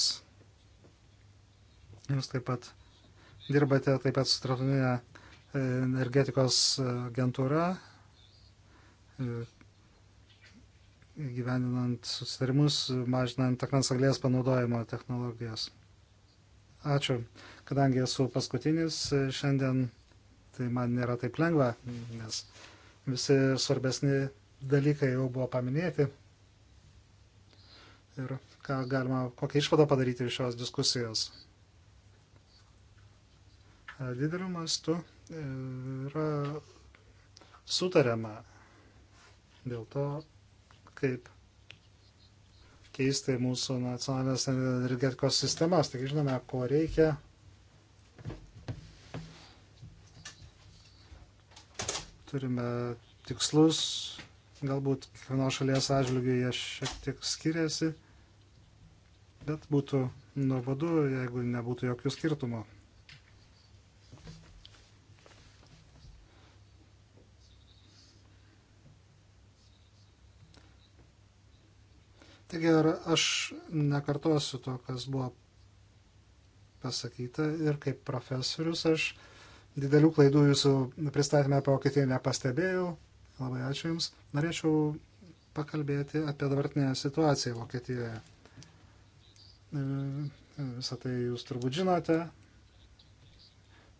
Jūs taip pat dirbate taip pat su Tratuninė e, energetikos agentūra gyveninant susitarimus, mažinant akmens anglės panaudojimo technologijas. Ačiū. Kadangi esu paskutinis šiandien, tai man nėra taip lengva, nes visi svarbesni dalykai jau buvo paminėti. Ir ką galima, kokią išvadą padaryti iš šios diskusijos. Dideliu mastu e, yra sutariama dėl to, kaip keisti mūsų nacionalinės energetikos sistemas. Taigi žinome, ko reikia. Turime tikslus, galbūt kiekvienos šalies atžvilgių jie šiek tiek skiriasi, bet būtų nuobodu, jeigu nebūtų jokių skirtumų. Taigi ar aš nekartosiu to, kas buvo pasakyta ir kaip profesorius aš didelių klaidų jūsų pristatymę apie Vokietiją nepastebėjau. Labai ačiū Jums. Norėčiau pakalbėti apie dabartinę situaciją Vokietijoje. E, visą tai Jūs turbūt žinote.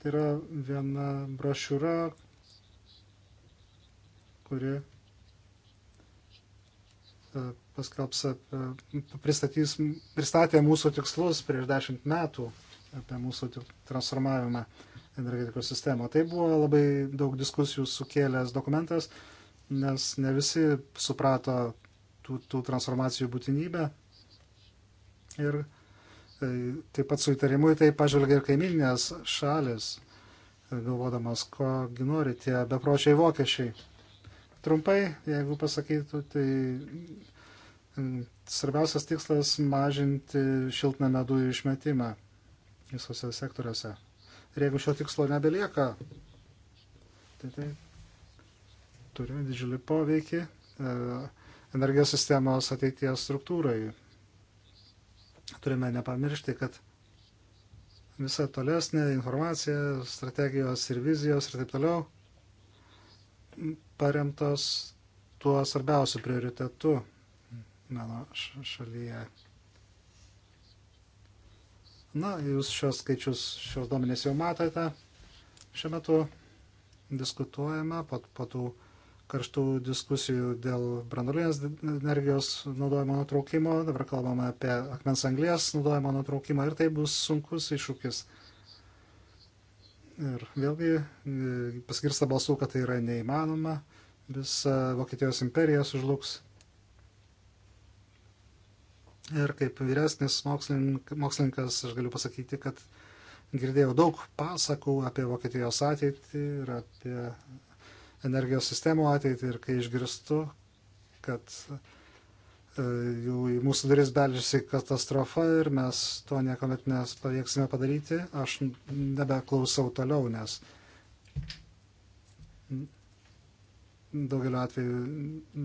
Tai yra viena brošiūra, kuri e, paskelbs, pristatys, pristatė mūsų tikslus prieš dešimt metų apie mūsų transformavimą energetikos sistemą. Tai buvo labai daug diskusijų sukėlęs dokumentas, nes ne visi suprato tų, tų transformacijų būtinybę. Ir e, taip pat su įtarimu į tai pažvelgia ir kaiminės šalis, e, galvodamas, kogi nori tie bepročiai vokiečiai. Trumpai, jeigu pasakytų, tai Svarbiausias tikslas - mažinti šiltnamio dujų išmetimą visose sektoriuose. Ir jeigu šio tikslo nebelieka, tai, tai turime didžiulį poveikį e, energijos sistemos ateities struktūrai. Turime nepamiršti, kad visa tolesnė informacija, strategijos ir vizijos ir taip toliau paremtos tuo svarbiausiu prioritetu mano šalyje. Na, jūs šios skaičius, šios duomenės jau matote. Šiuo metu diskutuojame po, po tų karštų diskusijų dėl branduolinės energijos naudojimo nutraukimo. Dabar kalbame apie akmens anglės naudojimo nutraukimą ir tai bus sunkus iššūkis. Ir vėlgi e, paskirsta balsų, kad tai yra neįmanoma. Visa Vokietijos imperija sužlugs. Ir kaip vyresnis mokslininkas aš galiu pasakyti, kad girdėjau daug pasakų apie Vokietijos ateitį ir apie energijos sistemų ateitį ir kai išgirstu, kad e, jų į mūsų duris beldžiasi katastrofa ir mes to niekuomet nespavyksime padaryti, aš nebeklausau toliau, nes daugeliu atveju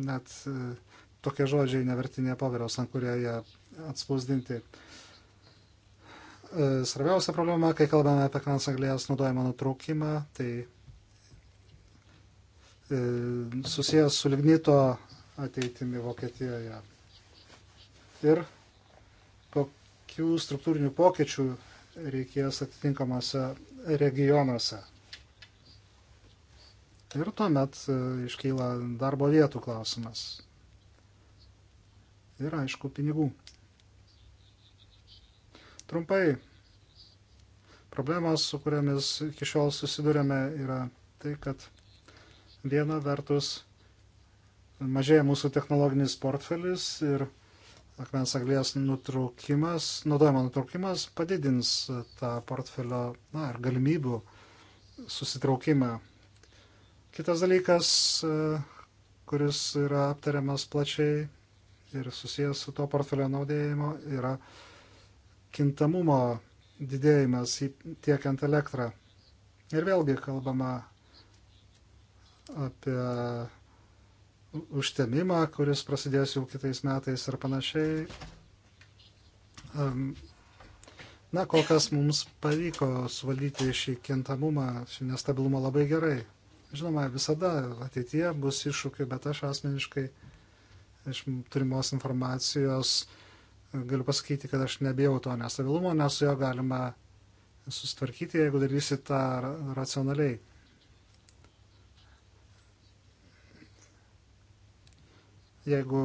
net uh, tokie žodžiai nevertinė popieriaus, ant kurie jie atspausdinti. E, svarbiausia problema, kai kalbame apie kansanglėjas naudojimo nutraukimą, tai e, susijęs su lignito ateitimi Vokietijoje. Ir kokių struktūrinių pokyčių reikės atitinkamose regionuose. Ir tuomet e, iškyla darbo vietų klausimas ir aišku pinigų. Trumpai, problemos, su kuriamis iki šiol susidurėme, yra tai, kad viena vertus mažėja mūsų technologinis portfelis ir akmens anglės nutraukimas, naudojimo nutraukimas padidins tą portfelio na, ir galimybių susitraukimą. Kitas dalykas, kuris yra aptariamas plačiai, ir susijęs su to portfelio naudėjimo yra kintamumo didėjimas tiekiant elektrą. Ir vėlgi kalbama apie užtemimą, kuris prasidės jau kitais metais ir panašiai. Ehm, na, kol kas mums pavyko suvaldyti šį kintamumą, šį nestabilumą labai gerai. Žinoma, visada ateityje bus iššūkių, bet aš asmeniškai iš turimos informacijos galiu pasakyti, kad aš nebijau to nestabilumo, nes su jo galima sustvarkyti, jeigu darysi tą racionaliai. Jeigu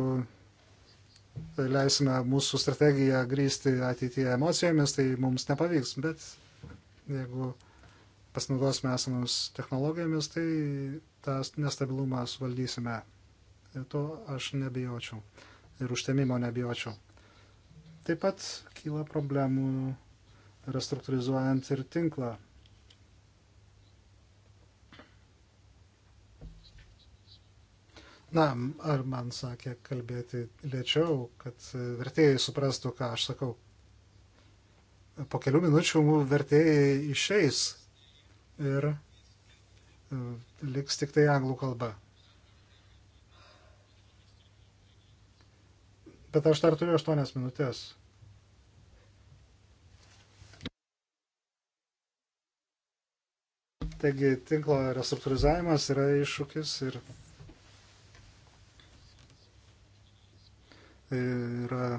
leisime mūsų strategiją grįsti ateityje emocijomis, tai mums nepavyks, bet jeigu pasinaudosime esamus technologijomis, tai tą nestabilumą suvaldysime. Ir to aš nebijočiau. Ir užtemimo nebijočiau. Taip pat kyla problemų restruktūrizuojant ir tinklą. Na, ar man sakė kalbėti lėčiau, kad vertėjai suprastų, ką aš sakau. Po kelių minučių vertėjai išeis ir e, liks tik tai anglų kalba. Bet aš dar turiu 8 minutės. Taigi tinklo restruktūrizavimas yra iššūkis ir yra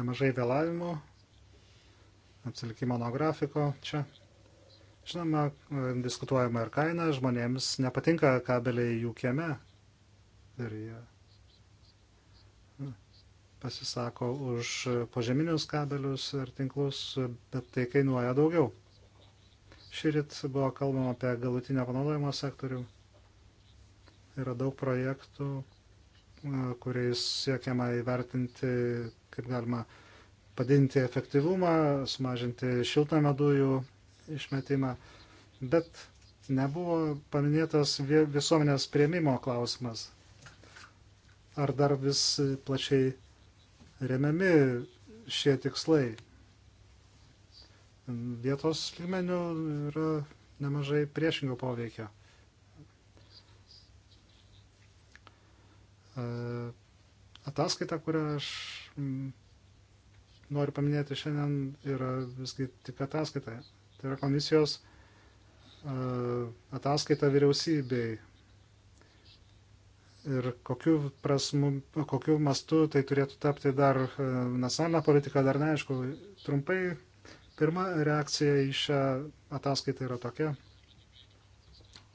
nemažai vėlavimų, atsilikimo nuo grafiko čia. Žinoma, diskutuojama ir kaina, žmonėms nepatinka kabeliai jų kieme ir jie pasisako už požeminius kabelius ir tinklus, bet tai kainuoja daugiau. Šįryt buvo kalbama apie galutinio panaudojimo sektorių. Yra daug projektų, e, kuriais siekiama įvertinti, kaip galima padinti efektyvumą, sumažinti šiltnamio dujų išmetimą, bet nebuvo paminėtas visuomenės prieimimo klausimas. Ar dar vis plačiai remiami šie tikslai. Vietos lygmenių yra nemažai priešingo poveikio. E, ataskaita, kurią aš noriu paminėti šiandien, yra visgi tik ataskaita. Tai yra komisijos e, ataskaita vyriausybei ir kokiu, prasmu, kokiu mastu tai turėtų tapti dar e, nacionalinę politiką, dar neaišku. Trumpai, pirma reakcija į šią ataskaitą yra tokia,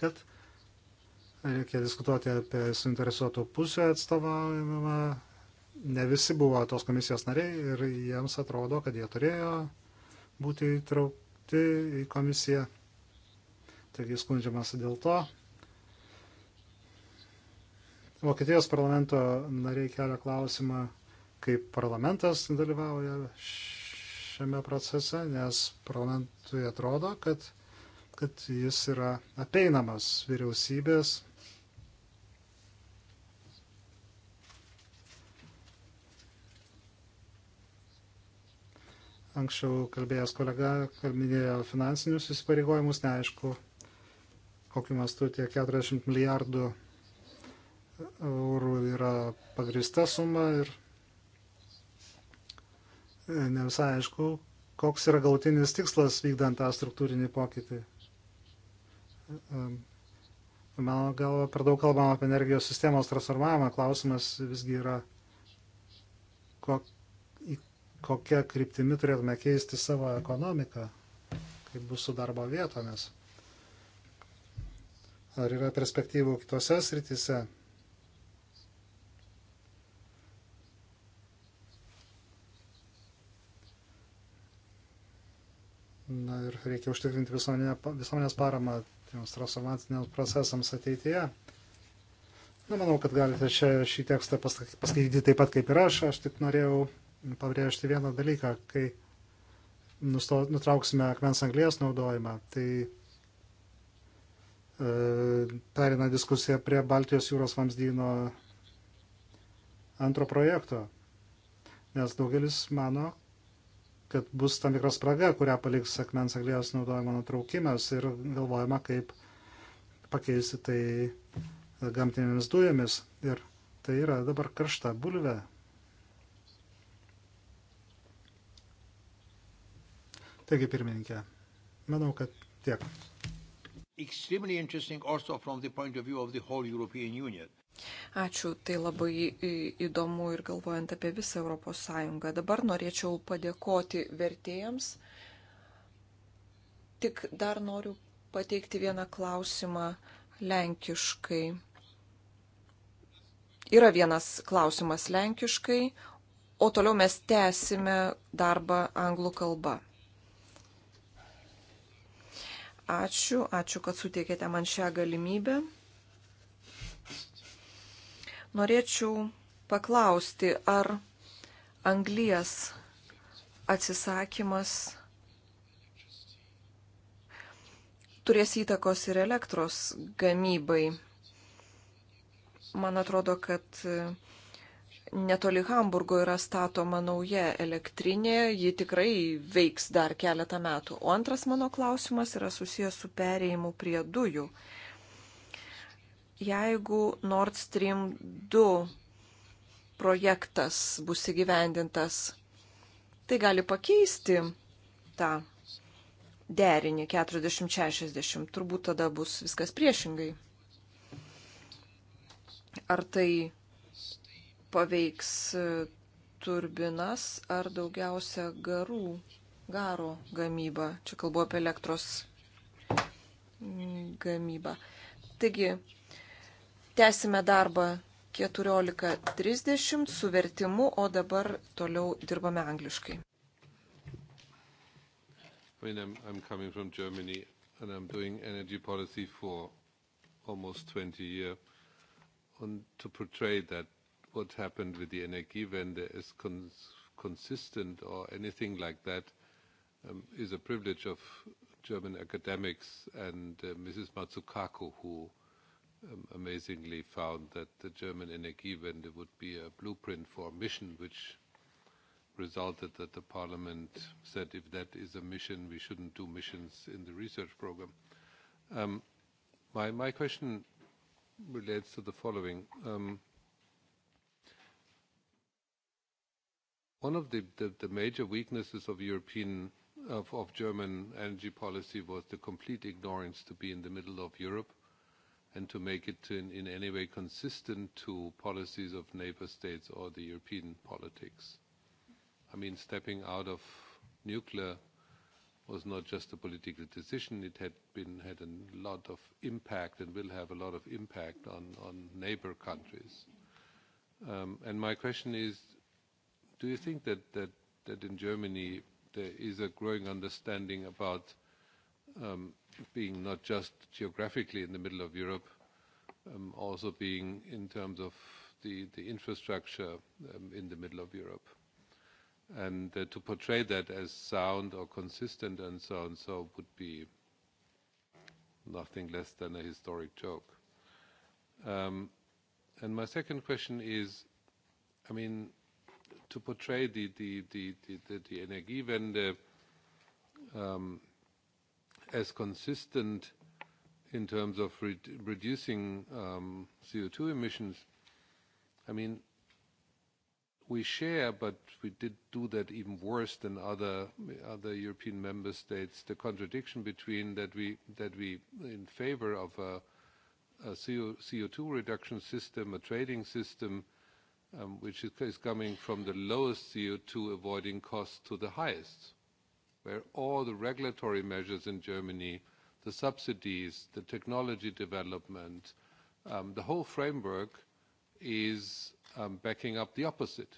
kad reikia diskutuoti apie suinteresuotų pusių atstovavimą. Ne visi buvo tos komisijos nariai ir jiems atrodo, kad jie turėjo būti įtraukti į komisiją. Taigi skundžiamasi dėl to. Vokietijos parlamento nariai kelia klausimą, kaip parlamentas dalyvauja šiame procese, nes parlamentui atrodo, kad, kad jis yra apeinamas vyriausybės anksčiau kalbėjęs kolega minėjo finansinius įsipareigojimus, neaišku, kokiu mastu tie 40 milijardų eurų yra pagrista suma ir e, ne visai aišku, koks yra gautinis tikslas vykdant tą struktūrinį pokytį. E, e, mano galva, per daug kalbam apie energijos sistemos transformavimą. Klausimas visgi yra, kok, kokia kryptimi turėtume keisti savo ekonomiką, kaip bus su darbo vietomis. Ar yra perspektyvų kitose srityse? Na ir reikia užtikrinti visuomenės paramą tiems transformaciniams procesams ateityje. Na, manau, kad galite čia šį tekstą paskaityti taip pat kaip ir aš. Aš tik norėjau pabrėžti vieną dalyką. Kai nusto, nutrauksime akmens anglės naudojimą, tai e, perina diskusija prie Baltijos jūros vamzdyno antro projekto. Nes daugelis mano, kad bus tam tikra spraga, kurią paliks akmens anglės naudojimo nutraukimas ir galvojama, kaip pakeisti tai gamtinėmis dujomis. Ir tai yra dabar karšta bulvė. Taigi, pirmininkė, manau, kad tiek. Extremely interesting also from the point of view of the whole European Union. Ačiū, tai labai įdomu ir galvojant apie visą Europos Sąjungą. Dabar norėčiau padėkoti vertėjams. Tik dar noriu pateikti vieną klausimą lenkiškai. Yra vienas klausimas lenkiškai, o toliau mes tęsime darbą anglų kalba. Ačiū, ačiū, kad suteikėte man šią galimybę. Norėčiau paklausti, ar anglijas atsisakymas turės įtakos ir elektros gamybai. Man atrodo, kad netoli Hamburgo yra statoma nauja elektrinė, ji tikrai veiks dar keletą metų. O antras mano klausimas yra susijęs su perėjimu prie dujų. Jeigu Nord Stream 2 projektas bus įgyvendintas, tai gali pakeisti tą derinį 40-60. Turbūt tada bus viskas priešingai. Ar tai paveiks e, turbinas ar daugiausia garų, garo gamybą. Čia kalbu apie elektros mm, gamybą. Taigi, Tęsime darbą 14.30 su vertimu, o dabar toliau dirbame angliškai. I mean, I'm, I'm coming from Germany and I'm doing energy policy for almost 20 years. And to portray that what happened with the Energiewende is cons consistent or anything like that um, is a privilege of German academics and uh, Mrs. Matsukaku, who um, amazingly found that the German Energiewende would be a blueprint for a mission, which resulted that the parliament said if that is a mission, we shouldn't do missions in the research program. Um, my, my question relates to the following. Um, one of the, the, the major weaknesses of European of, of German energy policy was the complete ignorance to be in the middle of Europe and to make it in, in any way consistent to policies of neighbor states or the European politics. I mean, stepping out of nuclear was not just a political decision. It had been had a lot of impact and will have a lot of impact on, on neighbor countries. Um, and my question is, do you think that, that, that in Germany there is a growing understanding about um, being not just geographically in the middle of Europe, um, also being in terms of the, the infrastructure um, in the middle of Europe. And uh, to portray that as sound or consistent and so on so would be nothing less than a historic joke. Um, and my second question is, I mean, to portray the, the, the, the, the, the Energiewende um, as consistent in terms of re reducing um, CO2 emissions, I mean, we share, but we did do that even worse than other other European member states. The contradiction between that we that we in favor of a, a CO, CO2 reduction system, a trading system, um, which is, is coming from the lowest CO2 avoiding cost to the highest where all the regulatory measures in Germany, the subsidies, the technology development, um, the whole framework is um, backing up the opposite.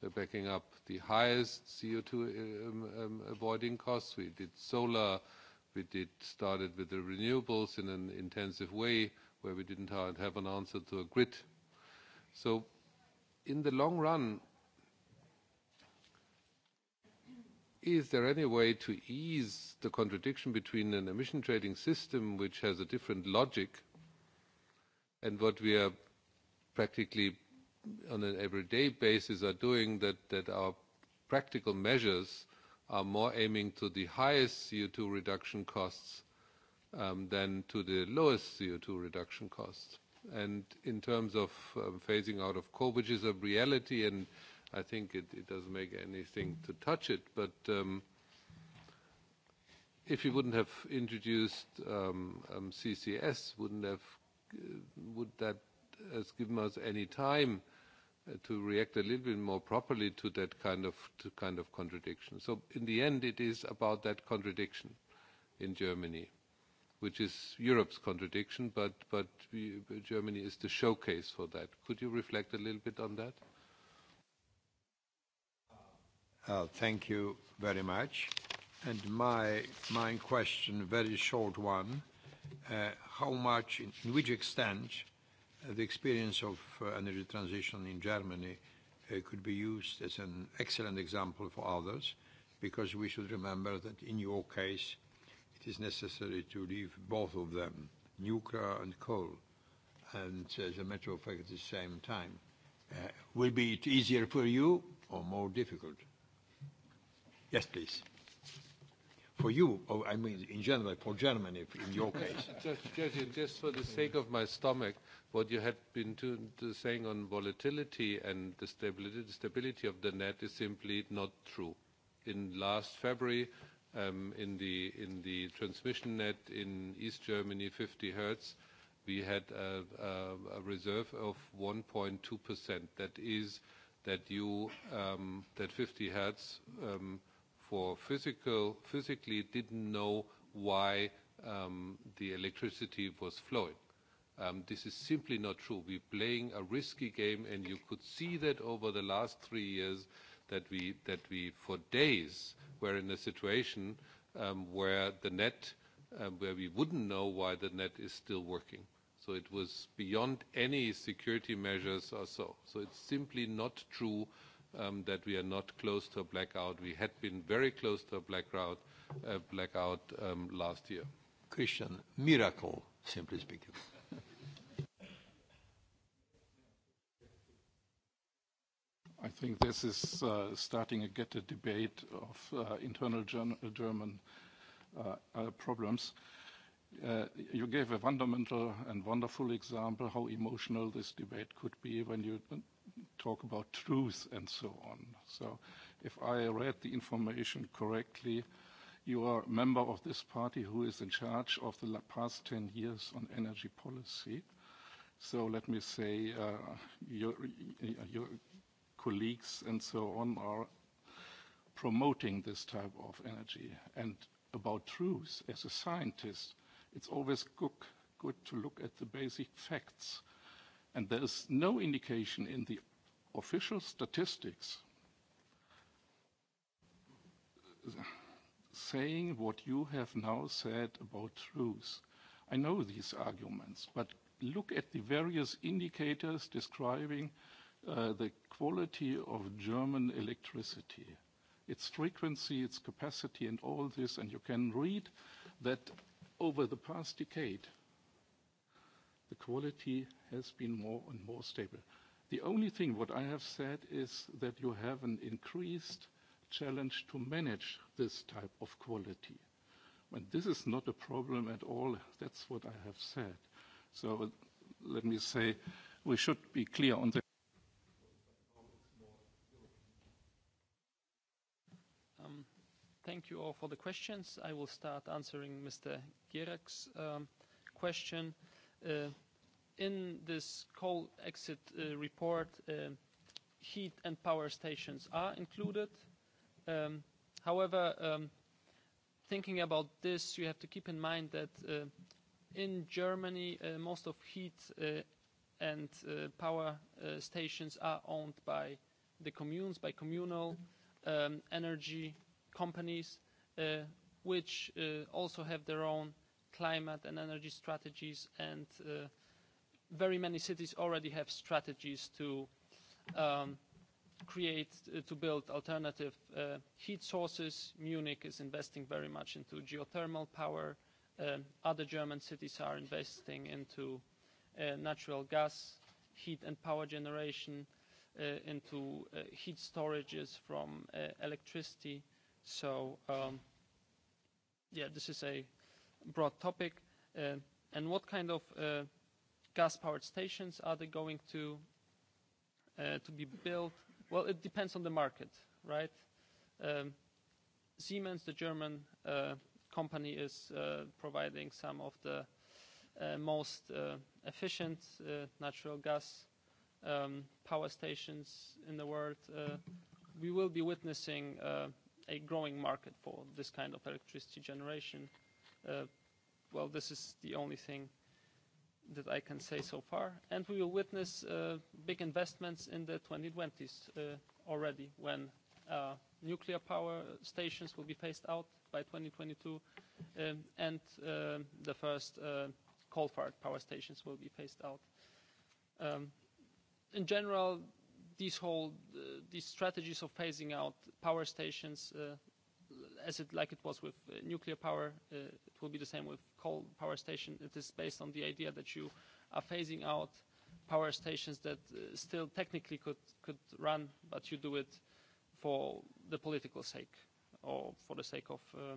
They're backing up the highest CO2 um, um, avoiding costs. We did solar. We did started with the renewables in an intensive way where we didn't have an answer to a grid. So in the long run, is there any way to ease the contradiction between an emission trading system which has a different logic and what we are practically on an everyday basis are doing that, that our practical measures are more aiming to the highest CO2 reduction costs um, than to the lowest CO2 reduction costs. And in terms of um, phasing out of coal, which is a reality and I think it, it doesn't make anything to touch it. But um, if you wouldn't have introduced um, um, CCS, wouldn't have, uh, would that has given us any time uh, to react a little bit more properly to that kind of, to kind of contradiction. So in the end, it is about that contradiction in Germany, which is Europe's contradiction, but, but we, Germany is the showcase for that. Could you reflect a little bit on that? Uh, thank you very much. And my, my question, very short one, uh, how much, in, in which extent, uh, the experience of uh, energy transition in Germany uh, could be used as an excellent example for others, because we should remember that in your case, it is necessary to leave both of them, nuclear and coal, and uh, as a matter of fact, at the same time. Uh, will be it easier for you or more difficult? Yes, please. For you, or oh, I mean, in general, for Germany, in your case. <laughs> just, just, just for the sake of my stomach, what you had been to, to saying on volatility and the stability, the stability of the net is simply not true. In last February, um, in the in the transmission net in East Germany, 50 hertz, we had a, a, a reserve of 1.2%. That is that you um, that 50 hertz. Um, for physical, physically didn't know why um, the electricity was flowing. Um, this is simply not true. We're playing a risky game, and you could see that over the last three years that we, that we for days, were in a situation um, where the net, um, where we wouldn't know why the net is still working. So it was beyond any security measures or so. So it's simply not true um, that we are not close to a blackout. We had been very close to a blackout, uh, blackout um, last year. Christian, miracle, simply speaking. I think this is uh, starting to get a debate of uh, internal German, uh, German uh, uh, problems. Uh, you gave a fundamental and wonderful example how emotional this debate could be when you talk about truth and so on. So if I read the information correctly, you are a member of this party who is in charge of the past 10 years on energy policy. So let me say uh, your, your colleagues and so on are promoting this type of energy. And about truth, as a scientist, it's always good, good to look at the basic facts. Uh, and there is no indication in the official statistics saying what you have now said about truth. I know these arguments, but look at the various indicators describing uh, the quality of German electricity, its frequency, its capacity, and all this, and you can read that over the past decade, the quality has been more and more stable. The only thing what I have said is that you have an increased challenge to manage this type of quality. And this is not a problem at all. That's what I have said. So let me say we should be clear on the um, Thank you all for the questions. I will start answering Mr. Gierek's um, question. Uh, Uh, in this coal exit uh, report, uh, heat and power stations are included. Um, however, um, thinking about this, you have to keep in mind that uh, in Germany, uh, most of heat uh, and uh, power uh, stations are owned by the communes, by communal um, energy companies, uh, which uh, also have their own uh, climate and energy strategies, and uh, very many cities already have strategies to um, create, uh, to build alternative uh, heat sources. Munich is investing very much into geothermal power. Uh, other German cities are investing into uh, natural gas, heat and power generation, uh, into uh, heat storages from uh, electricity. So, um, yeah, this is a broad topic. Uh, and what kind of uh, gas-powered stations are they going to uh, to be built? Well, it depends on the market, right? Um, Siemens, the German uh, company, is uh, providing some of the uh, most uh, efficient uh, natural gas um, power stations in the world. Uh, we will be witnessing uh, a growing market for this kind of electricity generation. Uh, Uh, well, this is the only thing that I can say so far. And we will witness uh, big investments in the 2020s uh, already when uh, nuclear power stations will be phased out by 2022 um, and uh, the first uh, coal-fired power stations will be phased out. Um, in general, these whole uh, these strategies of phasing out power stations uh, as it like it was with uh, nuclear power, uh, it will be the same with coal power station. It is based on the idea that you are phasing out power stations that uh, still technically could could run, but you do it for the political sake or for the sake of uh,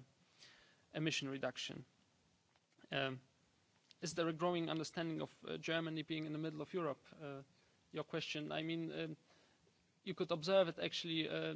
emission reduction. Um, is there a growing understanding of uh, Germany being in the middle of Europe? Uh, your question. I mean, um, you could observe it actually. Uh,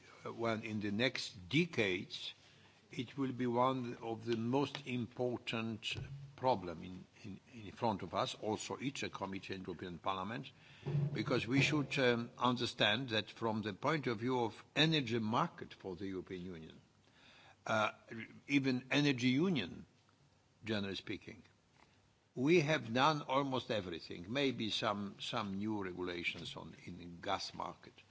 when in the next decades it will be one of the most important problem in, in, in front of us, also each committee in European Parliament, because we should um, understand that from the point of view of energy market for the European Union, uh, even energy union, generally speaking, we have done almost everything, maybe some, some new regulations on, in the gas market. Uh,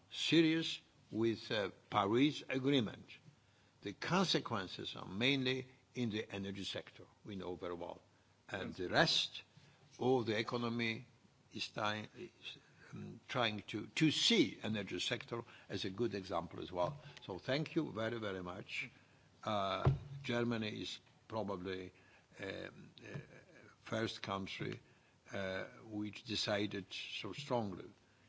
serious with the uh, Paris Agreement. The consequences are mainly in the energy sector, we know very well. And the rest of the economy is, ty- is um, trying to, to see energy sector as a good example as well. So thank you very, very much. Uh, Germany is probably um, uh, first country uh, which decided so strongly